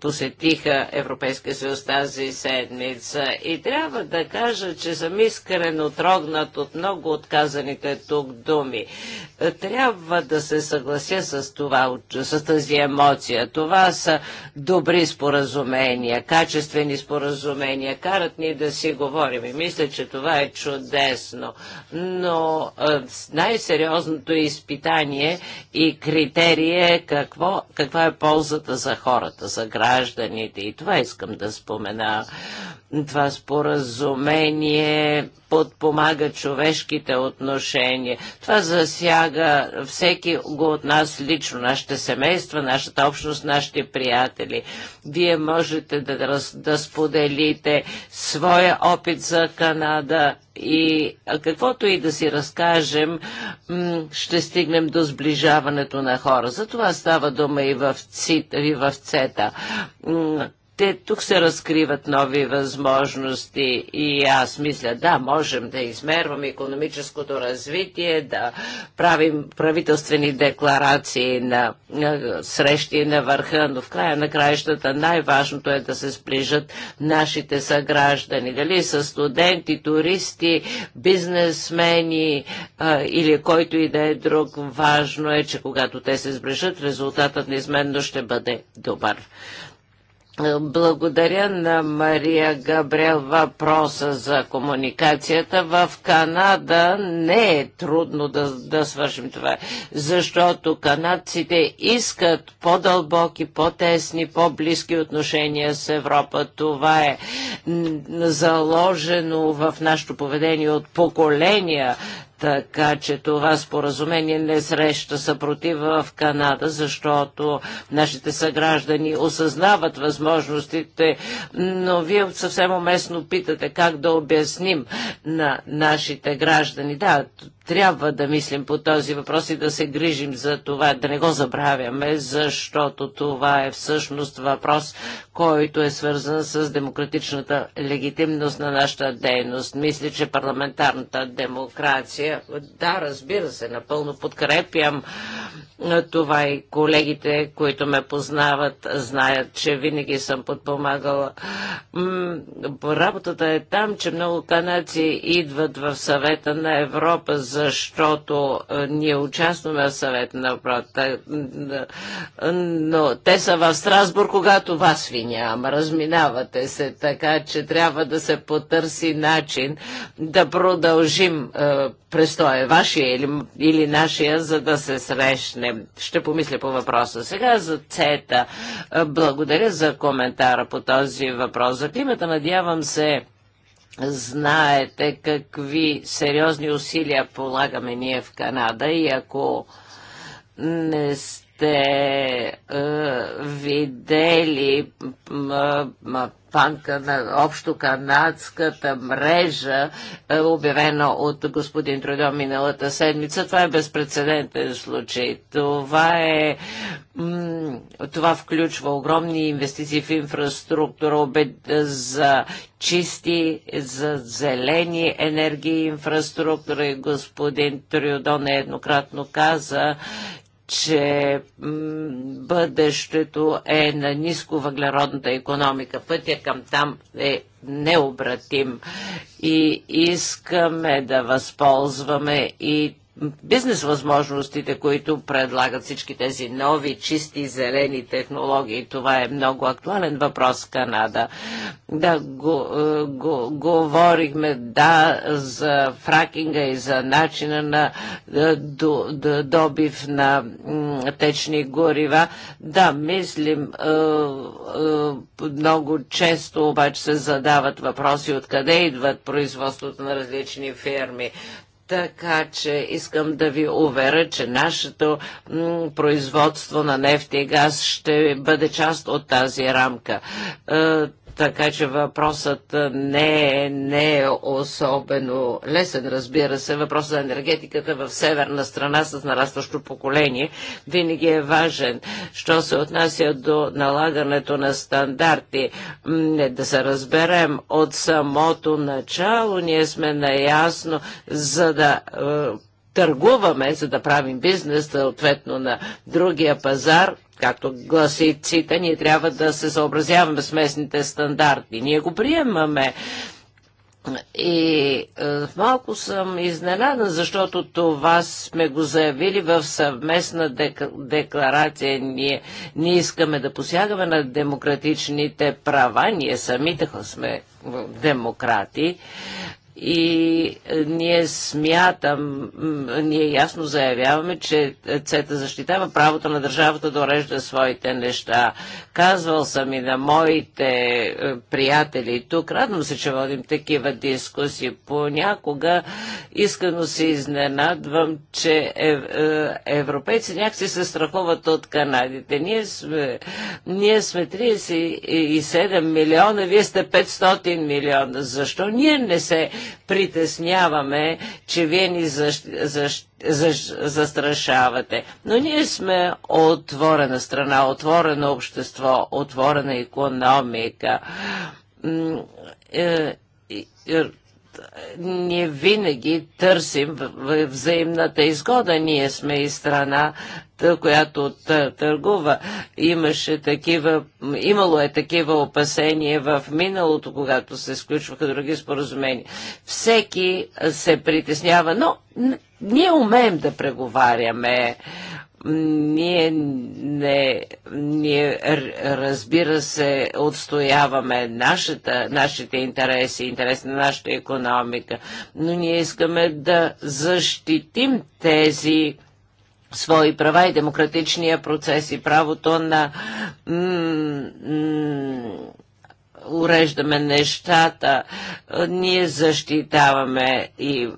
посетиха Европейския съюз тази седмица. И трябва да кажа, че съм искрено трогнат от много отказаните тук думи. Трябва да се съглася с, това, с тази емоция. Това са добри споразумения, качествени споразумения. Карат ни да си говорим. И мисля, че това е чудесно. Но най-сериозното изпитание състояние и критерие какво, каква е ползата за хората, за гражданите. И това искам да спомена. Това споразумение подпомага човешките отношения. Това засяга всеки го от нас лично, нашите семейства, нашата общност, нашите приятели. Вие можете да, да споделите своя опит за Канада и каквото и да си разкажем, ще стигнем до сближаването на хора. За това става дума и в, ЦИТ, и в ЦЕТА те тук се разкриват нови възможности и аз мисля, да, можем да измерваме економическото развитие, да правим правителствени декларации на, на срещи на върха, но в края на краищата най-важното е да се сближат нашите съграждани, дали са студенти, туристи, бизнесмени а, или който и да е друг. Важно е, че когато те се сближат, резултатът неизменно ще бъде добър. Благодаря на Мария Габриел въпроса за комуникацията. В Канада не е трудно да, да свършим това, защото канадците искат по-дълбоки, по-тесни, по-близки отношения с Европа. Това е заложено в нашето поведение от поколения така че това споразумение не среща съпротива в Канада, защото нашите съграждани осъзнават възможностите, но вие съвсем уместно питате как да обясним на нашите граждани. Да, трябва да мислим по този въпрос и да се грижим за това, да не го забравяме, защото това е всъщност въпрос, който е свързан с демократичната легитимност на нашата дейност. Мисля, че парламентарната демокрация, да, разбира се, напълно подкрепям това и колегите, които ме познават, знаят, че винаги съм подпомагала. работата е там, че много канадци идват в съвета на Европа за защото е, ние участваме в съвет на е, е, но те са в Страсбург, когато вас ви няма. Разминавате се, така че трябва да се потърси начин да продължим престоя вашия или, или нашия, за да се срещнем. Ще помисля по въпроса. Сега за ЦЕТА. Благодаря за коментара по този въпрос. За климата надявам се Знаете какви сериозни усилия полагаме ние в Канада и ако не сте сте е, видели панка на общо канадската мрежа, е, обявена от господин Трудо миналата седмица. Това е безпредседентен случай. Това е това включва огромни инвестиции в инфраструктура обед, за чисти, за зелени енергии инфраструктура и господин Трудо нееднократно каза, че бъдещето е на ниско въглеродната економика. Пътя към там е необратим и искаме да възползваме и бизнес възможностите, които предлагат всички тези нови, чисти, зелени технологии. Това е много актуален въпрос в Канада. Да, го, е, го, говорихме, да, за фракинга и за начина на е, до, до, добив на течни горива. Да, мислим, е, много често обаче се задават въпроси откъде идват производството на различни фирми. Така че искам да ви уверя, че нашето производство на нефти и газ ще бъде част от тази рамка. Е, така че въпросът не е, не е особено лесен, разбира се. Въпросът за енергетиката в северна страна с нарастващо поколение винаги е важен. Що се отнася до налагането на стандарти, не да се разберем от самото начало, ние сме наясно, за да търгуваме, за да правим бизнес, съответно на другия пазар, както гласи ЦИТА, ние трябва да се съобразяваме с местните стандарти. Ние го приемаме. И е, малко съм изненадан, защото това сме го заявили в съвместна дек, декларация. Ние, ние искаме да посягаме на демократичните права. Ние самите сме демократи и е, ние смятам, ние ясно заявяваме, че е, ЦЕТА защитава правото на държавата да урежда своите неща. Казвал съм и на моите е, приятели тук, радвам се, че водим такива дискусии. Понякога искано се изненадвам, че европейци някакси се страхуват от канадите. Ние сме, ние сме 37 милиона, вие сте 500 милиона. Защо ние не се притесняваме, че вие ни защ... Защ... Защ... застрашавате. Но ние сме отворена страна, отворено общество, отворена економика ние винаги търсим взаимната изгода. Ние сме и страна, която търгува. Имаше такива, имало е такива опасения в миналото, когато се сключваха други споразумения. Всеки се притеснява, но ние умеем да преговаряме. Ние не, ние разбира се отстояваме нашата, нашите интереси, интерес на нашата економика, но ние искаме да защитим тези свои права и демократичния процес и правото на уреждаме нещата. Ние защитаваме и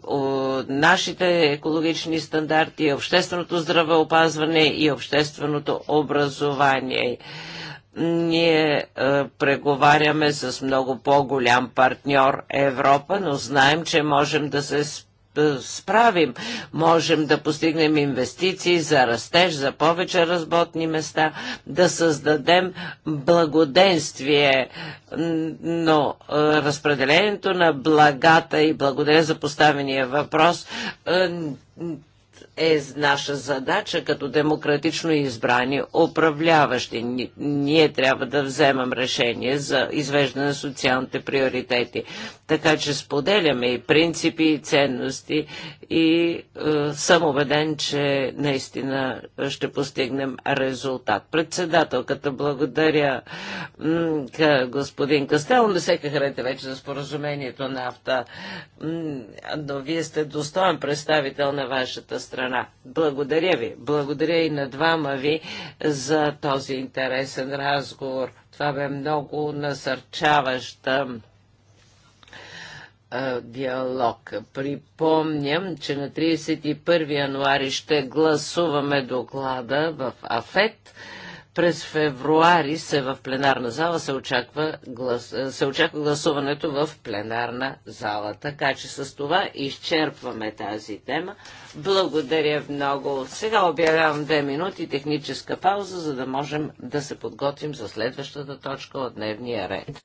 нашите екологични стандарти, и общественото здравеопазване, и общественото образование ние е, преговаряме с много по-голям партньор Европа, но знаем, че можем да се справим. Можем да постигнем инвестиции за растеж, за повече разботни места, да създадем благоденствие, но е, разпределението на благата и благодаря за поставения въпрос е, е наша задача като демократично избрани управляващи. Ние трябва да вземам решение за извеждане на социалните приоритети. Така че споделяме и принципи, и ценности и е, съм убеден, че наистина ще постигнем резултат. Председателката, благодаря господин Кастел. Не се кахарете вече за споразумението на авто, но вие сте достоен представител на вашата страна страна. Благодаря ви. Благодаря и на двама ви за този интересен разговор. Това бе много насърчаваща диалог. Припомням, че на 31 януари ще гласуваме доклада в АФЕТ. През февруари се в пленарна зала се очаква, глас, е, се очаква гласуването в пленарна зала. Така че с това изчерпваме тази тема. Благодаря много. Сега обявявам две минути техническа пауза, за да можем да се подготвим за следващата точка от дневния ред.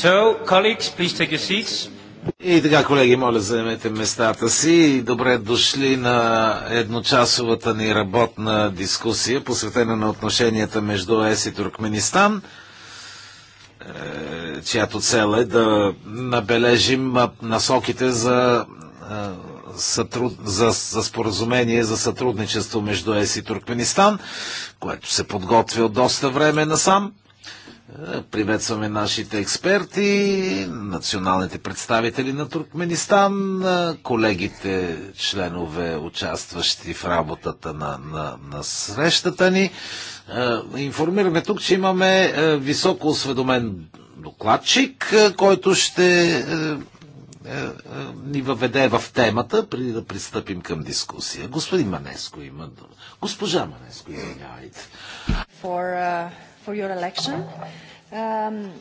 So, colleagues, please take your seats. И така, колеги, моля, заемете местата си. и Добре дошли на едночасовата ни работна дискусия, посветена на отношенията между ЕС и Туркменистан, е, чиято цел е да набележим насоките за, е, за, за споразумение за сътрудничество между ЕС и Туркменистан, което се подготвя от доста време насам. Приветстваме нашите експерти, националните представители на Туркменистан, колегите, членове, участващи в работата на, на, на срещата ни. Информираме тук, че имаме високо осведомен докладчик, който ще ни въведе в темата, преди да пристъпим към дискусия. Господин Манеско има дума. Госпожа Манеско, извинявайте. For, uh for your election. Um,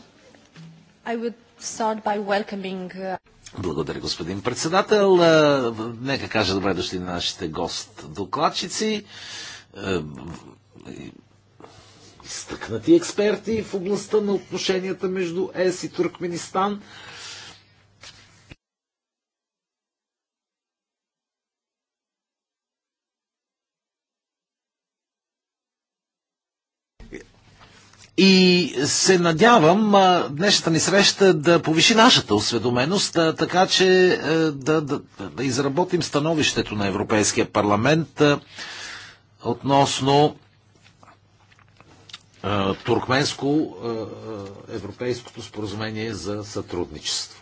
I would start by welcoming uh, благодаря, господин председател. Е, нека кажа добре дошли на нашите гост-докладчици, Стъкнати е, експерти в областта на отношенията между ЕС и Туркменистан. И се надявам днешната ни среща да повиши нашата осведоменост, така че да, да, да изработим становището на Европейския парламент относно туркменско-европейското споразумение за сътрудничество.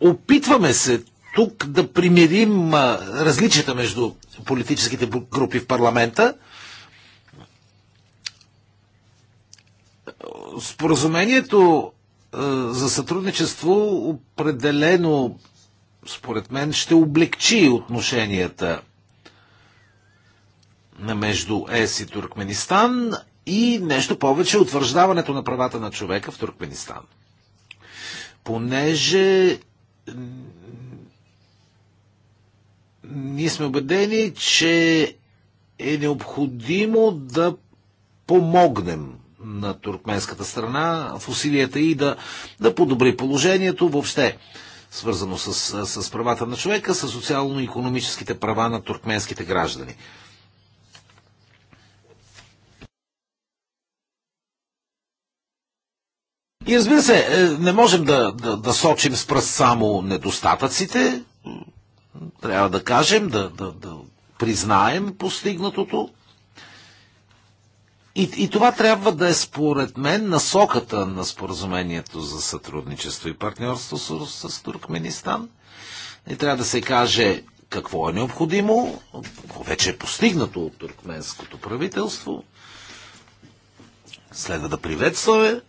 Опитваме се тук да примирим различията между политическите групи в парламента. Споразумението за сътрудничество определено, според мен, ще облегчи отношенията между ЕС и Туркменистан и нещо повече утвърждаването на правата на човека в Туркменистан. Понеже ние сме убедени, че е необходимо да помогнем на туркменската страна в усилията и да, да подобри положението въобще, свързано с, с правата на човека, с социално-економическите права на туркменските граждани. И разбира се, е, не можем да, да, да сочим с пръст само недостатъците, трябва да кажем, да, да, да признаем постигнатото. И, и това трябва да е според мен насоката на споразумението за сътрудничество и партньорство с, с Туркменистан. И трябва да се каже какво е необходимо, какво вече е постигнато от туркменското правителство. Следва да приветстваме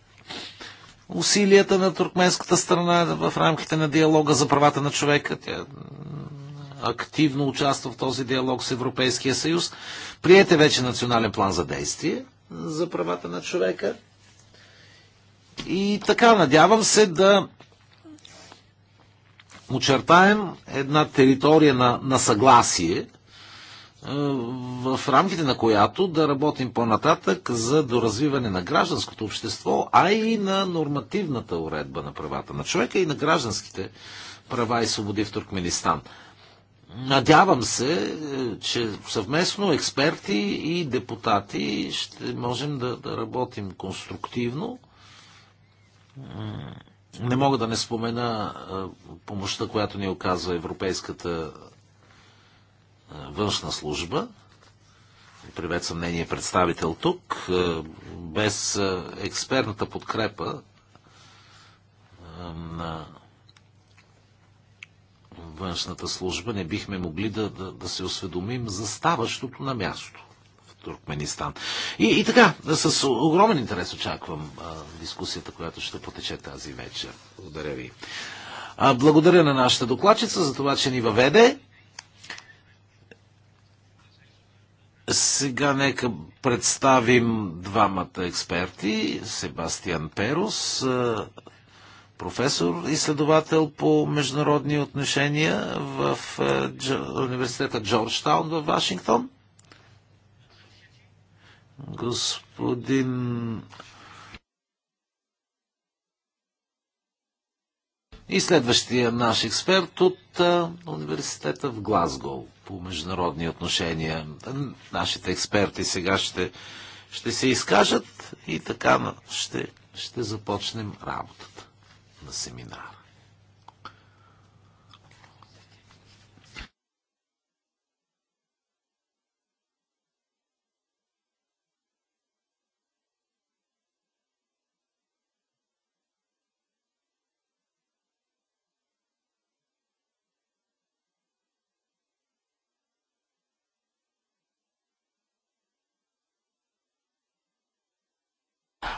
усилията на туркменската страна в рамките на диалога за правата на човека. Тя активно участва в този диалог с Европейския съюз. Приете вече национален план за действие за правата на човека. И така, надявам се да очертаем една територия на, на съгласие – в рамките на която да работим по-нататък за доразвиване на гражданското общество, а и на нормативната уредба на правата на човека и на гражданските права и свободи в Туркменистан. Надявам се, е, че съвместно експерти и депутати ще можем да, да работим конструктивно. Не мога да не спомена е, помощта, която ни оказва Европейската външна служба, привет съмнение представител тук, без експертната подкрепа на външната служба не бихме могли да, да, да се осведомим за ставащото на място в Туркменистан. И, и така, с огромен интерес очаквам а, дискусията, която ще потече тази вечер. Благодаря ви. А, благодаря на нашата докладчица за това, че ни въведе Сега нека представим двамата експерти. Себастиан Перус, е, професор, изследовател по международни отношения в е, университета Джорджтаун в Вашингтон. Господин И следващия наш експерт от е, университета в Глазгол по международни отношения. Нашите експерти сега ще, ще се изкажат и така ще, ще започнем работата на семинара.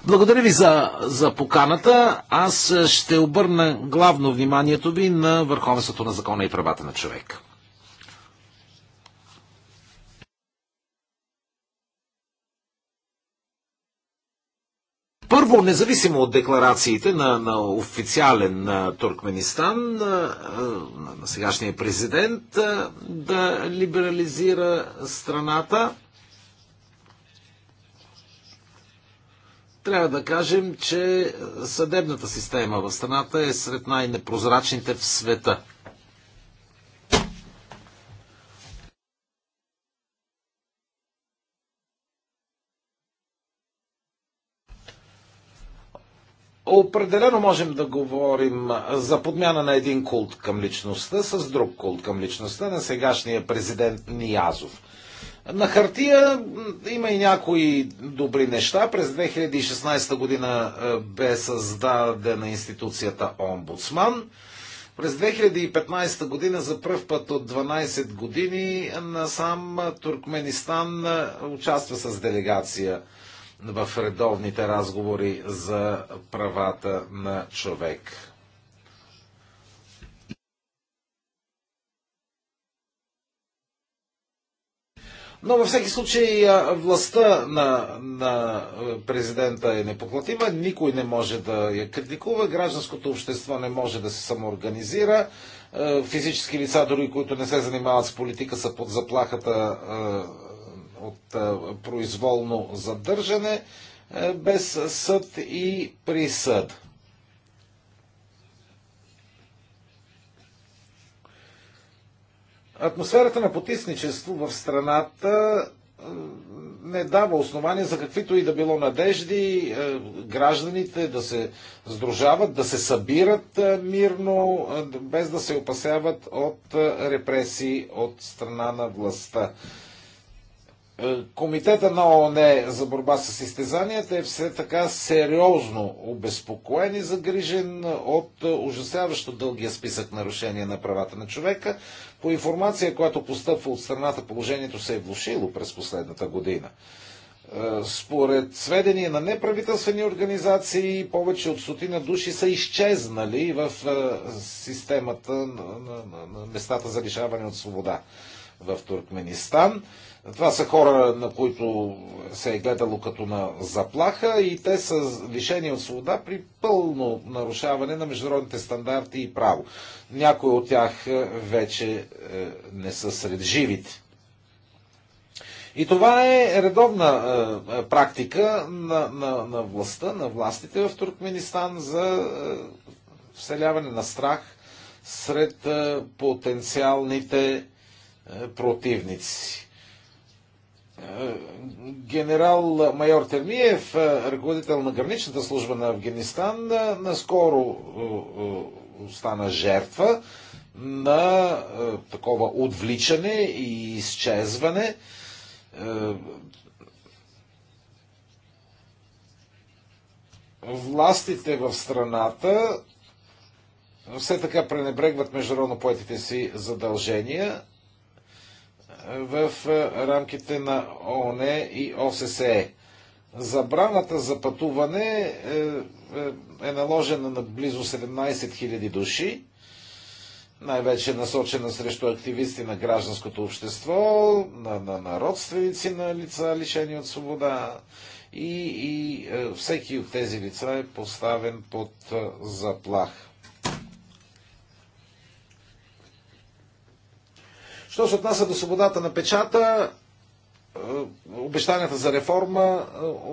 Благодаря ви за, за поканата. Аз е, ще обърна главно вниманието ви на върховенството на закона и правата на човека. Първо, независимо от декларациите на, на официален на Туркменистан, е, е, на, на сегашния президент да либерализира страната, трябва да кажем, че съдебната система в страната е сред най-непрозрачните в света. Определено можем да говорим за подмяна на един култ към личността с друг култ към личността на сегашния президент Ниязов. На хартия има и някои добри неща. През 2016 година е, бе създадена институцията Омбудсман. През 2015 година за първ път от 12 години насам е, Туркменистан е, участва с делегация в редовните разговори за правата на човек. Но във всеки случай властта на, на президента е непоклатима, никой не може да я критикува, гражданското общество не може да се самоорганизира, физически лица, дори които не се занимават с политика, са под заплахата от произволно задържане без съд и присъд. Атмосферата на потисничество в страната е, не дава основания за каквито и да било надежди е, гражданите да се сдружават, да се събират е, мирно, без да се опасяват от репресии от страна на властта. Комитета на ООН за борба с изтезанията е все така сериозно обезпокоен и загрижен от ужасяващо дългия списък нарушения на правата на човека, по информация, която постъпва от страната, положението се е влушило през последната година. Е, според сведения на неправителствени организации, повече от стотина души са изчезнали в е, системата на местата за лишаване от свобода в Туркменистан. Това са хора, на които се е гледало като на заплаха и те са лишени от свобода при пълно нарушаване на международните стандарти и право. Някои от тях е, вече е, не са сред живите. И това е редовна е, практика на, на, на властта, на властите в Туркменистан за е, вселяване на страх сред е, потенциалните е, противници генерал-майор Термиев, ръководител на граничната служба на Афганистан, наскоро стана жертва на такова отвличане и изчезване. Властите в страната все така пренебрегват международно поетите си задължения в е, рамките на ООН и ОССЕ. Забраната за пътуване е, е, е наложена на близо 17 000 души, най-вече насочена срещу активисти на гражданското общество, на, на, на родственици на лица, лишени от свобода. И, и всеки от тези лица е поставен под заплах. Що се отнася до свободата на печата, е, обещанията за реформа е,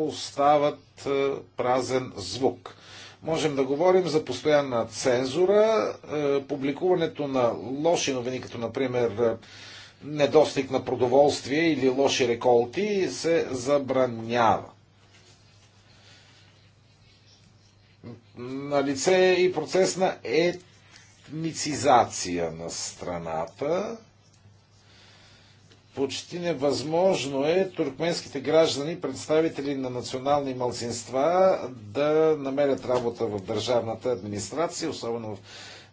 остават е, празен звук. Можем да говорим за постоянна цензура, публикуването на лоши новини, като например недостиг на продоволствие или лоши реколти, се забранява. На лице е и процес на етницизация на страната почти невъзможно е туркменските граждани, представители на национални малцинства, да намерят работа в държавната администрация, особено в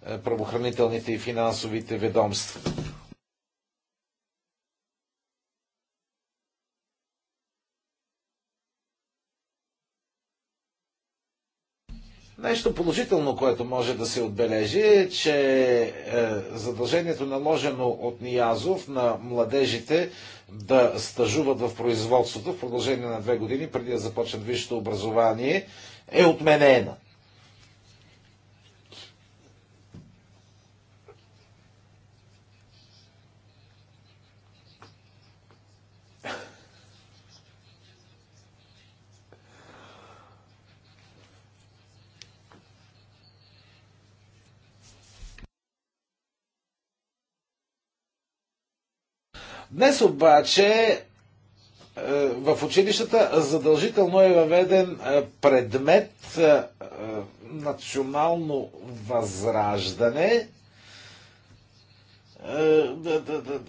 е, правоохранителните и финансовите ведомства. Нещо положително, което може да се отбележи е, че е, задължението наложено от Ниязов на младежите да стажуват в производството в продължение на две години преди да започнат висшето образование е отменено. Днес обаче е, в училищата задължително е въведен е, предмет е, национално възраждане,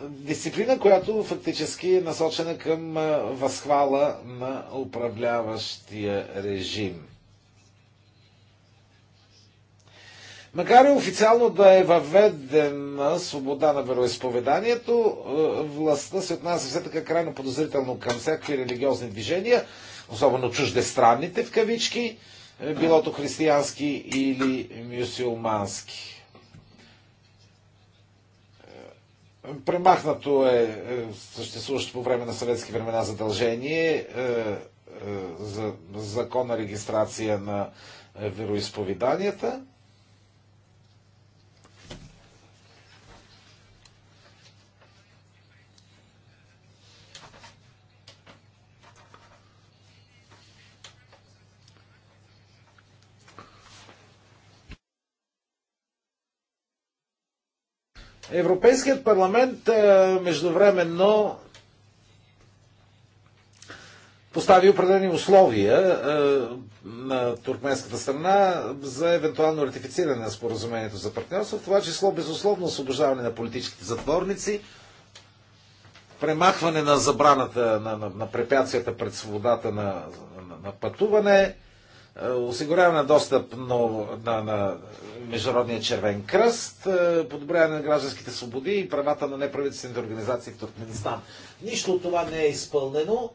дисциплина, която фактически е насочена към възхвала на управляващия режим. Макар и официално да е въведена свобода на вероисповеданието, е, властта се отнася все така крайно подозрително към всякакви религиозни движения, особено чуждестранните в кавички, е, билото християнски или мюсюлмански. Е, премахнато е съществуващо по време на съветски времена задължение за законна регистрация на вероисповеданията – Европейският парламент е, междувременно постави определени условия е, на туркменската страна за евентуално ратифициране на споразумението за партньорство, в това число безусловно освобождаване на политическите затворници, премахване на забраната на, на, на препятствията пред свободата на, на, на пътуване, е, осигуряване на достъп на, на, на Международния червен кръст, е, подобряване на гражданските свободи и правата на неправителствените организации в Туркменистан. Нищо от това не е изпълнено.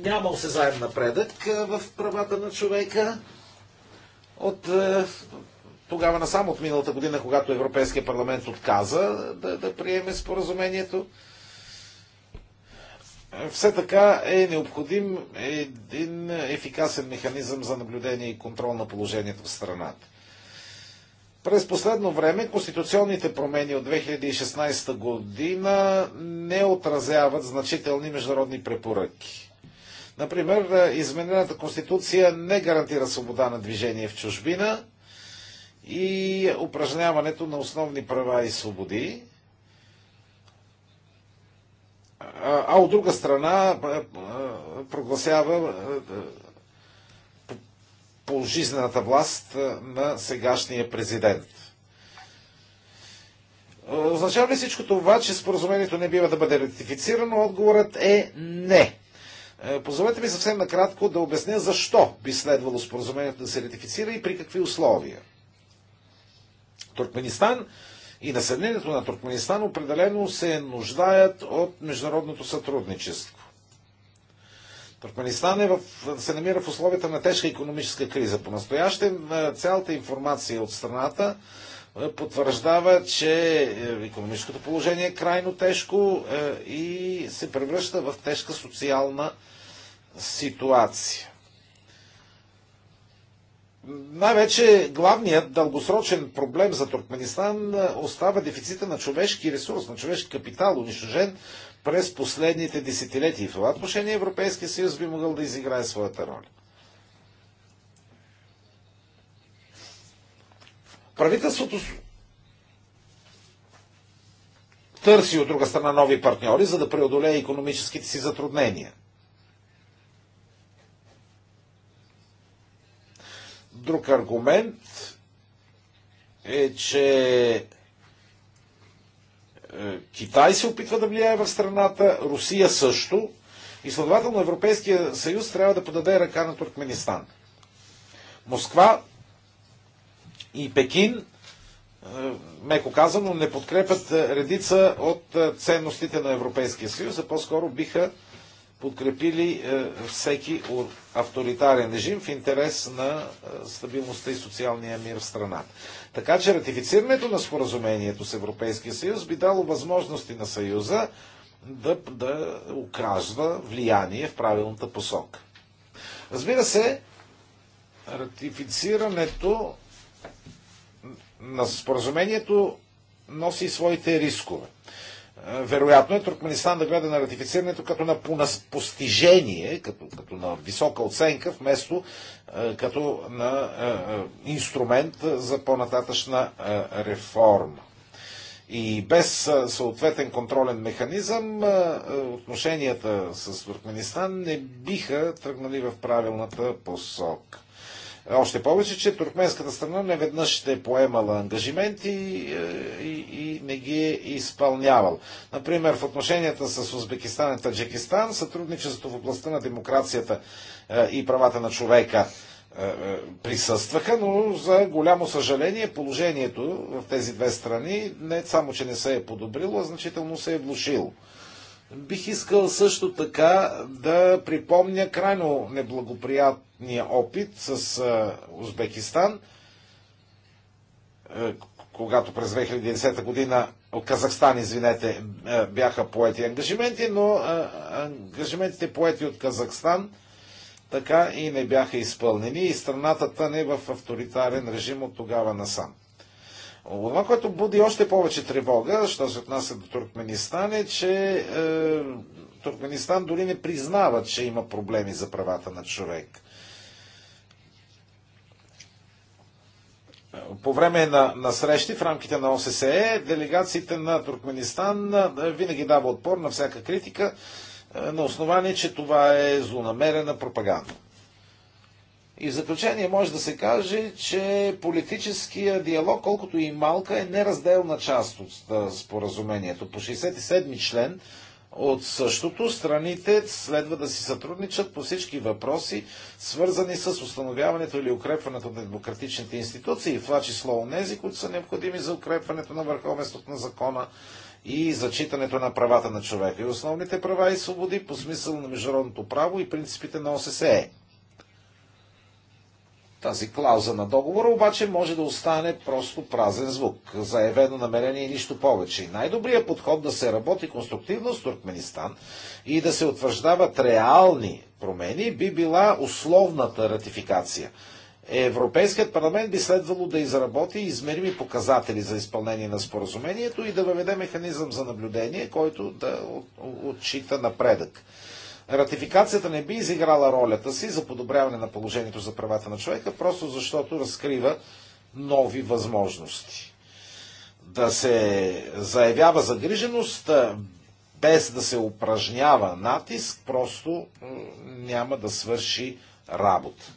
Няма осезаем напредък е, в правата на човека от тогава насам, от миналата година, когато Европейския парламент отказа да, да приеме споразумението. Все така е необходим един ефикасен механизъм за наблюдение и контрол на положението в страната. През последно време конституционните промени от 2016 година не отразяват значителни международни препоръки. Например, изменената конституция не гарантира свобода на движение в чужбина и упражняването на основни права и свободи, а от друга страна прогласява пожизнената власт на сегашния президент. Означава ли всичко това, че споразумението не бива да бъде ратифицирано? Отговорът е не. Е, позволете ми съвсем накратко да обясня защо би следвало споразумението да се ратифицира и при какви условия. Туркменистан и населението на Туркменистан определено се нуждаят от международното сътрудничество. Туркменистан е в, се намира в условията на тежка економическа криза. по настояще е, цялата информация от страната е, потвърждава, че економическото положение е крайно тежко е, и се превръща в тежка социална ситуация. Най-вече главният дългосрочен проблем за Туркменистан остава дефицита на човешки ресурс, на човешки капитал, унищожен през последните десетилетия. В това отношение Европейския съюз би могъл да изиграе своята роля. Правителството търси от друга страна нови партньори, за да преодолее економическите си затруднения – Друг аргумент е, че е, Китай се опитва да влияе в страната, Русия също. И следователно Европейския съюз трябва да подаде ръка на Туркменистан. Москва и Пекин, е, меко казано, не подкрепят редица от е, ценностите на Европейския съюз, а по-скоро биха подкрепили е, всеки авторитарен режим в интерес на е, стабилността и социалния мир в страната. Така че ратифицирането на споразумението с Европейския съюз би дало възможности на Съюза да, да оказва влияние в правилната посока. Разбира се, ратифицирането на споразумението носи своите рискове вероятно е Туркменистан да гледа на ратифицирането като на постижение, като, като на висока оценка, вместо като на инструмент за по-нататъчна реформа. И без съответен контролен механизъм отношенията с Туркменистан не биха тръгнали в правилната посока. Още повече, че туркменската страна не веднъж ще е поемала ангажименти и, е, и, и не ги е изпълнявал. Например, в отношенията с Узбекистан и Таджикистан, сътрудничеството в областта на демокрацията е, и правата на човека е, присъстваха, но за голямо съжаление положението в тези две страни не само, че не се е подобрило, а значително се е влушило. Бих искал също така да припомня крайно неблагоприятния опит с Узбекистан, когато през 2010 година от Казахстан, извинете, бяха поети ангажименти, но ангажиментите поети от Казахстан така и не бяха изпълнени и страната тъне в авторитарен режим от тогава насам. Това, което буди още повече тревога, що се отнася до Туркменистан, е, че е, Туркменистан дори не признава, че има проблеми за правата на човек. По време на, на срещи в рамките на ОССЕ, делегациите на Туркменистан е, винаги дава отпор на всяка критика е, на основание, че това е злонамерена пропаганда. И в заключение може да се каже, че политическия диалог, колкото и малка, е неразделна част от споразумението. По 67 член от същото страните следва да си сътрудничат по всички въпроси, свързани с установяването или укрепването на демократичните институции, в това число онези, които са необходими за укрепването на върховенството на закона и зачитането на правата на човека и основните права и свободи по смисъл на международното право и принципите на ОССЕ. Тази клауза на договора обаче може да остане просто празен звук, заявено намерение и нищо повече. най-добрият подход да се работи конструктивно с Туркменистан и да се утвърждават реални промени би била условната ратификация. Европейският парламент би следвало да изработи измерими показатели за изпълнение на споразумението и да въведе механизъм за наблюдение, който да отчита напредък. Ратификацията не би изиграла ролята си за подобряване на положението за правата на човека, просто защото разкрива нови възможности. Да се заявява загриженост без да се упражнява натиск, просто няма да свърши работа.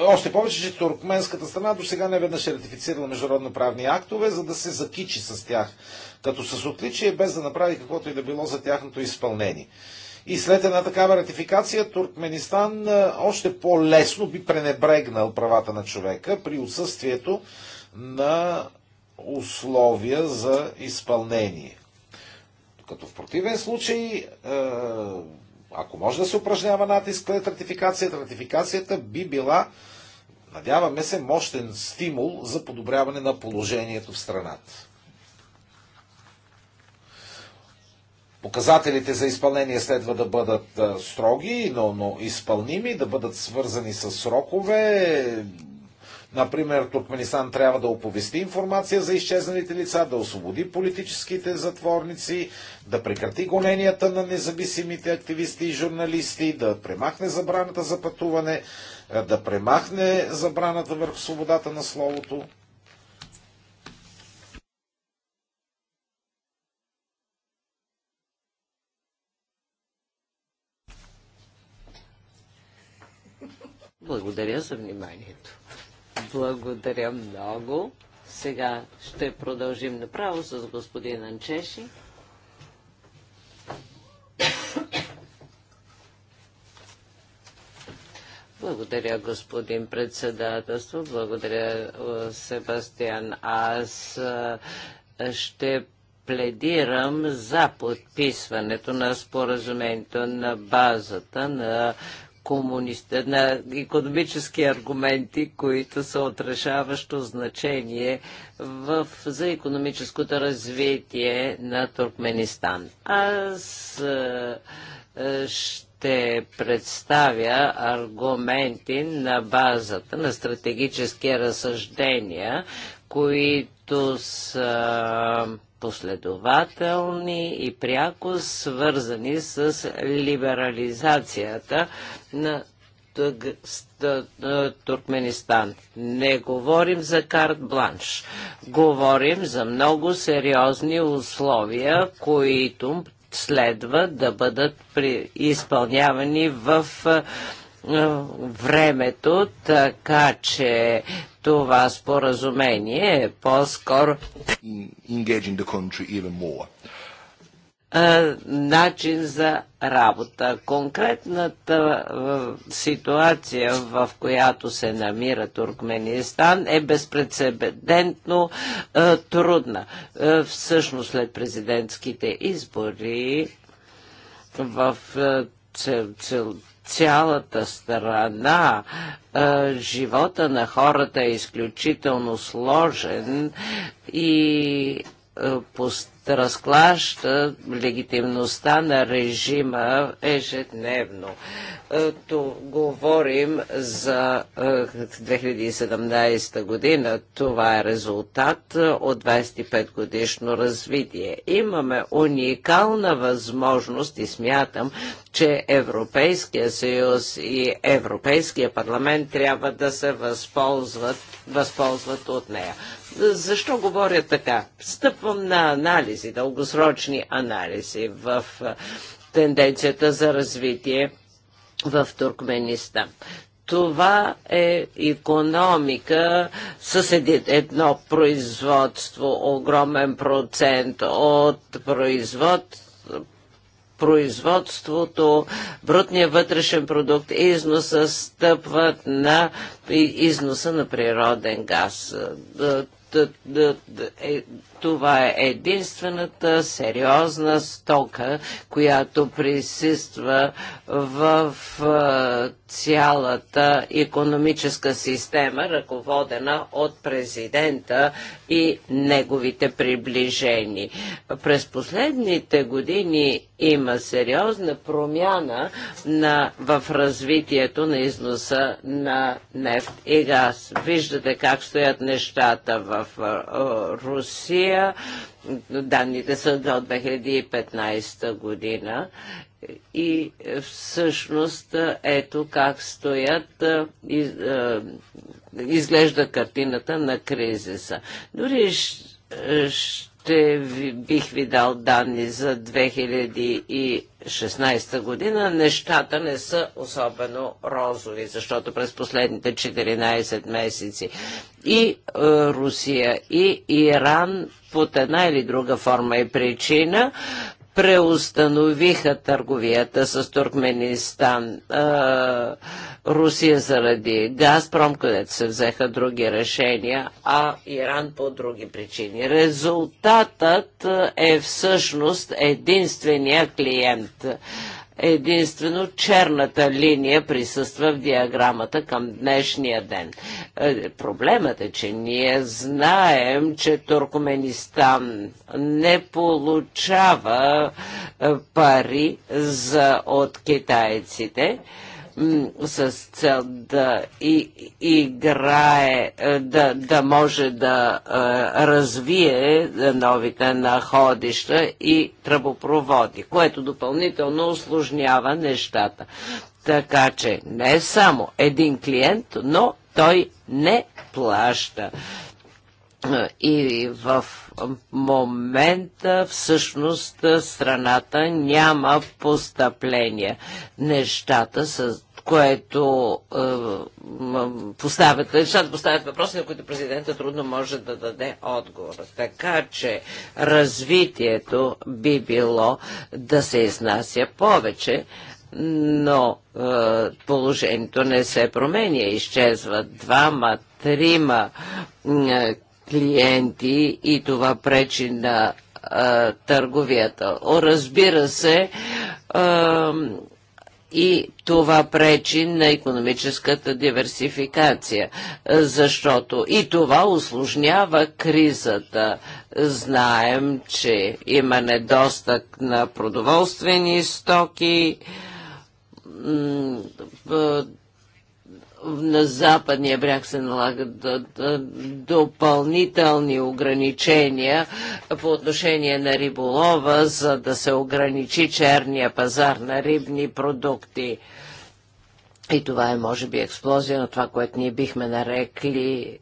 Още повече, че туркменската страна до сега не веднъж е ратифицирала международно-правни актове, за да се закичи с тях, като с отличие, без да направи каквото и да било за тяхното изпълнение. И след една такава ратификация Туркменистан е, още по-лесно би пренебрегнал правата на човека при отсъствието на условия за изпълнение. Като в противен случай е, ако може да се упражнява натиск след е ратификацията, ратификацията би била, надяваме се, мощен стимул за подобряване на положението в страната. Показателите за изпълнение следва да бъдат строги, но, но изпълними, да бъдат свързани с срокове, Например, Туркменистан трябва да оповести информация за изчезналите лица, да освободи политическите затворници, да прекрати гоненията на независимите активисти и журналисти, да премахне забраната за пътуване, е, да премахне забраната върху свободата на словото. Благодаря за вниманието. Благодаря много. Сега ще продължим направо с господин Анчеши. Благодаря, господин председателство. Благодаря, е, Себастиан. Аз е, ще пледирам за подписването на споразумението на базата на комунисти, на економически аргументи, които са отрешаващо значение в, за економическото развитие на Туркменистан. Аз е, е, ще представя аргументи на базата на стратегически разсъждения, които са последователни и пряко свързани с либерализацията на Туркменистан. Не говорим за карт бланш. Говорим за много сериозни условия, които следва да бъдат изпълнявани в е, времето, така че това споразумение е по-скоро е, начин за работа. Конкретната е, ситуация, в която се намира Туркменистан, е безпредседентно трудна. Всъщност след президентските избори в цел, цел, цялата страна. Живота на хората е изключително сложен и пост разклаща легитимността на режима ежедневно. Е, То говорим за 2017 е, година. Това е резултат от 25 годишно развитие. Имаме уникална възможност и смятам, че Европейския съюз и Европейския парламент трябва да се възползват, възползват от нея. Защо говоря така? Стъпвам на анализи, дългосрочни анализи в тенденцията за развитие в Туркменистан. Това е економика с едно производство, огромен процент от производ, производството, брутния вътрешен продукт, износа стъпват на износа на природен газ е, това е единствената сериозна стока, която присъства в цялата економическа система, ръководена от президента и неговите приближени. През последните години има сериозна промяна на, в развитието на износа на нефт и газ. Виждате как стоят нещата в Русия Турция. Данните са до 2015 година и е, всъщност е, ето как стоят е, изглежда картината на кризиса. Дори ще ще ви, бих ви дал данни за 2016 година. Нещата не са особено розови, защото през последните 14 месеци и е, Русия, и Иран под една или друга форма и причина преустановиха търговията с Туркменистан, Русия заради Газпром, където се взеха други решения, а Иран по други причини. Резултатът е всъщност единствения клиент Единствено черната линия присъства в диаграмата към днешния ден. Е, проблемът е, че ние знаем, че Туркменистан не получава е, пари за, от китайците с цел да и, играе, е, да, да може да а, е, развие е, новите находища и тръбопроводи, което допълнително осложнява нещата. Така че не само един клиент, но той не плаща. И в момента всъщност страната няма постъпления. Нещата са което е, поставят, нещата поставят въпроси, на които президента трудно може да даде отговор. Така че развитието би било да се изнася повече, но е, положението не се променя. Изчезват двама, трима е, клиенти и това пречи на е, търговията. О, разбира се, и това пречи на економическата диверсификация, е, защото и това осложнява кризата. Знаем, че има недостъг на продоволствени стоки, на западния бряг се налагат допълнителни ограничения по отношение на риболова, за да се ограничи черния пазар на рибни продукти. И това е, може би, експлозия на това, което ние бихме нарекли е,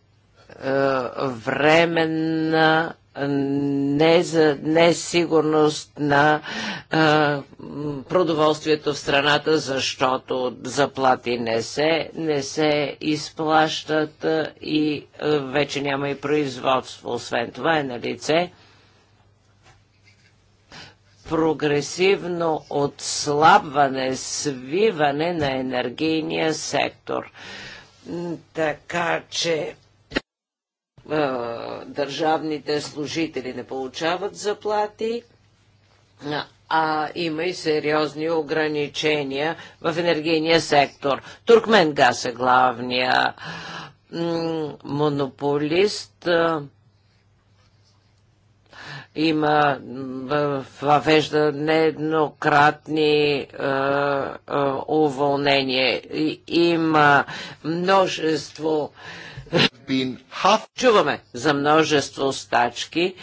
временна не за несигурност е на а, продоволствието в страната, защото заплати не се, не се изплащат и а, вече няма и производство. Освен това е на лице прогресивно отслабване, свиване на енергийния сектор. Така че държавните служители не получават заплати, а има и сериозни ограничения в енергийния сектор. Туркмен газ е главния монополист. Има въвежда нееднократни уволнения. Има множество Чуваме за множество стачки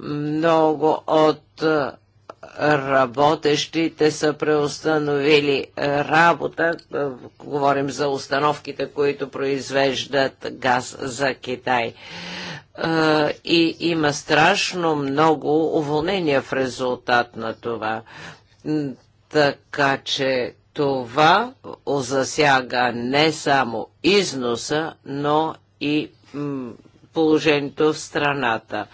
много от работещите са преустановили работа. Говорим за установките, които произвеждат газ за Китай. И има страшно много уволнения в резултат на това. Така че това засяга не само износа, но и положението в страната.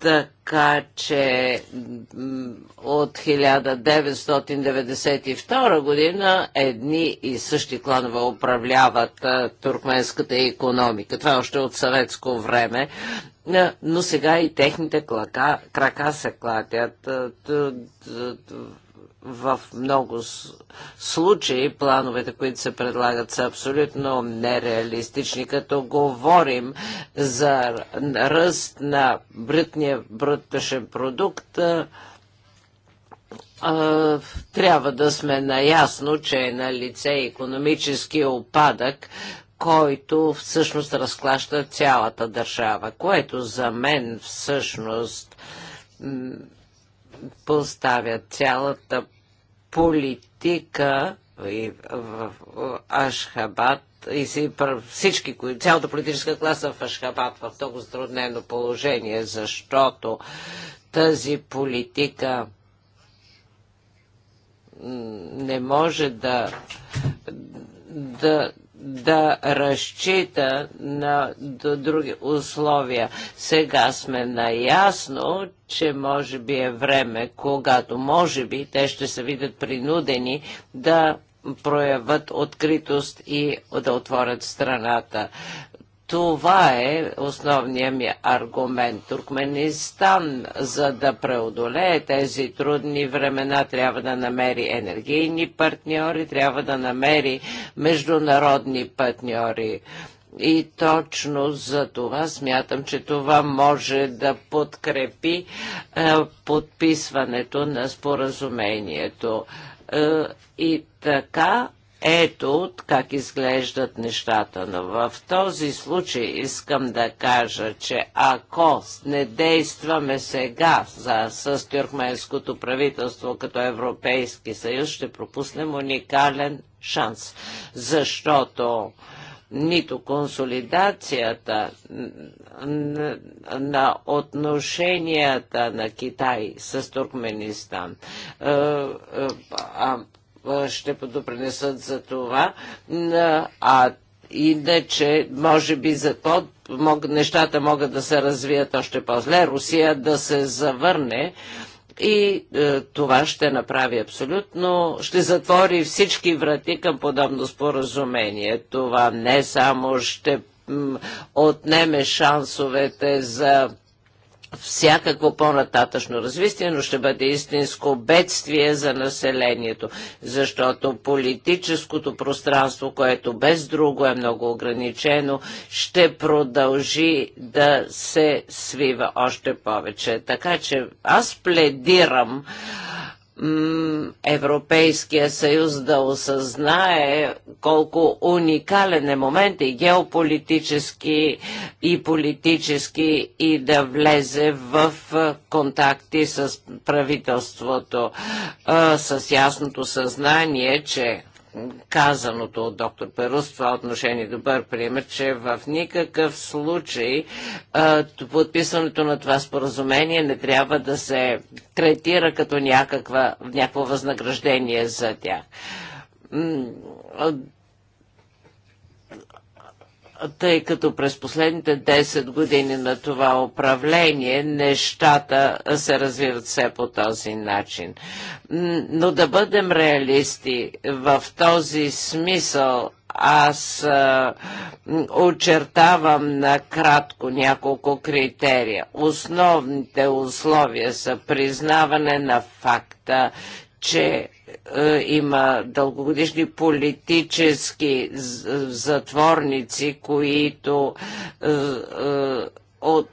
Така че от 1992 година едни и същи кланове управляват туркменската економика. Това е още от съветско време. Но сега и техните клака, крака се клатят в много случаи плановете, които се предлагат, са абсолютно нереалистични. Като говорим за ръст на бритния брутъшен продукт, трябва да сме наясно, че е на лице економически опадък, който всъщност разклаща цялата държава, което за мен всъщност поставя цялата политика и в Ашхабад и си, всички, цялата политическа класа в Ашхабад в много затруднено положение, защото тази политика не може да, да да разчита на други условия. Сега сме наясно, че може би е време, когато може би те ще се видят принудени да проявят откритост и да отворят страната. Това е основният ми аргумент. Туркменистан, за да преодолее тези трудни времена, трябва да намери енергийни партньори, трябва да намери международни партньори. И точно за това смятам, че това може да подкрепи е, подписването на споразумението. Е, и така ето как изглеждат нещата. Но в този случай искам да кажа, че ако не действаме сега за, с тюркменското правителство като Европейски съюз, ще пропуснем уникален шанс. Защото нито консолидацията на отношенията на Китай с Туркменистан, е, е, ще допринесат за това, а иначе може би за под мог, нещата могат да се развият още по-зле, Русия да се завърне и е, това ще направи абсолютно, ще затвори всички врати към подобно споразумение. Това не само ще отнеме шансовете за всякакво по-нататъчно развитие, но ще бъде истинско бедствие за населението, защото политическото пространство, което без друго е много ограничено, ще продължи да се свива още повече. Така че аз пледирам Европейския съюз да осъзнае колко уникален е момент и геополитически и политически и да влезе в контакти с правителството с ясното съзнание, че казаното от доктор Перус, това отношение е добър пример, че в никакъв случай а, подписването на това споразумение не трябва да се третира като някаква, някакво възнаграждение за тях тъй като през последните 10 години на това управление нещата се развиват все по този начин. Но да бъдем реалисти, в този смисъл аз а, очертавам накратко няколко критерия. Основните условия са признаване на факта, че е, има дългогодишни политически затворници, които е, е, от,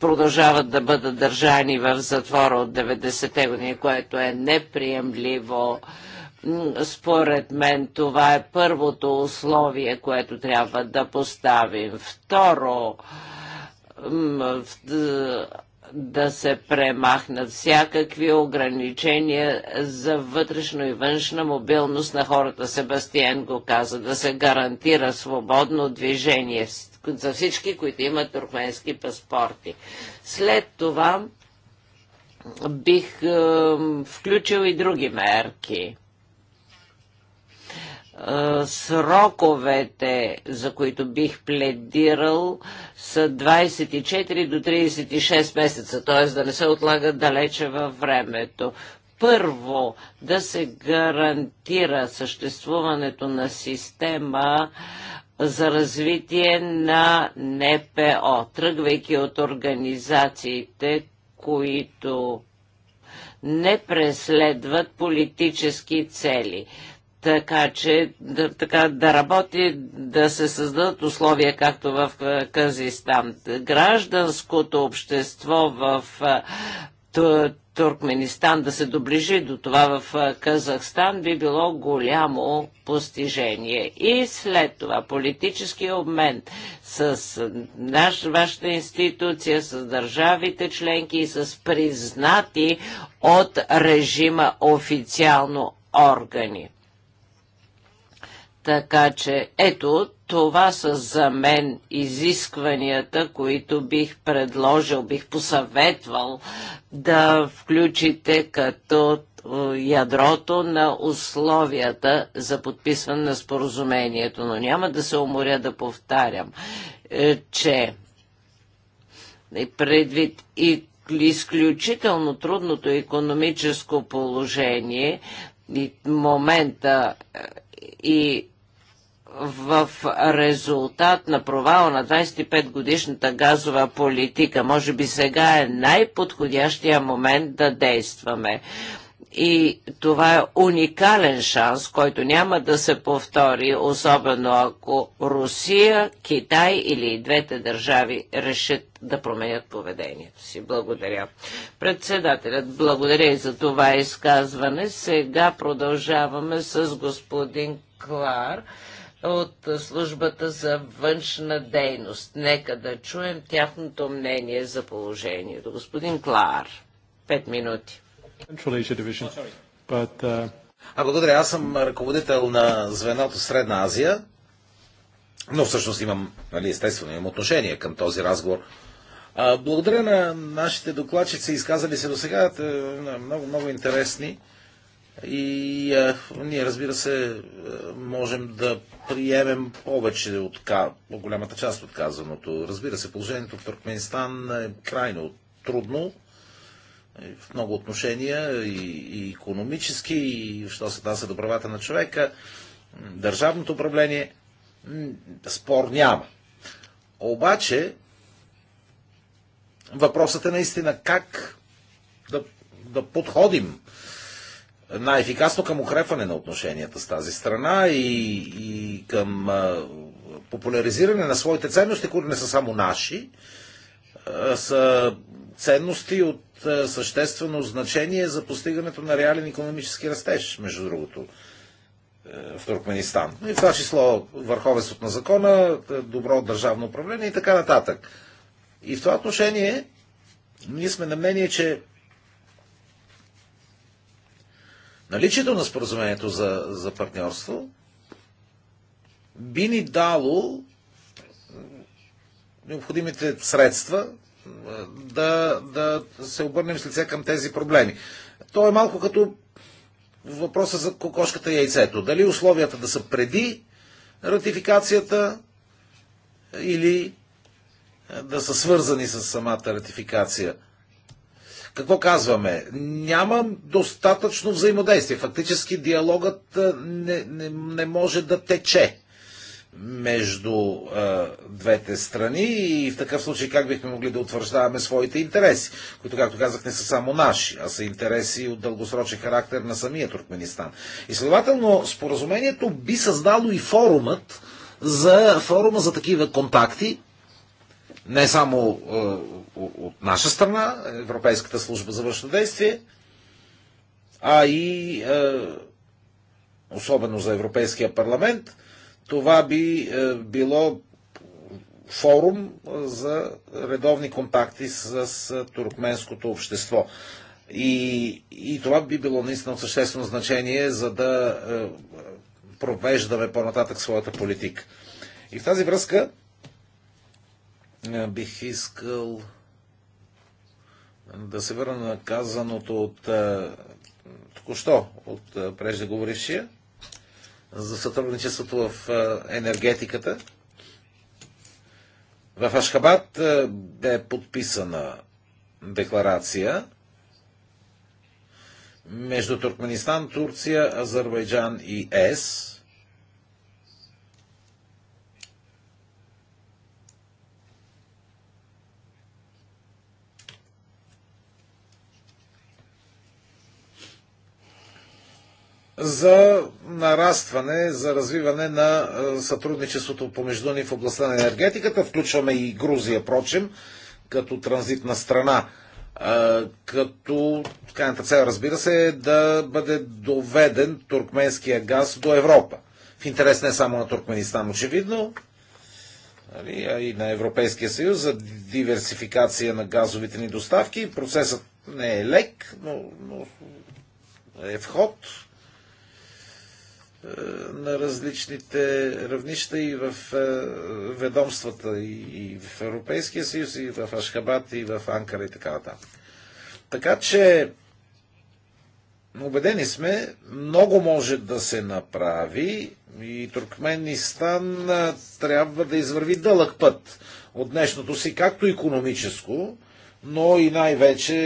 продължават да бъдат държани в затвора от 90-те години, което е неприемливо. Според мен това е първото условие, което трябва да поставим. Второ, да се премахнат всякакви ограничения за вътрешно и външна мобилност на хората. Себастиен го каза, да се гарантира свободно движение за всички, които имат туркменски паспорти. След това бих е, включил и други мерки сроковете, за които бих пледирал, са 24 до 36 месеца, т.е. да не се отлагат далече във времето. Първо, да се гарантира съществуването на система за развитие на НПО, тръгвайки от организациите, които не преследват политически цели така че да, така, да работи, да се създадат условия, както в е, Казистан. Гражданското общество в е, Туркменистан да се доближи до това в е, Казахстан би било голямо постижение. И след това политически обмен с наш, вашата институция, с държавите членки и с признати от режима официално органи. Така че ето, това са за мен изискванията, които бих предложил, бих посъветвал да включите като е, ядрото на условията за подписване на споразумението. Но няма да се уморя да повтарям, е, че предвид и изключително трудното економическо положение и момента е, и в резултат на провала на 25-годишната газова политика. Може би сега е най-подходящия момент да действаме. И това е уникален шанс, който няма да се повтори, особено ако Русия, Китай или двете държави решат да променят поведението си. Благодаря. Председателят, благодаря и за това изказване. Сега продължаваме с господин Клар от службата за външна дейност. Нека да чуем тяхното мнение за положението. Господин Клар, пет минути. Oh, uh, а благодаря. Аз съм ръководител на звеното Средна Азия, но всъщност имам, нали, естествено, имам отношение към този разговор. А, благодаря на нашите докладчици, изказали се до сега, е, много, много интересни. И а, ние, разбира се, можем да приемем повече от по-голямата част от казаното. Разбира се, положението в Туркменистан е крайно трудно е, в много отношения и, и економически, и що се отнася до правата на човека, държавното управление, спор няма. Обаче, въпросът е наистина как да, да подходим най-ефикасно към укрепване на отношенията с тази страна и, и към а, популяризиране на своите ценности, които не са само наши, а, са ценности от а, съществено значение за постигането на реален економически растеж, между другото, е, в Туркменистан. И в това число върховенството на закона, е, добро държавно управление и така нататък. И в това отношение ние сме на мнение, че Наличието на споразумението за, за партньорство би ни дало необходимите средства да, да се обърнем с лице към тези проблеми. То е малко като въпроса за кокошката и яйцето. Дали условията да са преди ратификацията или да са свързани с самата ратификация. Какво казваме? Нямам достатъчно взаимодействие. Фактически диалогът не, не, не може да тече между е, двете страни и в такъв случай как бихме могли да утвърждаваме своите интереси, които, както казах, не са само наши, а са интереси от дългосрочен характер на самия Туркменистан. И следователно, споразумението би създало и форумът за форума за такива контакти, не само е, от наша страна, Европейската служба за външно действие, а и е, особено за Европейския парламент, това би е, било форум за редовни контакти с туркменското общество. И, и това би било наистина от съществено значение, за да провеждаме по-нататък своята политика. И в тази връзка е, бих искал да се върна на казаното от е, току-що от е, преждеговорившия за сътрудничеството в енергетиката. В Ашхабад бе подписана декларация между Туркменистан, Турция, Азербайджан и ЕС за нарастване, за развиване на сътрудничеството помежду ни в областта на енергетиката. Включваме и Грузия, прочим, като транзитна страна. Като крайната цел, разбира се, е да бъде доведен туркменския газ до Европа. В интерес не само на Туркменистан, очевидно, нали, а и на Европейския съюз за диверсификация на газовите ни доставки. Процесът не е лек, но, но е в ход е, на различните равнища и в е, ведомствата, и в Европейския съюз, и в Ашхабад, и в Анкара, и така нататък. Така че, убедени сме, много може да се направи и Туркменистан е, трябва да извърви дълъг път от днешното си, както економическо, но и най-вече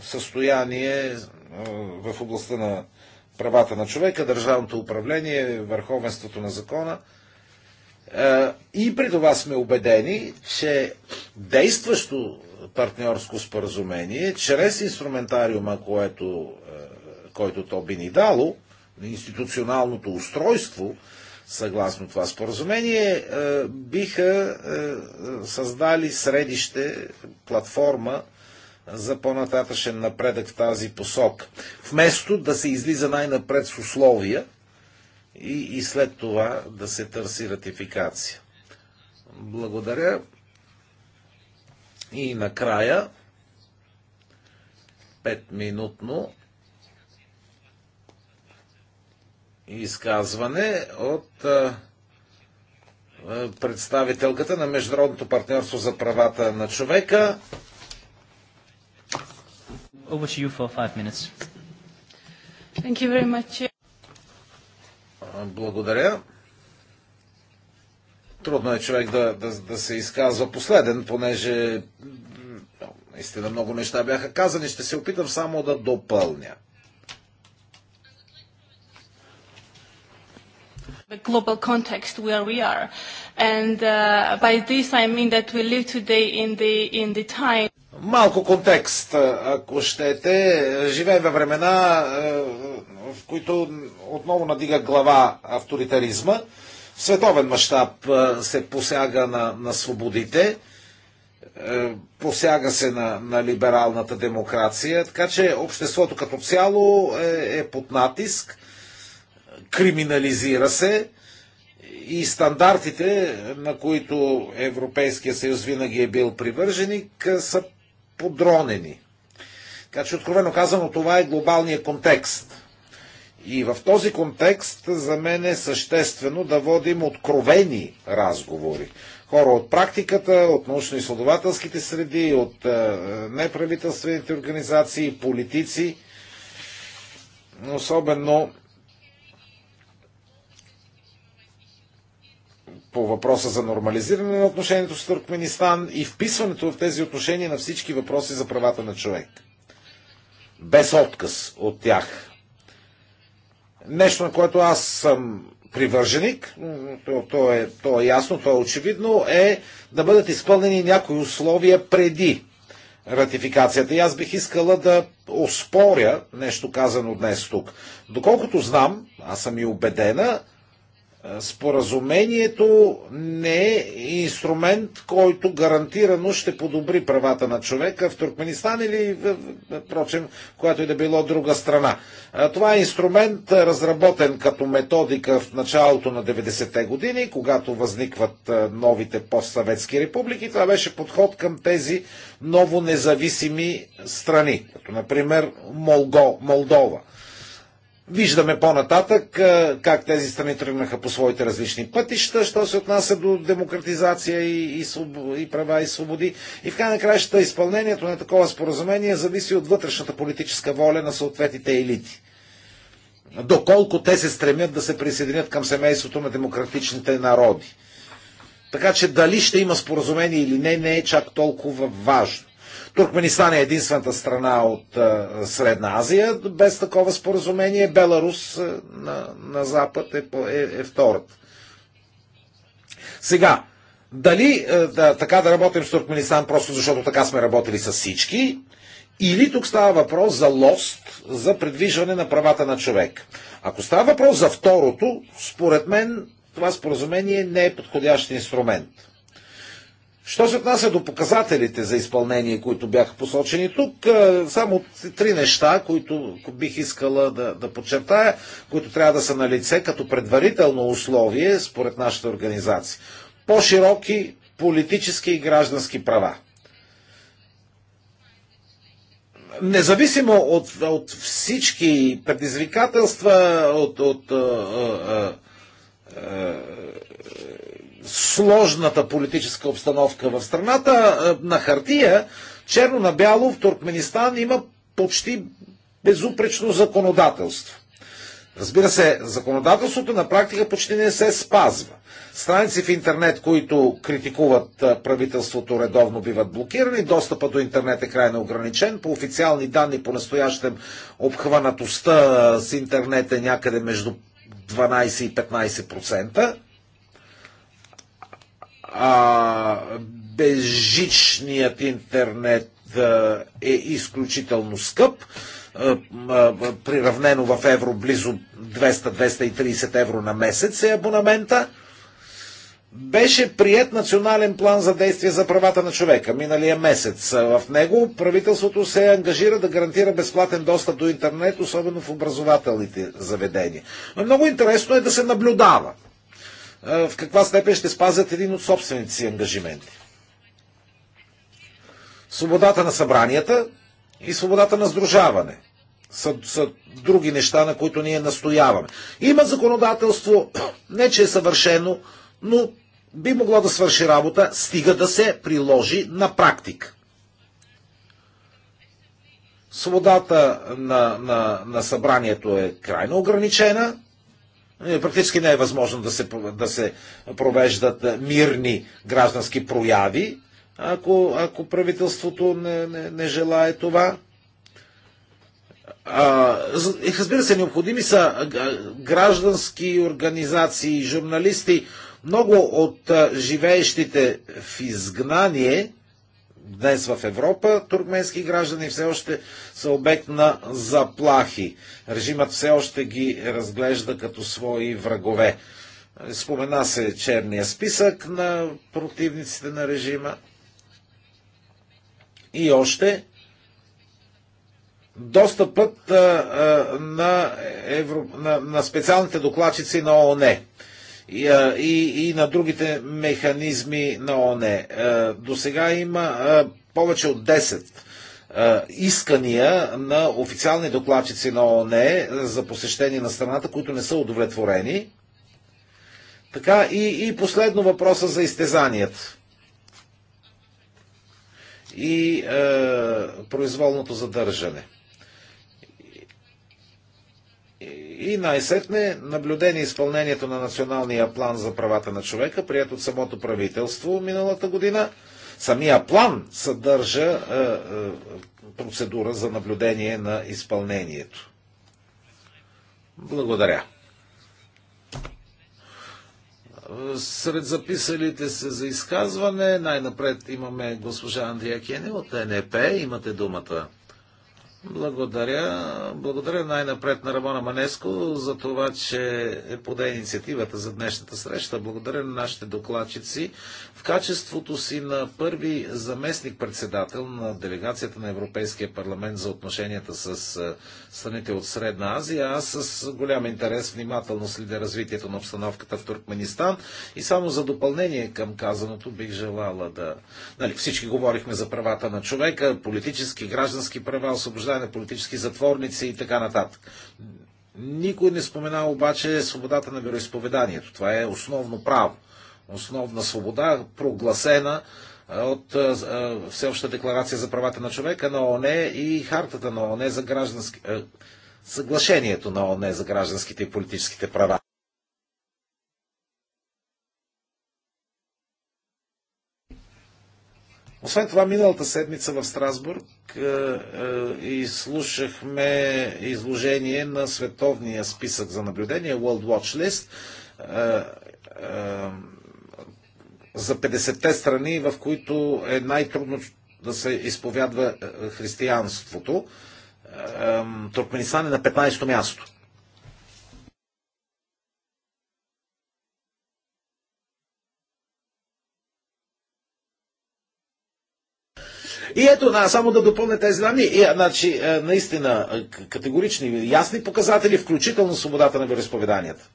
състояние в областта на правата на човека, държавното управление, върховенството на закона. Е, и при това сме убедени, че действащо партньорско споразумение, чрез инструментариума, което, е, който то би ни дало, институционалното устройство, съгласно това споразумение, е, биха създали средище, платформа за по-нататъчен напредък в тази посок. Вместо да се излиза най-напред с условия и, и след това да се търси ратификация. Благодаря. И накрая, петминутно изказване от представителката на Международното партньорство за правата на човека. Over to you for five minutes. Thank you very much. Благодаря. Трудно е човек да, да, да се изказва последен, понеже наистина много неща бяха казани. Ще се опитам само да допълня. the global context where we are. And uh, by this I mean that we live today in the, in the time Малко контекст, ако щете. Живеем във времена, в които отново надига глава авторитаризма. В световен мащаб се посяга на, на свободите, посяга се на, на либералната демокрация, така че обществото като цяло е, е под натиск, криминализира се и стандартите, на които Европейския съюз винаги е бил привърженик, са подронени. Така че, откровено казано, това е глобалният контекст. И в този контекст за мен е съществено да водим откровени разговори. Хора от практиката, от научно-изследователските среди, от е, неправителствените организации, политици, особено по въпроса за нормализиране на отношението с Туркменистан и вписването в тези отношения на всички въпроси за правата на човек. Без отказ от тях. Нещо, на което аз съм привърженик, то, то, е, то е ясно, то е очевидно, е да бъдат изпълнени някои условия преди ратификацията. И аз бих искала да оспоря нещо казано днес тук. Доколкото знам, аз съм и убедена, Споразумението не е инструмент, който гарантирано ще подобри правата на човека в Туркменистан или, впрочем, която и да било друга страна. Това е инструмент, разработен като методика в началото на 90-те години, когато възникват новите постсъветски републики. Това беше подход към тези ново независими страни, като, например, Молго, Молдова – Виждаме по-нататък как тези страни тръгнаха по своите различни пътища, що се отнася до демократизация и, и, и права и свободи. И в крайна краща изпълнението на такова споразумение зависи от вътрешната политическа воля на съответните елити. Доколко те се стремят да се присъединят към семейството на демократичните народи. Така че дали ще има споразумение или не, не е чак толкова важно. Туркменистан е единствената страна от Средна Азия без такова споразумение. Беларус на, на Запад е, е, е втората. Сега, дали да, така да работим с Туркменистан просто защото така сме работили с всички, или тук става въпрос за лост, за предвижване на правата на човек. Ако става въпрос за второто, според мен това споразумение не е подходящ инструмент. Що се отнася до показателите за изпълнение, които бяха посочени тук, е, само три неща, които бих искала да, да подчертая, които трябва да са на лице като предварително условие според нашата организация. По-широки политически и граждански права. Независимо от, от всички предизвикателства, от, от, от е, е, сложната политическа обстановка в страната, е, на хартия, черно на бяло в Туркменистан има почти безупречно законодателство. Разбира се, законодателството на практика почти не се спазва. Страници в интернет, които критикуват е, правителството, редовно биват блокирани, достъпа до интернет е крайно ограничен. По официални данни по настоящем обхванатостта е, с интернет е някъде между 12 и 15% а, безжичният интернет е изключително скъп, приравнено в евро близо 200-230 евро на месец е абонамента. Беше прият национален план за действие за правата на човека миналия месец. В него правителството се ангажира да гарантира безплатен достъп до интернет, особено в образователните заведения. Но много интересно е да се наблюдава в каква степен ще спазят един от собствените си ангажименти. Свободата на събранията и свободата на сдружаване са, са други неща, на които ние настояваме. Има законодателство, (clears throat) не че е съвършено, но би могло да свърши работа, стига да се приложи на практик. Свободата на, на, на събранието е крайно ограничена е, практически не е възможно да се, да се провеждат е, мирни граждански прояви, ако, ако правителството не, не, не желае това. А, разбира се, необходими са граждански организации, журналисти. Много от живеещите в изгнание днес в Европа, туркменски граждани все още са обект на заплахи. Режимът все още ги разглежда като свои врагове. Спомена се черния списък на противниците на режима. И още достъпът а, а, на, евро, на, на специалните докладчици на ООН и, и, на другите механизми на ОНЕ. До сега има повече от 10 искания на официални докладчици на ОНЕ за посещение на страната, които не са удовлетворени. Така и, и последно въпроса за изтезаният и е, произволното задържане. И най-сетне наблюдение изпълнението на Националния план за правата на човека, прият от самото правителство миналата година. Самия план съдържа е, е, процедура за наблюдение на изпълнението. Благодаря. Сред записалите се за изказване най-напред имаме госпожа Андрия Кене от НЕП. Имате думата. Благодаря. Благодаря най-напред на Рамона Манеско за това, че е поде инициативата за днешната среща. Благодаря на нашите докладчици. В качеството си на първи заместник-председател на делегацията на Европейския парламент за отношенията с е, страните от Средна Азия. Аз с голям интерес внимателно следя развитието на обстановката в Туркменистан и само за допълнение към казаното бих желала да... Нали, всички говорихме за правата на човека, политически, граждански права, освобождане, на политически затворници и така нататък. Никой не спомена обаче свободата на вероисповеданието. Това е основно право, основна свобода, прогласена от Всеобща декларация за правата на човека на ООН и хартата на ООН за граждански... съглашението на ООН за гражданските и политическите права. Освен това, миналата седмица в Страсбург изслушахме изложение на световния списък за наблюдение, World Watch List, за 50-те страни, в които е най-трудно да се изповядва е, е, християнството. Туркменистан е на 15-то място. И ето, да, само да допълня тези данни. И, значи, е, наистина, категорични, ясни показатели, включително свободата на вероисповеданията.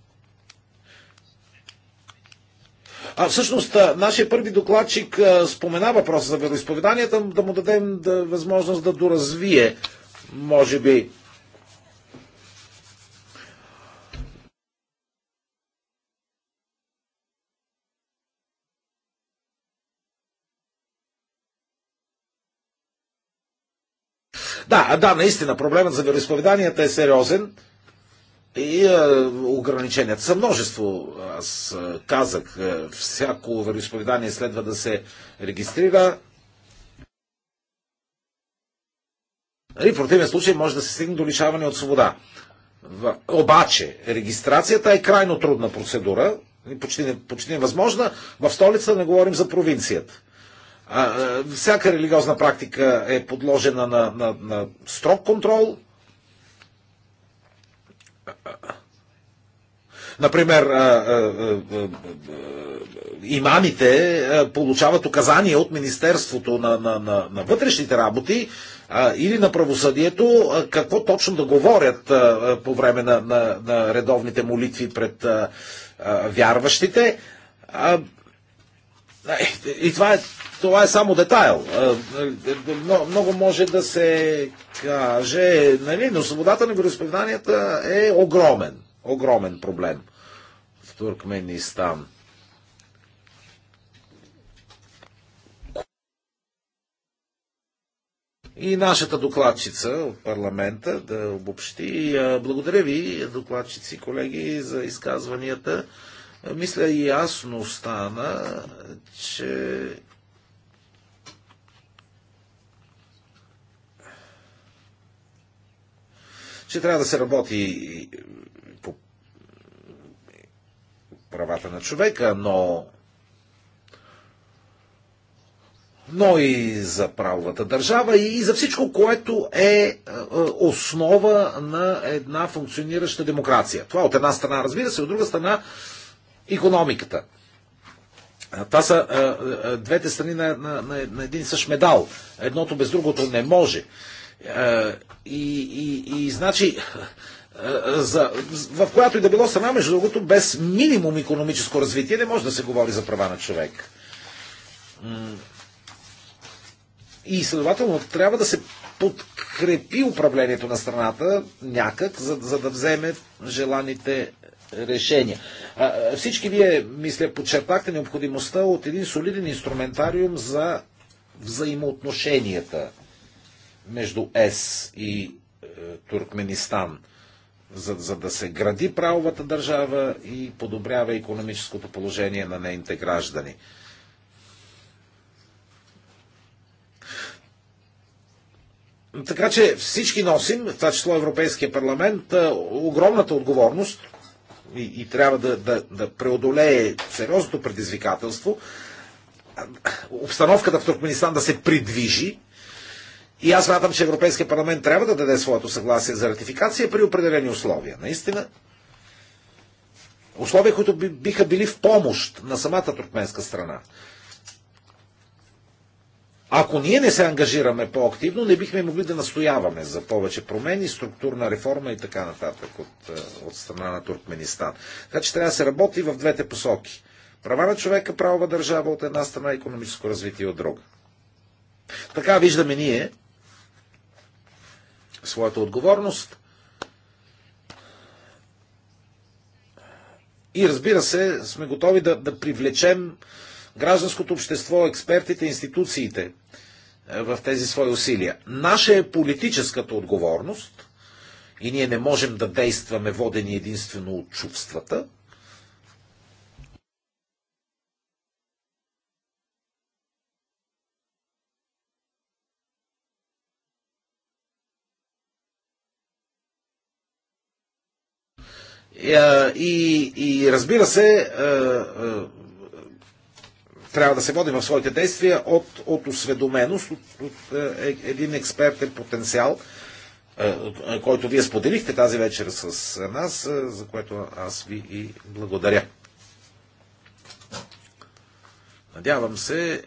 А всъщност, нашия първи докладчик спомена въпроса за вероисповеданията, да му дадем да, възможност да доразвие, може би. Да, да, наистина, проблемът за вероисповеданията е сериозен и е, ограниченията са множество. Аз е, казах, е, всяко вероисповедание следва да се регистрира. И в противен случай може да се стигне до лишаване от свобода. В... Обаче, регистрацията е крайно трудна процедура, почти, почти невъзможна. В столица не говорим за провинцията. А, всяка религиозна практика е подложена на, на, на строг контрол, Например, имамите получават указания от Министерството на, на, на, на вътрешните работи или на правосъдието какво точно да говорят по време на, на, на редовните молитви пред вярващите. И това е, това е само детайл. Много може да се каже, нали, но свободата на вероисповеданията е огромен, огромен проблем в Туркменистан. И нашата докладчица от парламента да обобщи. Благодаря ви, докладчици, колеги, за изказванията мисля и ясно стана, че че трябва да се работи по правата на човека, но но и за правовата държава и за всичко, което е, е основа на една функционираща демокрация. Това от една страна, разбира се, от друга страна економиката. Това са двете страни на, на, на, един същ медал. Едното без другото не може. и, и, и значи, (laughs) за, в която и да било страна, между другото, без минимум економическо развитие не може да се говори за права на човек. И следователно трябва да се подкрепи управлението на страната някак, за, за да вземе желаните решения. Всички вие, мисля, подчертахте необходимостта от един солиден инструментариум за взаимоотношенията между ЕС и е, Туркменистан, за, за да се гради правовата държава и подобрява економическото положение на нейните граждани. Така че всички носим, в това число Европейския парламент, е, огромната отговорност, и, и трябва да, да, да преодолее сериозното предизвикателство, обстановката в Туркменистан да се придвижи. И аз смятам, че Европейския парламент трябва да даде своето съгласие за ратификация при определени условия. Наистина, условия, които биха били в помощ на самата туркменска страна. Ако ние не се ангажираме по-активно, не бихме могли да настояваме за повече промени, структурна реформа и така нататък от, е, от страна на Туркменистан. Така че трябва да се работи в двете посоки. Права на човека, правова държава от една страна, економическо развитие от друга. Така виждаме ние своята отговорност и разбира се, сме готови да, да привлечем гражданското общество, експертите, институциите е, в тези свои усилия. Наша е политическата отговорност и ние не можем да действаме водени единствено от чувствата, е, И, и разбира се, е, трябва да се води в своите действия от, от осведоменост, от, от е, е един експертен потенциал, е, е, който вие споделихте тази вечер с нас, е, за което аз ви и благодаря. Надявам се, е,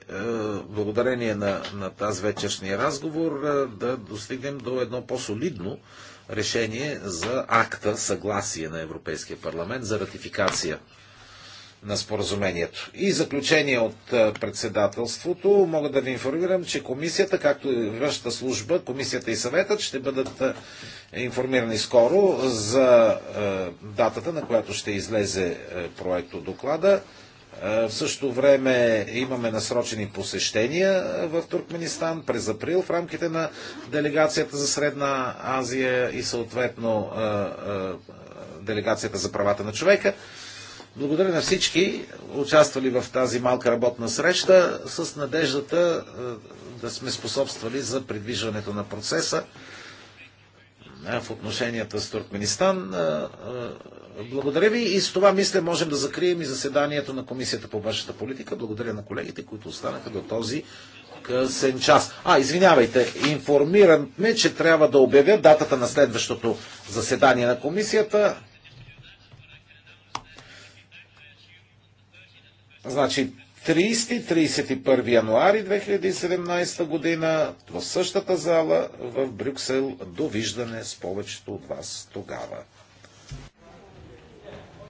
благодарение на, на тази вечершния разговор, да достигнем до едно по-солидно решение за акта съгласие на Европейския парламент за ратификация на споразумението. И заключение от е, председателството мога да ви информирам, че комисията, както и външната служба, комисията и съветът ще бъдат е, информирани скоро за е, датата, на която ще излезе проекто доклада. В същото време имаме насрочени посещения в Туркменистан през април в рамките на делегацията за Средна Азия и съответно делегацията за правата на човека. Благодаря на всички, участвали в тази малка работна среща, с надеждата е, да сме способствали за придвижването на процеса е, в отношенията с Туркменистан. Е, благодаря ви и с това, мисля, можем да закрием и заседанието на Комисията по вашата политика. Благодаря на колегите, които останаха до този късен час. А, извинявайте, информирам ме, че трябва да обявя датата на следващото заседание на Комисията. Значи 30-31 януари 2017 година в същата зала в Брюксел. Довиждане с повечето от вас тогава.